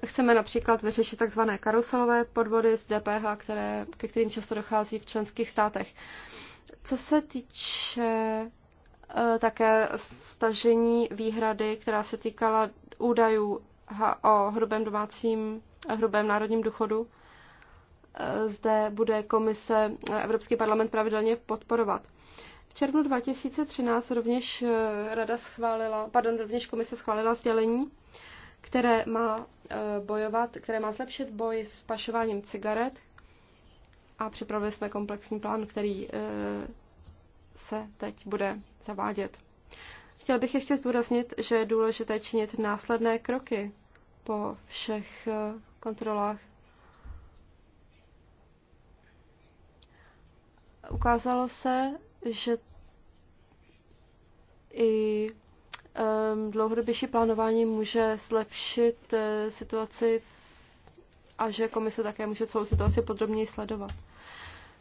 Chceme například vyřešit tzv. karuselové podvody z DPH, které, ke kterým často dochází v členských státech. Co se týče eh, také stažení výhrady, která se týkala údajů o hrubém domácím a hrubém národním důchodu. E, zde bude komise e, Evropský parlament pravidelně podporovat. V červnu 2013 rovněž e, rada schválila, pardon, rovněž komise schválila sdělení, které má bojovat, které má zlepšit boj s pašováním cigaret a připravili jsme komplexní plán, který se teď bude zavádět. Chtěl bych ještě zdůraznit, že je důležité činit následné kroky po všech kontrolách. Ukázalo se, že i um, dlouhodobější plánování může zlepšit uh, situaci a že komise také může celou situaci podrobněji sledovat.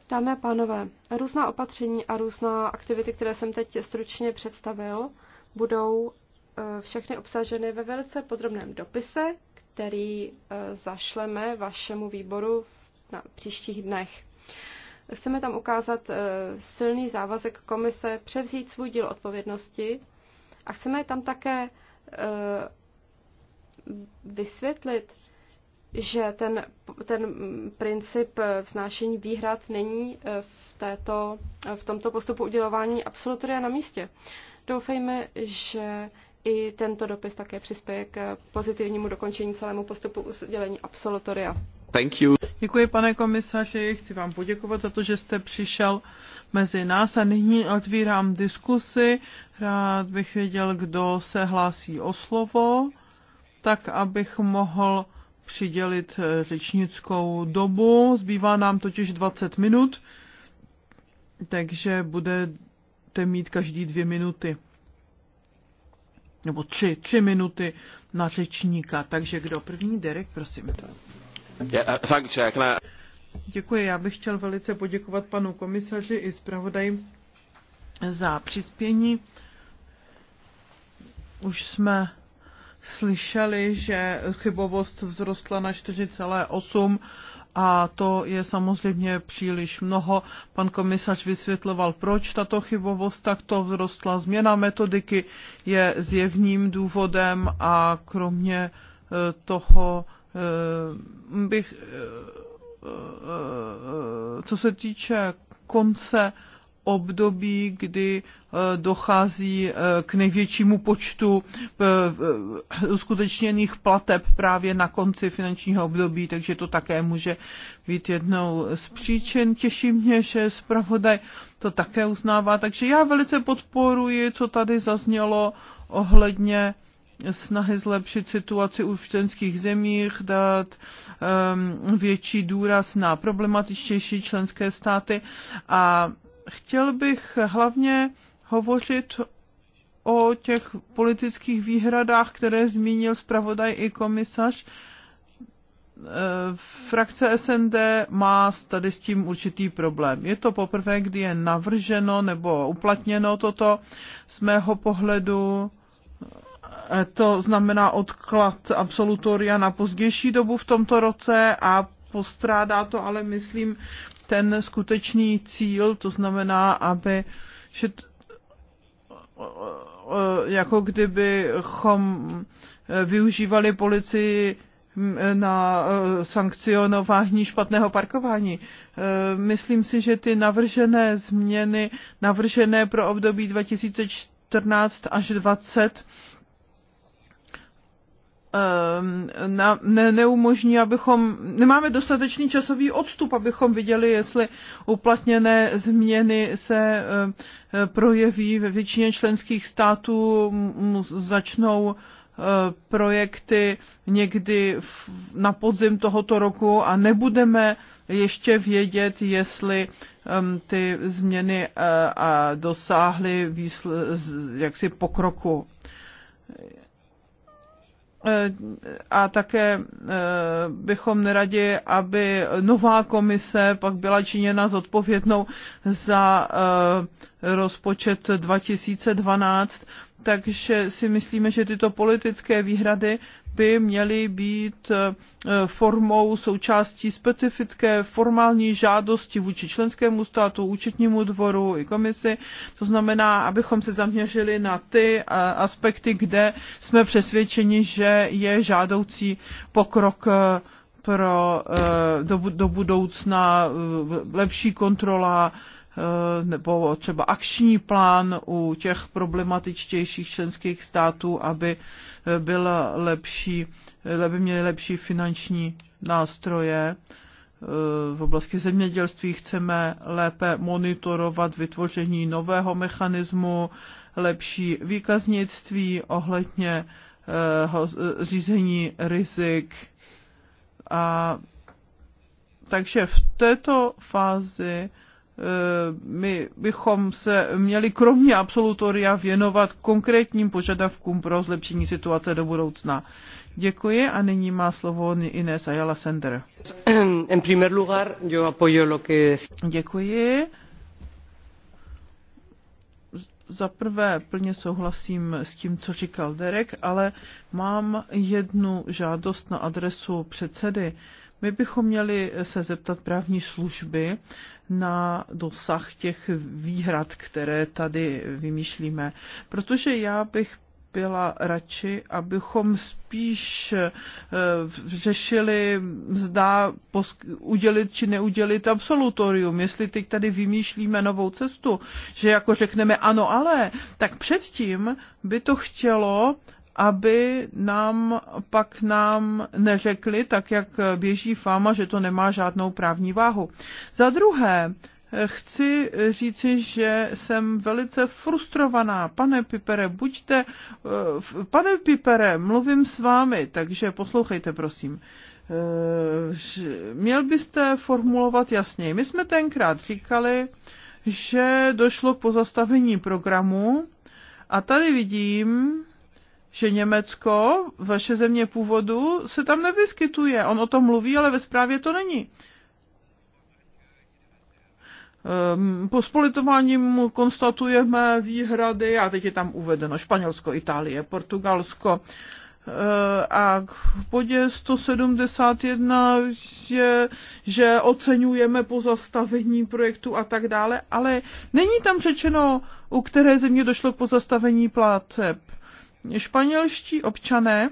Dámy a pánové, různá opatření a různá aktivity, které jsem teď stručně představil, budou eh, všechny obsaženy ve velice podrobném dopise, který eh, zašleme vašemu výboru na příštích dnech. Chceme tam ukázat eh, silný závazek komise převzít svůj díl odpovědnosti a chceme tam také eh, vysvětlit, že ten, ten princip vznášení výhrad není v, této, v tomto postupu udělování absolutoria na místě. Doufejme, že i tento dopis také přispěje k pozitivnímu dokončení celému postupu udělení absolutoria. Thank you. Děkuji, pane komisaři. Chci vám poděkovat za to, že jste přišel mezi nás a nyní otvírám diskusi. Rád bych věděl, kdo se hlásí o slovo, tak abych mohl přidělit eh, řečnickou dobu. Zbývá nám totiž 20 minut, takže budete mít každý dvě minuty nebo tři, tři minuty na řečníka. Takže kdo první? Derek, prosím. Uh, Děkuji, já bych chtěl velice poděkovat panu komisaři i zpravodaji za přispění. Už jsme slyšeli, že chybovost vzrostla na a to je samozřejmě příliš mnoho. Pan komisař vysvětloval, proč tato chybovost takto vzrostla. Změna metodiky je zjevným důvodem a kromě eh, toho eh, bych, eh, co se týče konce období, kdy eh, dochází eh, k největšímu počtu eh, uskutečněných plateb právě na konci finančního období, takže to také může být jednou z příčin. Těší mě, že zpravodaj to také uznává, takže já velice podporuji, co tady zaznělo ohledně snahy zlepšit situaci u členských zemích, dát um, větší důraz na problematičtější členské státy a chtěl bych hlavně hovořit o těch politických výhradách, které zmínil zpravodaj i komisař. E, frakce SND má tady s tím určitý problém. Je to poprvé, kdy je navrženo nebo uplatněno toto z mého pohledu. E, to znamená odklad absolutoria na pozdější dobu v tomto roce a postrádá to ale, myslím, ten skutečný cíl, to znamená, aby že jako kdybychom eh, využívali policii mm, eh, na eh, sankcionování špatného parkování. Myslím si, že ty navržené změny, navržené pro období 2014 až 2020, Ehm, na, ne, neumožní, abychom, nemáme dostatečný časový odstup, abychom viděli, jestli uplatněné změny se ehm, projeví ve většině členských států, začnou ehm, projekty někdy na podzim tohoto roku a nebudeme ještě vědět, jestli ty změny e, dosáhly jaksi pokroku Eh, a také eh, bychom neradi, aby nová komise pak byla činěna zodpovědnou za eh, rozpočet 2012, takže si myslíme, že tyto politické výhrady by měly být eh, formou součástí specifické formální žádosti vůči členskému státu, účetnímu dvoru i komisi. To znamená, abychom se zaměřili na ty eh, aspekty, kde jsme přesvědčeni, že je žádoucí pokrok eh, pro do, do budoucna lepší kontrola Eh, nebo třeba akční plán u těch problematičtějších členských států, aby eh, byl lepší, eh, aby měly lepší finanční nástroje. V oblasti zemědělství chceme lépe monitorovat vytvoření nového mechanismu, lepší výkaznictví ohledně řízení rizik. A takže v této fázi Eh, my bychom se měli kromě absolutoria věnovat konkrétním požadavkům pro zlepšení situace do budoucna. Děkuji a nyní má slovo Inés Ayala Sender. Děkuji. Za prvé plně souhlasím s tím, co říkal Derek, ale mám jednu žádost na adresu předsedy. Uh, my bychom měli se zeptat právní služby na dosah těch výhrad, které tady vymýšlíme, protože já bych byla radši, abychom spíš eh, řešili, zda udělit či neudělit absolutorium. Jestli teď tady vymýšlíme novou cestu, že jako řekneme ano, ale, tak předtím by to chtělo aby nám pak nám neřekli, tak jak běží fáma, že to nemá žádnou právní váhu. Za druhé, chci říci, že jsem velice frustrovaná. Pane Pipere, buďte... Eh, pane Pipere, mluvím s vámi, takže poslouchejte, prosím. Eh, měl byste formulovat jasněji. My jsme tenkrát říkali, že došlo k pozastavení programu a tady vidím, že Německo, vaše země původu, se tam nevyskytuje. On o tom mluví, ale ve zprávě to není. Ehm, Pospolitováním konstatujeme výhrady, a teď je tam uvedeno Španělsko, Itálie, Portugalsko. Ehm, a v bodě 171 je, že oceňujeme pozastavení projektu a tak dále, ale není tam řečeno, u které země došlo k pozastavení plateb španělští občané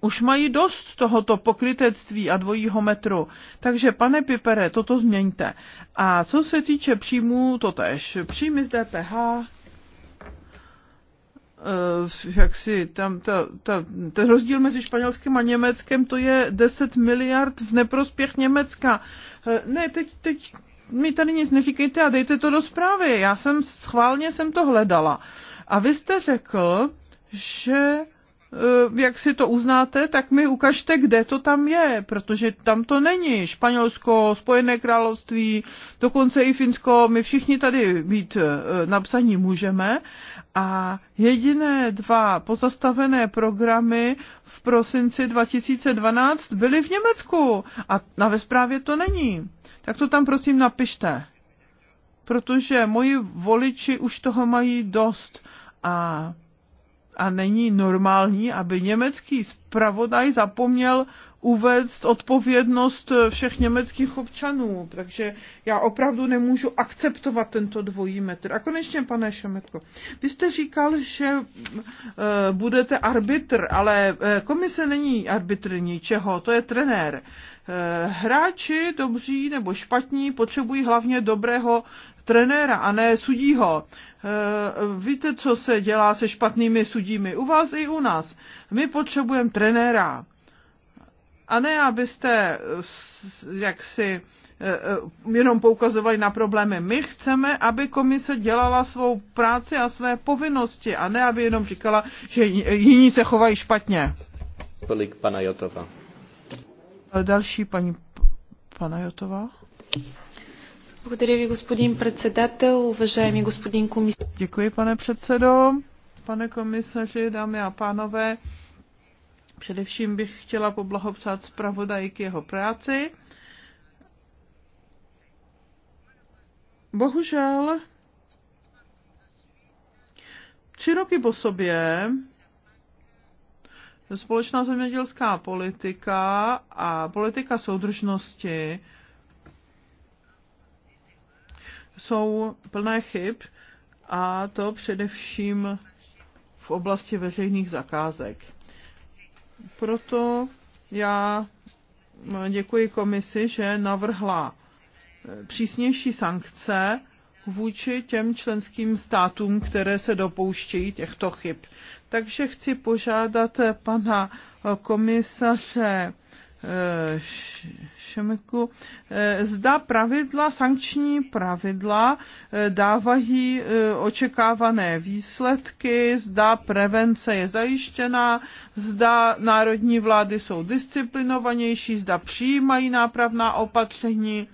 už mají dost tohoto pokrytectví a dvojího metru. Takže, pane Pipere, toto změňte. A co se týče příjmů, to tež. Příjmy z DPH, eh, jak si tam ta, ta, ten rozdíl mezi španělským a německým, to je 10 miliard v neprospěch Německa. Eh, ne, teď, teď mi tady nic neříkejte a dejte to do zprávy. Já jsem schválně jsem to hledala. Uh, a vy jste řekl, že eh, jak si to uznáte, tak mi ukažte, kde to tam je, protože tam to není. Španělsko, Spojené království, dokonce i Finsko, my všichni tady být eh, napsaní můžeme. A jediné dva pozastavené programy v prosinci 2012 byly v Německu a na ve zprávě to není. Tak to tam prosím napište protože moji voliči už toho mají dost a, a není normální, aby německý zpravodaj zapomněl uvést odpovědnost všech německých občanů. Takže já opravdu nemůžu akceptovat tento dvojí metr. A konečně, pane Šemetko, vy jste říkal, že e, budete arbitr, ale e, komise není arbitr ničeho, to je trenér. Eh, hráči dobří nebo špatní potřebují hlavně dobrého trenéra a ne sudího. Eh, víte, co se dělá se špatnými sudími u vás i u nás. My potřebujeme trenéra. A ne, abyste jaksi eh, jenom poukazovali na problémy. My chceme, aby komise dělala svou práci a své povinnosti a ne, aby jenom říkala, že jiní se chovají špatně. Tolik pana Jotova. Další paní Panajotová. Благодаря Děkuji, pane předsedo, pane komisaři, dámy a pánové. Především bych chtěla poblahopřát zpravodaji k jeho práci. Bohužel, tři roky po sobě společná zemědělská politika a politika soudržnosti jsou plné chyb a to především v oblasti veřejných zakázek. Proto já děkuji komisi, že navrhla přísnější sankce vůči těm členským státům, které se dopouštějí těchto chyb. Takže chci požádat pana komisaře eh, Šemeku, eh, zda pravidla, sankční pravidla eh, dávají očekávané výsledky, zda prevence je zajištěná, zda národní vlády jsou disciplinovanější, zda přijímají nápravná opatření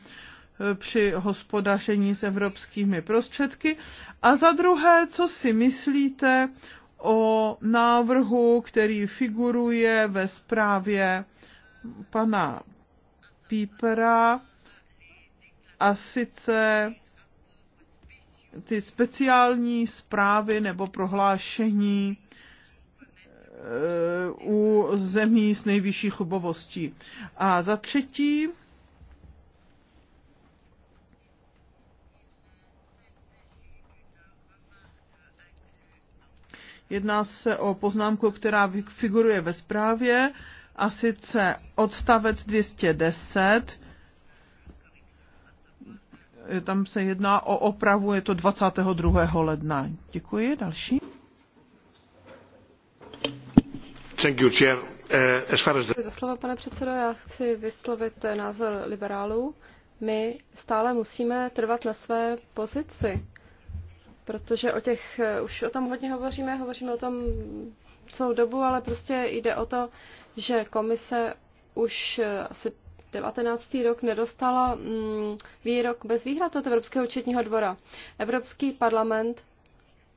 při hospodaření s evropskými prostředky. A za druhé, co si myslíte o návrhu, který figuruje ve zprávě pana Pípera a sice ty speciální zprávy nebo prohlášení eh, u zemí s nejvyšší chubovostí. A za třetí, Jedná se o poznámku, která figuruje ve zprávě, a sice odstavec 210. Tam se jedná o opravu, je to 22. ledna. Děkuji, další. Thank you, chair. Eh, Děkuji za slovo, pane předsedo. Já chci vyslovit názor liberálů. My stále musíme trvat na své pozici protože o těch, eh, už o tom hodně hovoříme, hovoříme o tom celou dobu, ale prostě jde o to, že komise už eh, asi 19. rok nedostala mm, výrok bez výhrad od Evropského účetního dvora. Evropský parlament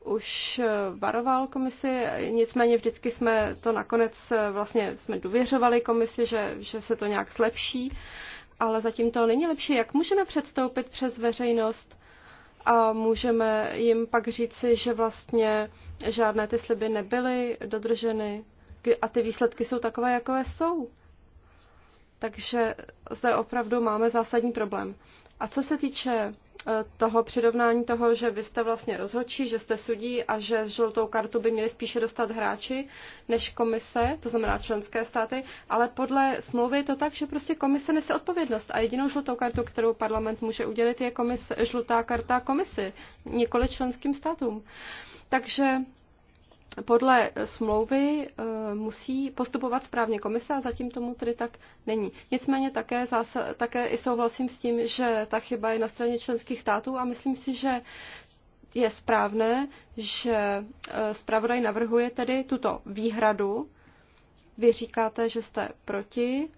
už eh, varoval komisi, nicméně vždycky jsme to nakonec vlastně jsme důvěřovali komisi, že, že se to nějak zlepší, ale zatím to není lepší. Jak můžeme předstoupit přes veřejnost a můžeme jim pak říci, že vlastně žádné ty sliby nebyly dodrženy a ty výsledky jsou takové, jakové jsou. Takže zde opravdu máme zásadní problém. A co se týče toho přirovnání toho, že vy jste vlastně rozhodčí, že jste sudí a že žlutou kartu by měli spíše dostat hráči než komise, to znamená členské státy, ale podle smlouvy je to tak, že prostě komise nese odpovědnost a jedinou žlutou kartu, kterou parlament může udělit, je komise, žlutá karta komisi, nikoli členským státům. Takže podle smlouvy eh, musí postupovat správně komise a zatím tomu tedy tak není. Nicméně také, zása, také i souhlasím s tím, že ta chyba je na straně členských států a myslím si, že je správné, že eh, zpravodaj navrhuje tedy tuto výhradu. Vy říkáte, že jste proti,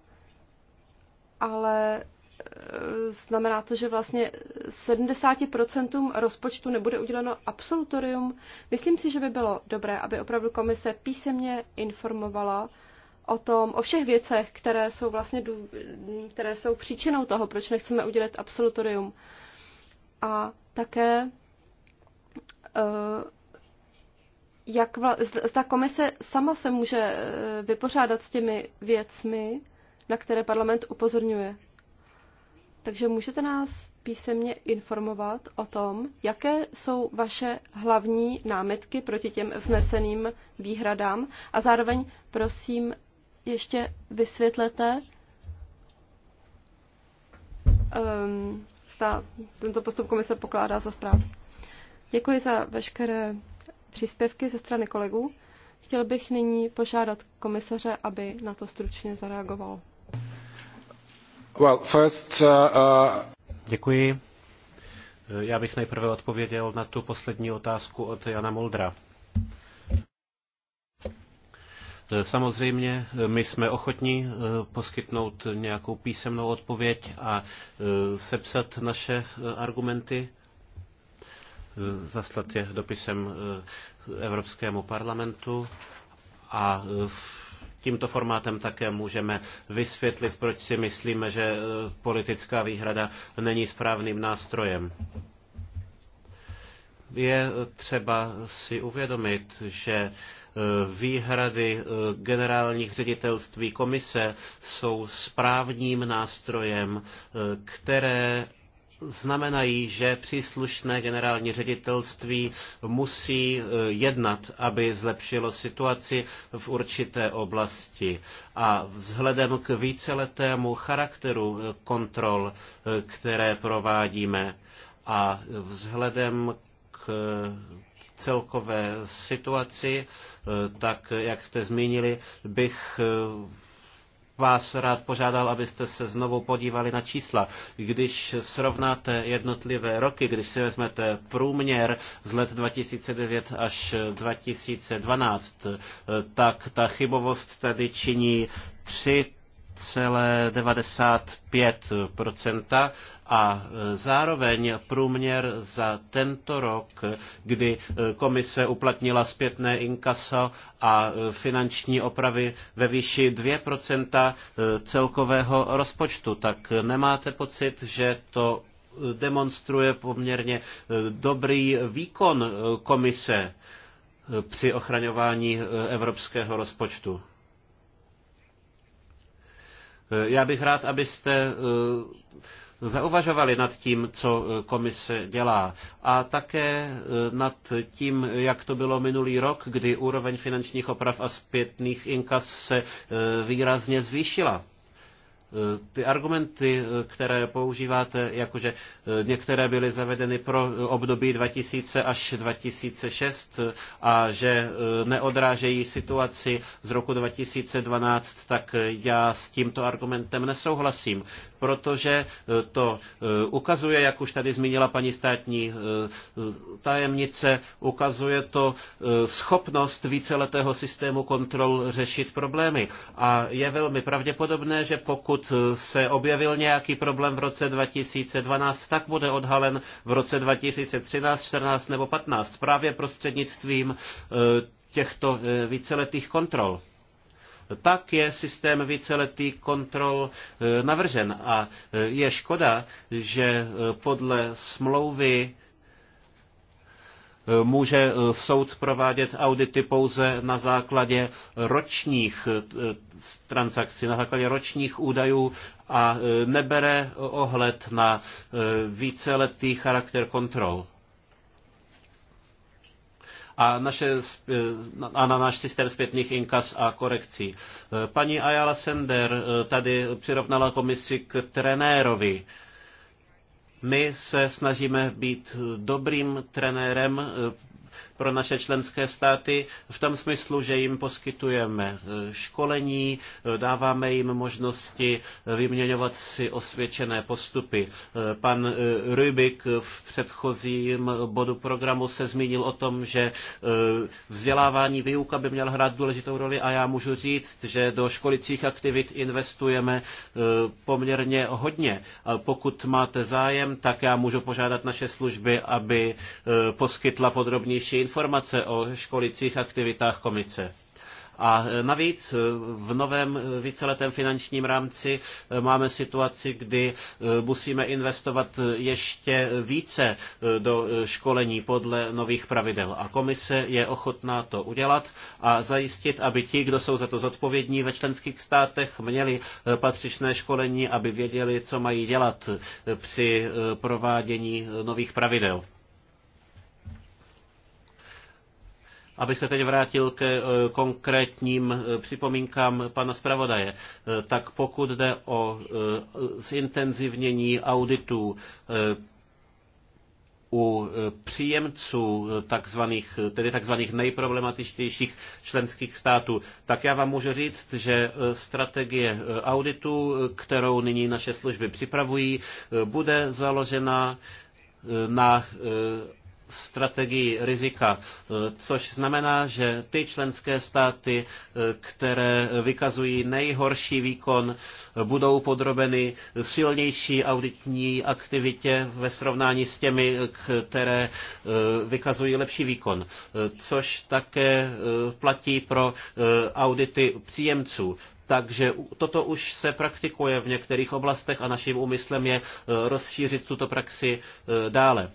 ale znamená to, že vlastně 70% rozpočtu nebude uděleno absolutorium. Myslím si, že by bylo dobré, aby opravdu komise písemně informovala o tom, o všech věcech, které jsou vlastně, které jsou příčinou toho, proč nechceme udělat absolutorium. A také eh, jak vla, ta komise sama se může eh, vypořádat s těmi věcmi, na které parlament upozorňuje. Takže můžete nás písemně informovat o tom, jaké jsou vaše hlavní námitky proti těm vzneseným výhradám a zároveň prosím ještě vysvětlete, um, zda tento postup komise pokládá za správný. Děkuji za veškeré příspěvky ze strany kolegů. Chtěl bych nyní požádat komisaře, aby na to stručně zareagoval. Uh, uh, Děkuji. Eh, já bych nejprve odpověděl na tu poslední otázku od Jana Moldra. Eh, samozřejmě eh, my jsme ochotní poskytnout nějakou písemnou odpověď a sepsat naše argumenty, zaslat je dopisem Evropskému parlamentu a v tímto formátem také můžeme vysvětlit, proč si myslíme, že eh, politická výhrada není správným nástrojem. Je eh, třeba si uvědomit, že eh, výhrady generálních ředitelství komise jsou správním nástrojem, které znamenají, že příslušné generální ředitelství musí eh, jednat, aby zlepšilo situaci v určité oblasti. A vzhledem k víceletému charakteru eh, kontrol, eh, které provádíme, a vzhledem k celkové situaci, tak jak jste zmínili, bych vás rád požádal, abyste se znovu podívali na čísla. Když srovnáte jednotlivé roky, když si vezmete průměr z let 2009 až 2012, tak ta chybovost tady činí 3 a zároveň průměr za tento rok, kdy komise uplatnila zpětné inkaso a finanční opravy ve výši 2 celkového rozpočtu. Tak nemáte pocit, že to demonstruje poměrně dobrý výkon komise při ochraňování evropského rozpočtu? Eh, já bych rád, abyste eh, zauvažovali nad tím, co eh, komise dělá a také nad tím, jak to bylo minulý rok, kdy úroveň finančních oprav a zpětných inkas se výrazně zvýšila. Eh, ty argumenty, eh, které používáte, jakože eh, některé byly zavedeny pro období 2000 až 2006 a že neodrážejí situaci z roku 2012, tak já s tímto argumentem nesouhlasím, protože to ukazuje, jak už tady zmínila paní státní tajemnice, ukazuje to schopnost víceletého systému kontrol řešit problémy. A je velmi pravděpodobné, že pokud pokud se objevil nějaký problém v roce 2012, tak bude odhalen v roce 2013, 14 nebo 15 právě prostřednictvím eh, těchto eh, víceletých kontrol. Tak je systém víceletých kontrol eh, navržen a je škoda, že podle smlouvy může eh, soud provádět audity pouze na základě ročních eh, transakcí, na základě ročních údajů a eh, nebere ohled na víceletý charakter kontrol. A, naše, a na náš systém zpětných inkas a korekcí. Paní Ayala Sender tady přirovnala komisi k trenérovi my se snažíme být dobrým trenérem pro naše členské státy v tom smyslu, že jim poskytujeme eh, školení, eh, dáváme jim možnosti eh, vyměňovat si osvědčené postupy. Pan Rybik v předchozím bodu programu se zmínil o tom, že vzdělávání výuka by měl hrát důležitou roli a já můžu říct, že do školicích aktivit investujeme poměrně hodně. Pokud máte zájem, tak já můžu požádat naše služby, aby poskytla podrobnější informace o školicích aktivitách komice. A navíc v novém víceletém finančním rámci máme situaci, kdy musíme investovat ještě více do školení podle nových pravidel. A komise je ochotná to udělat a zajistit, aby ti, kdo jsou za to zodpovědní ve členských státech, měli patřičné školení, aby věděli, co mají dělat při provádění nových pravidel. Abych se teď vrátil ke eh, konkrétním eh, připomínkám pana zpravodaje, eh, tak pokud jde o zintenzivnění auditů u příjemců takzvaných, tedy takzvaných nejproblematičtějších členských států, tak já vám můžu říct, že strategie auditu, kterou nyní naše služby připravují, bude založena na strategii rizika, eh, což znamená, že ty členské státy, eh, které vykazují nejhorší výkon, eh, budou podrobeny silnější auditní aktivitě ve srovnání s těmi, které vykazují lepší výkon, což také platí pro audity příjemců. Takže toto už se praktikuje v některých oblastech a naším úmyslem je rozšířit tuto praxi dále.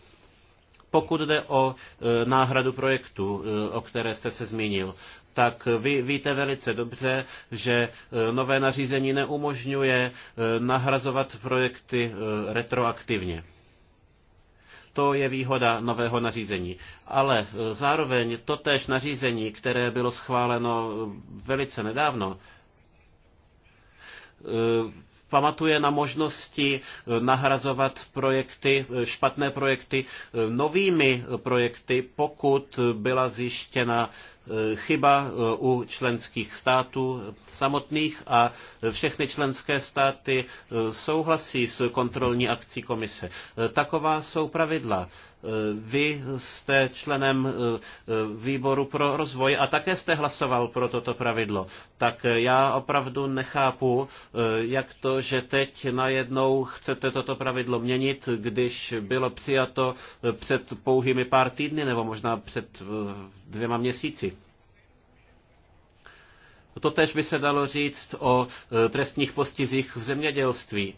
Pokud jde o e, náhradu projektu, e, o které jste se zmínil, tak vy víte velice dobře, že e, nové nařízení neumožňuje nahrazovat projekty retroaktivně. To je výhoda nového nařízení. Ale zároveň totéž nařízení, které bylo schváleno velice nedávno, pamatuje na možnosti eh, nahrazovat projekty, eh, špatné projekty eh, novými projekty, pokud byla zjištěna chyba u členských států samotných a všechny členské státy souhlasí s kontrolní akcí komise. Taková jsou pravidla. Eh, vy jste členem eh, eh, výboru pro rozvoj a také jste hlasoval pro toto pravidlo. Tak já opravdu nechápu, jak to, že teď najednou chcete toto pravidlo měnit, když bylo přijato před pouhými pár týdny nebo možná před dvěma měsíci. Totež by se dalo říct o trestních postizích v zemědělství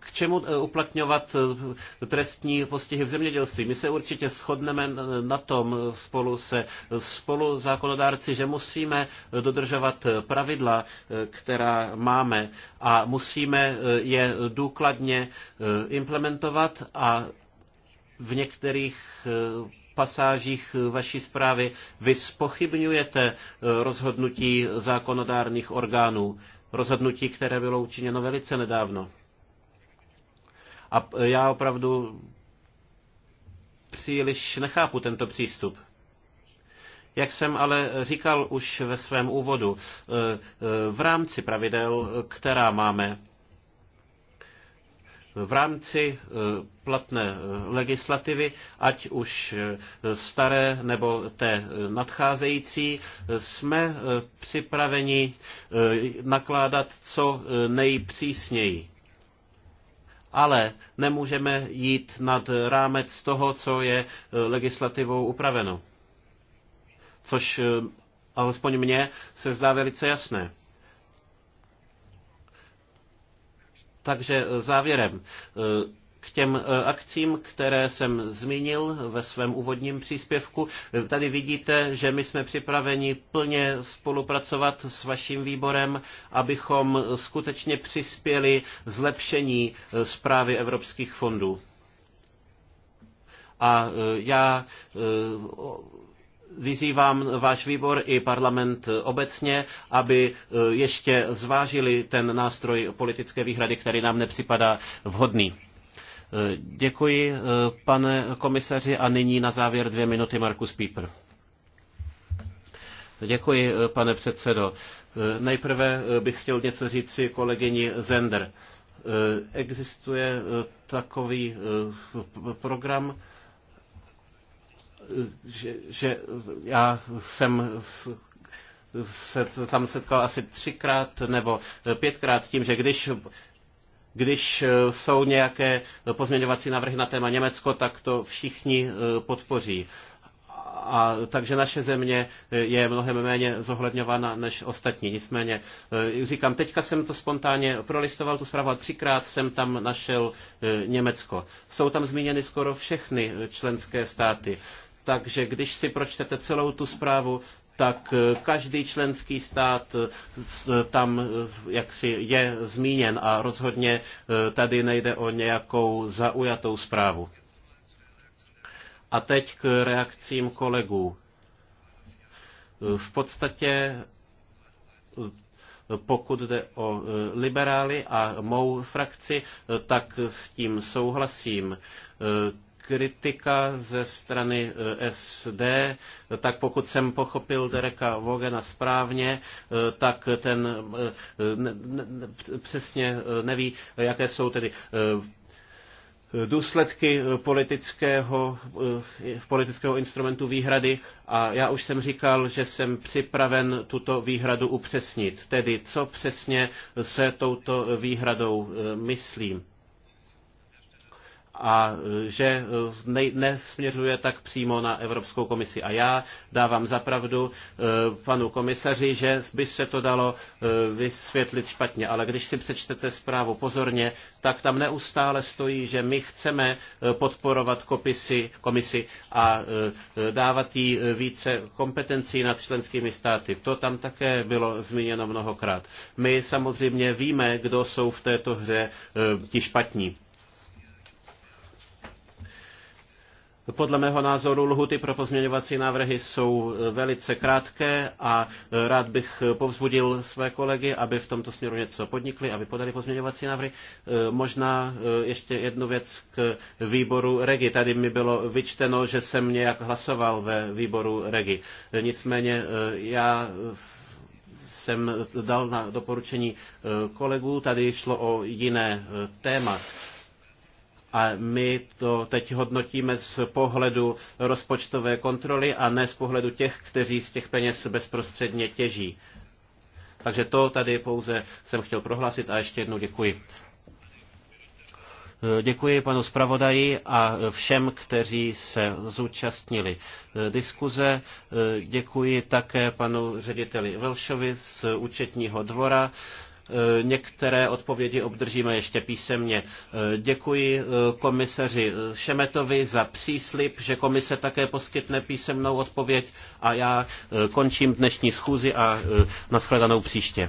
k čemu eh, uplatňovat eh, trestní postihy v zemědělství. My se určitě shodneme na tom spolu se spolu zákonodárci, že musíme eh, dodržovat pravidla, která máme a musíme je důkladně implementovat a v některých pasážích vaší zprávy vy spochybňujete rozhodnutí zákonodárných orgánů, rozhodnutí, které bylo učiněno velice nedávno. A já opravdu příliš nechápu tento přístup. Jak jsem ale říkal už ve svém úvodu, eh, eh, v rámci pravidel, která máme, v rámci eh, platné legislativy, ať už staré nebo té nadcházející, jsme připraveni nakládat co nejpřísněji ale nemůžeme jít nad rámec toho, co je eh, legislativou upraveno. Což eh, alespoň mně se zdá velice jasné. Takže eh, závěrem. K těm e, akcím, které jsem zmínil ve svém úvodním příspěvku, tady vidíte, že my jsme připraveni plně spolupracovat s vaším výborem, abychom skutečně přispěli zlepšení e, zprávy evropských fondů. A e, já vyzývám váš výbor i parlament obecně, aby ještě zvážili ten nástroj politické výhrady, který nám nepřipadá vhodný. Děkuji, eh, pane komisaři, a nyní na závěr dvě minuty Markus Pieper. Děkuji, eh, pane předsedo. Eh, nejprve bych chtěl něco říci kolegyni Zender. Existuje takový program, že, že já jsem se tam setkal asi třikrát nebo pětkrát s tím, že když když e, jsou nějaké pozměňovací návrhy na téma Německo, tak to všichni e, podpoří. A, takže naše země e, je mnohem méně zohledňována než ostatní. Nicméně, říkám, teďka jsem to spontánně prolistoval, tu zprávu a třikrát jsem tam našel Německo. Jsou tam zmíněny skoro všechny členské státy. Takže když si pročtete celou tu zprávu, tak eh, každý členský stát eh, eh, tam jaksi je zmíněn a rozhodně tady nejde o nějakou zaujatou zprávu. A teď k reakcím kolegů. V podstatě pokud jde o liberály a mou frakci, tak s tím souhlasím kritika ze strany eh, SD, tak pokud jsem pochopil Dereka Vogena správně, eh, tak ten eh, ne, ne, ne, přesně neví, jaké jsou tedy důsledky politického, politického instrumentu výhrady a já už jsem říkal, že jsem připraven tuto výhradu upřesnit, tedy co přesně se touto výhradou myslím a e, že e, ne, nesměřuje tak přímo na Evropskou komisi. A já dávám zapravdu e, panu komisaři, že by se to dalo vysvětlit špatně. Ale když si přečtete zprávu pozorně, tak tam neustále stojí, že my chceme podporovat kopisy, komisi a dávat jí více kompetencí nad členskými státy. To tam také bylo zmíněno mnohokrát. My samozřejmě víme, kdo jsou v této hře ti špatní. Podle mého názoru lhuty pro pozměňovací návrhy jsou eh, velice krátké a eh, rád bych eh, povzbudil své kolegy, aby v tomto směru něco podnikli, aby podali pozměňovací návrhy. Možná ještě jednu věc k výboru REGI. Tady mi bylo vyčteno, že jsem nějak hlasoval ve výboru REGI. Nicméně já jsem dal na doporučení kolegů, tady šlo o jiné téma. A my to teď hodnotíme z pohledu rozpočtové kontroly a ne z pohledu těch, kteří z těch peněz bezprostředně těží. Takže to tady pouze jsem chtěl prohlásit a ještě jednou děkuji. Děkuji panu zpravodaji a všem, kteří se zúčastnili diskuze. Děkuji také panu řediteli Velšovi z účetního dvora Eh, některé odpovědi obdržíme ještě písemně. Eh, děkuji eh, komisaři Šemetovi za příslip, že komise také poskytne písemnou odpověď a já končím dnešní schůzi a nashledanou příště.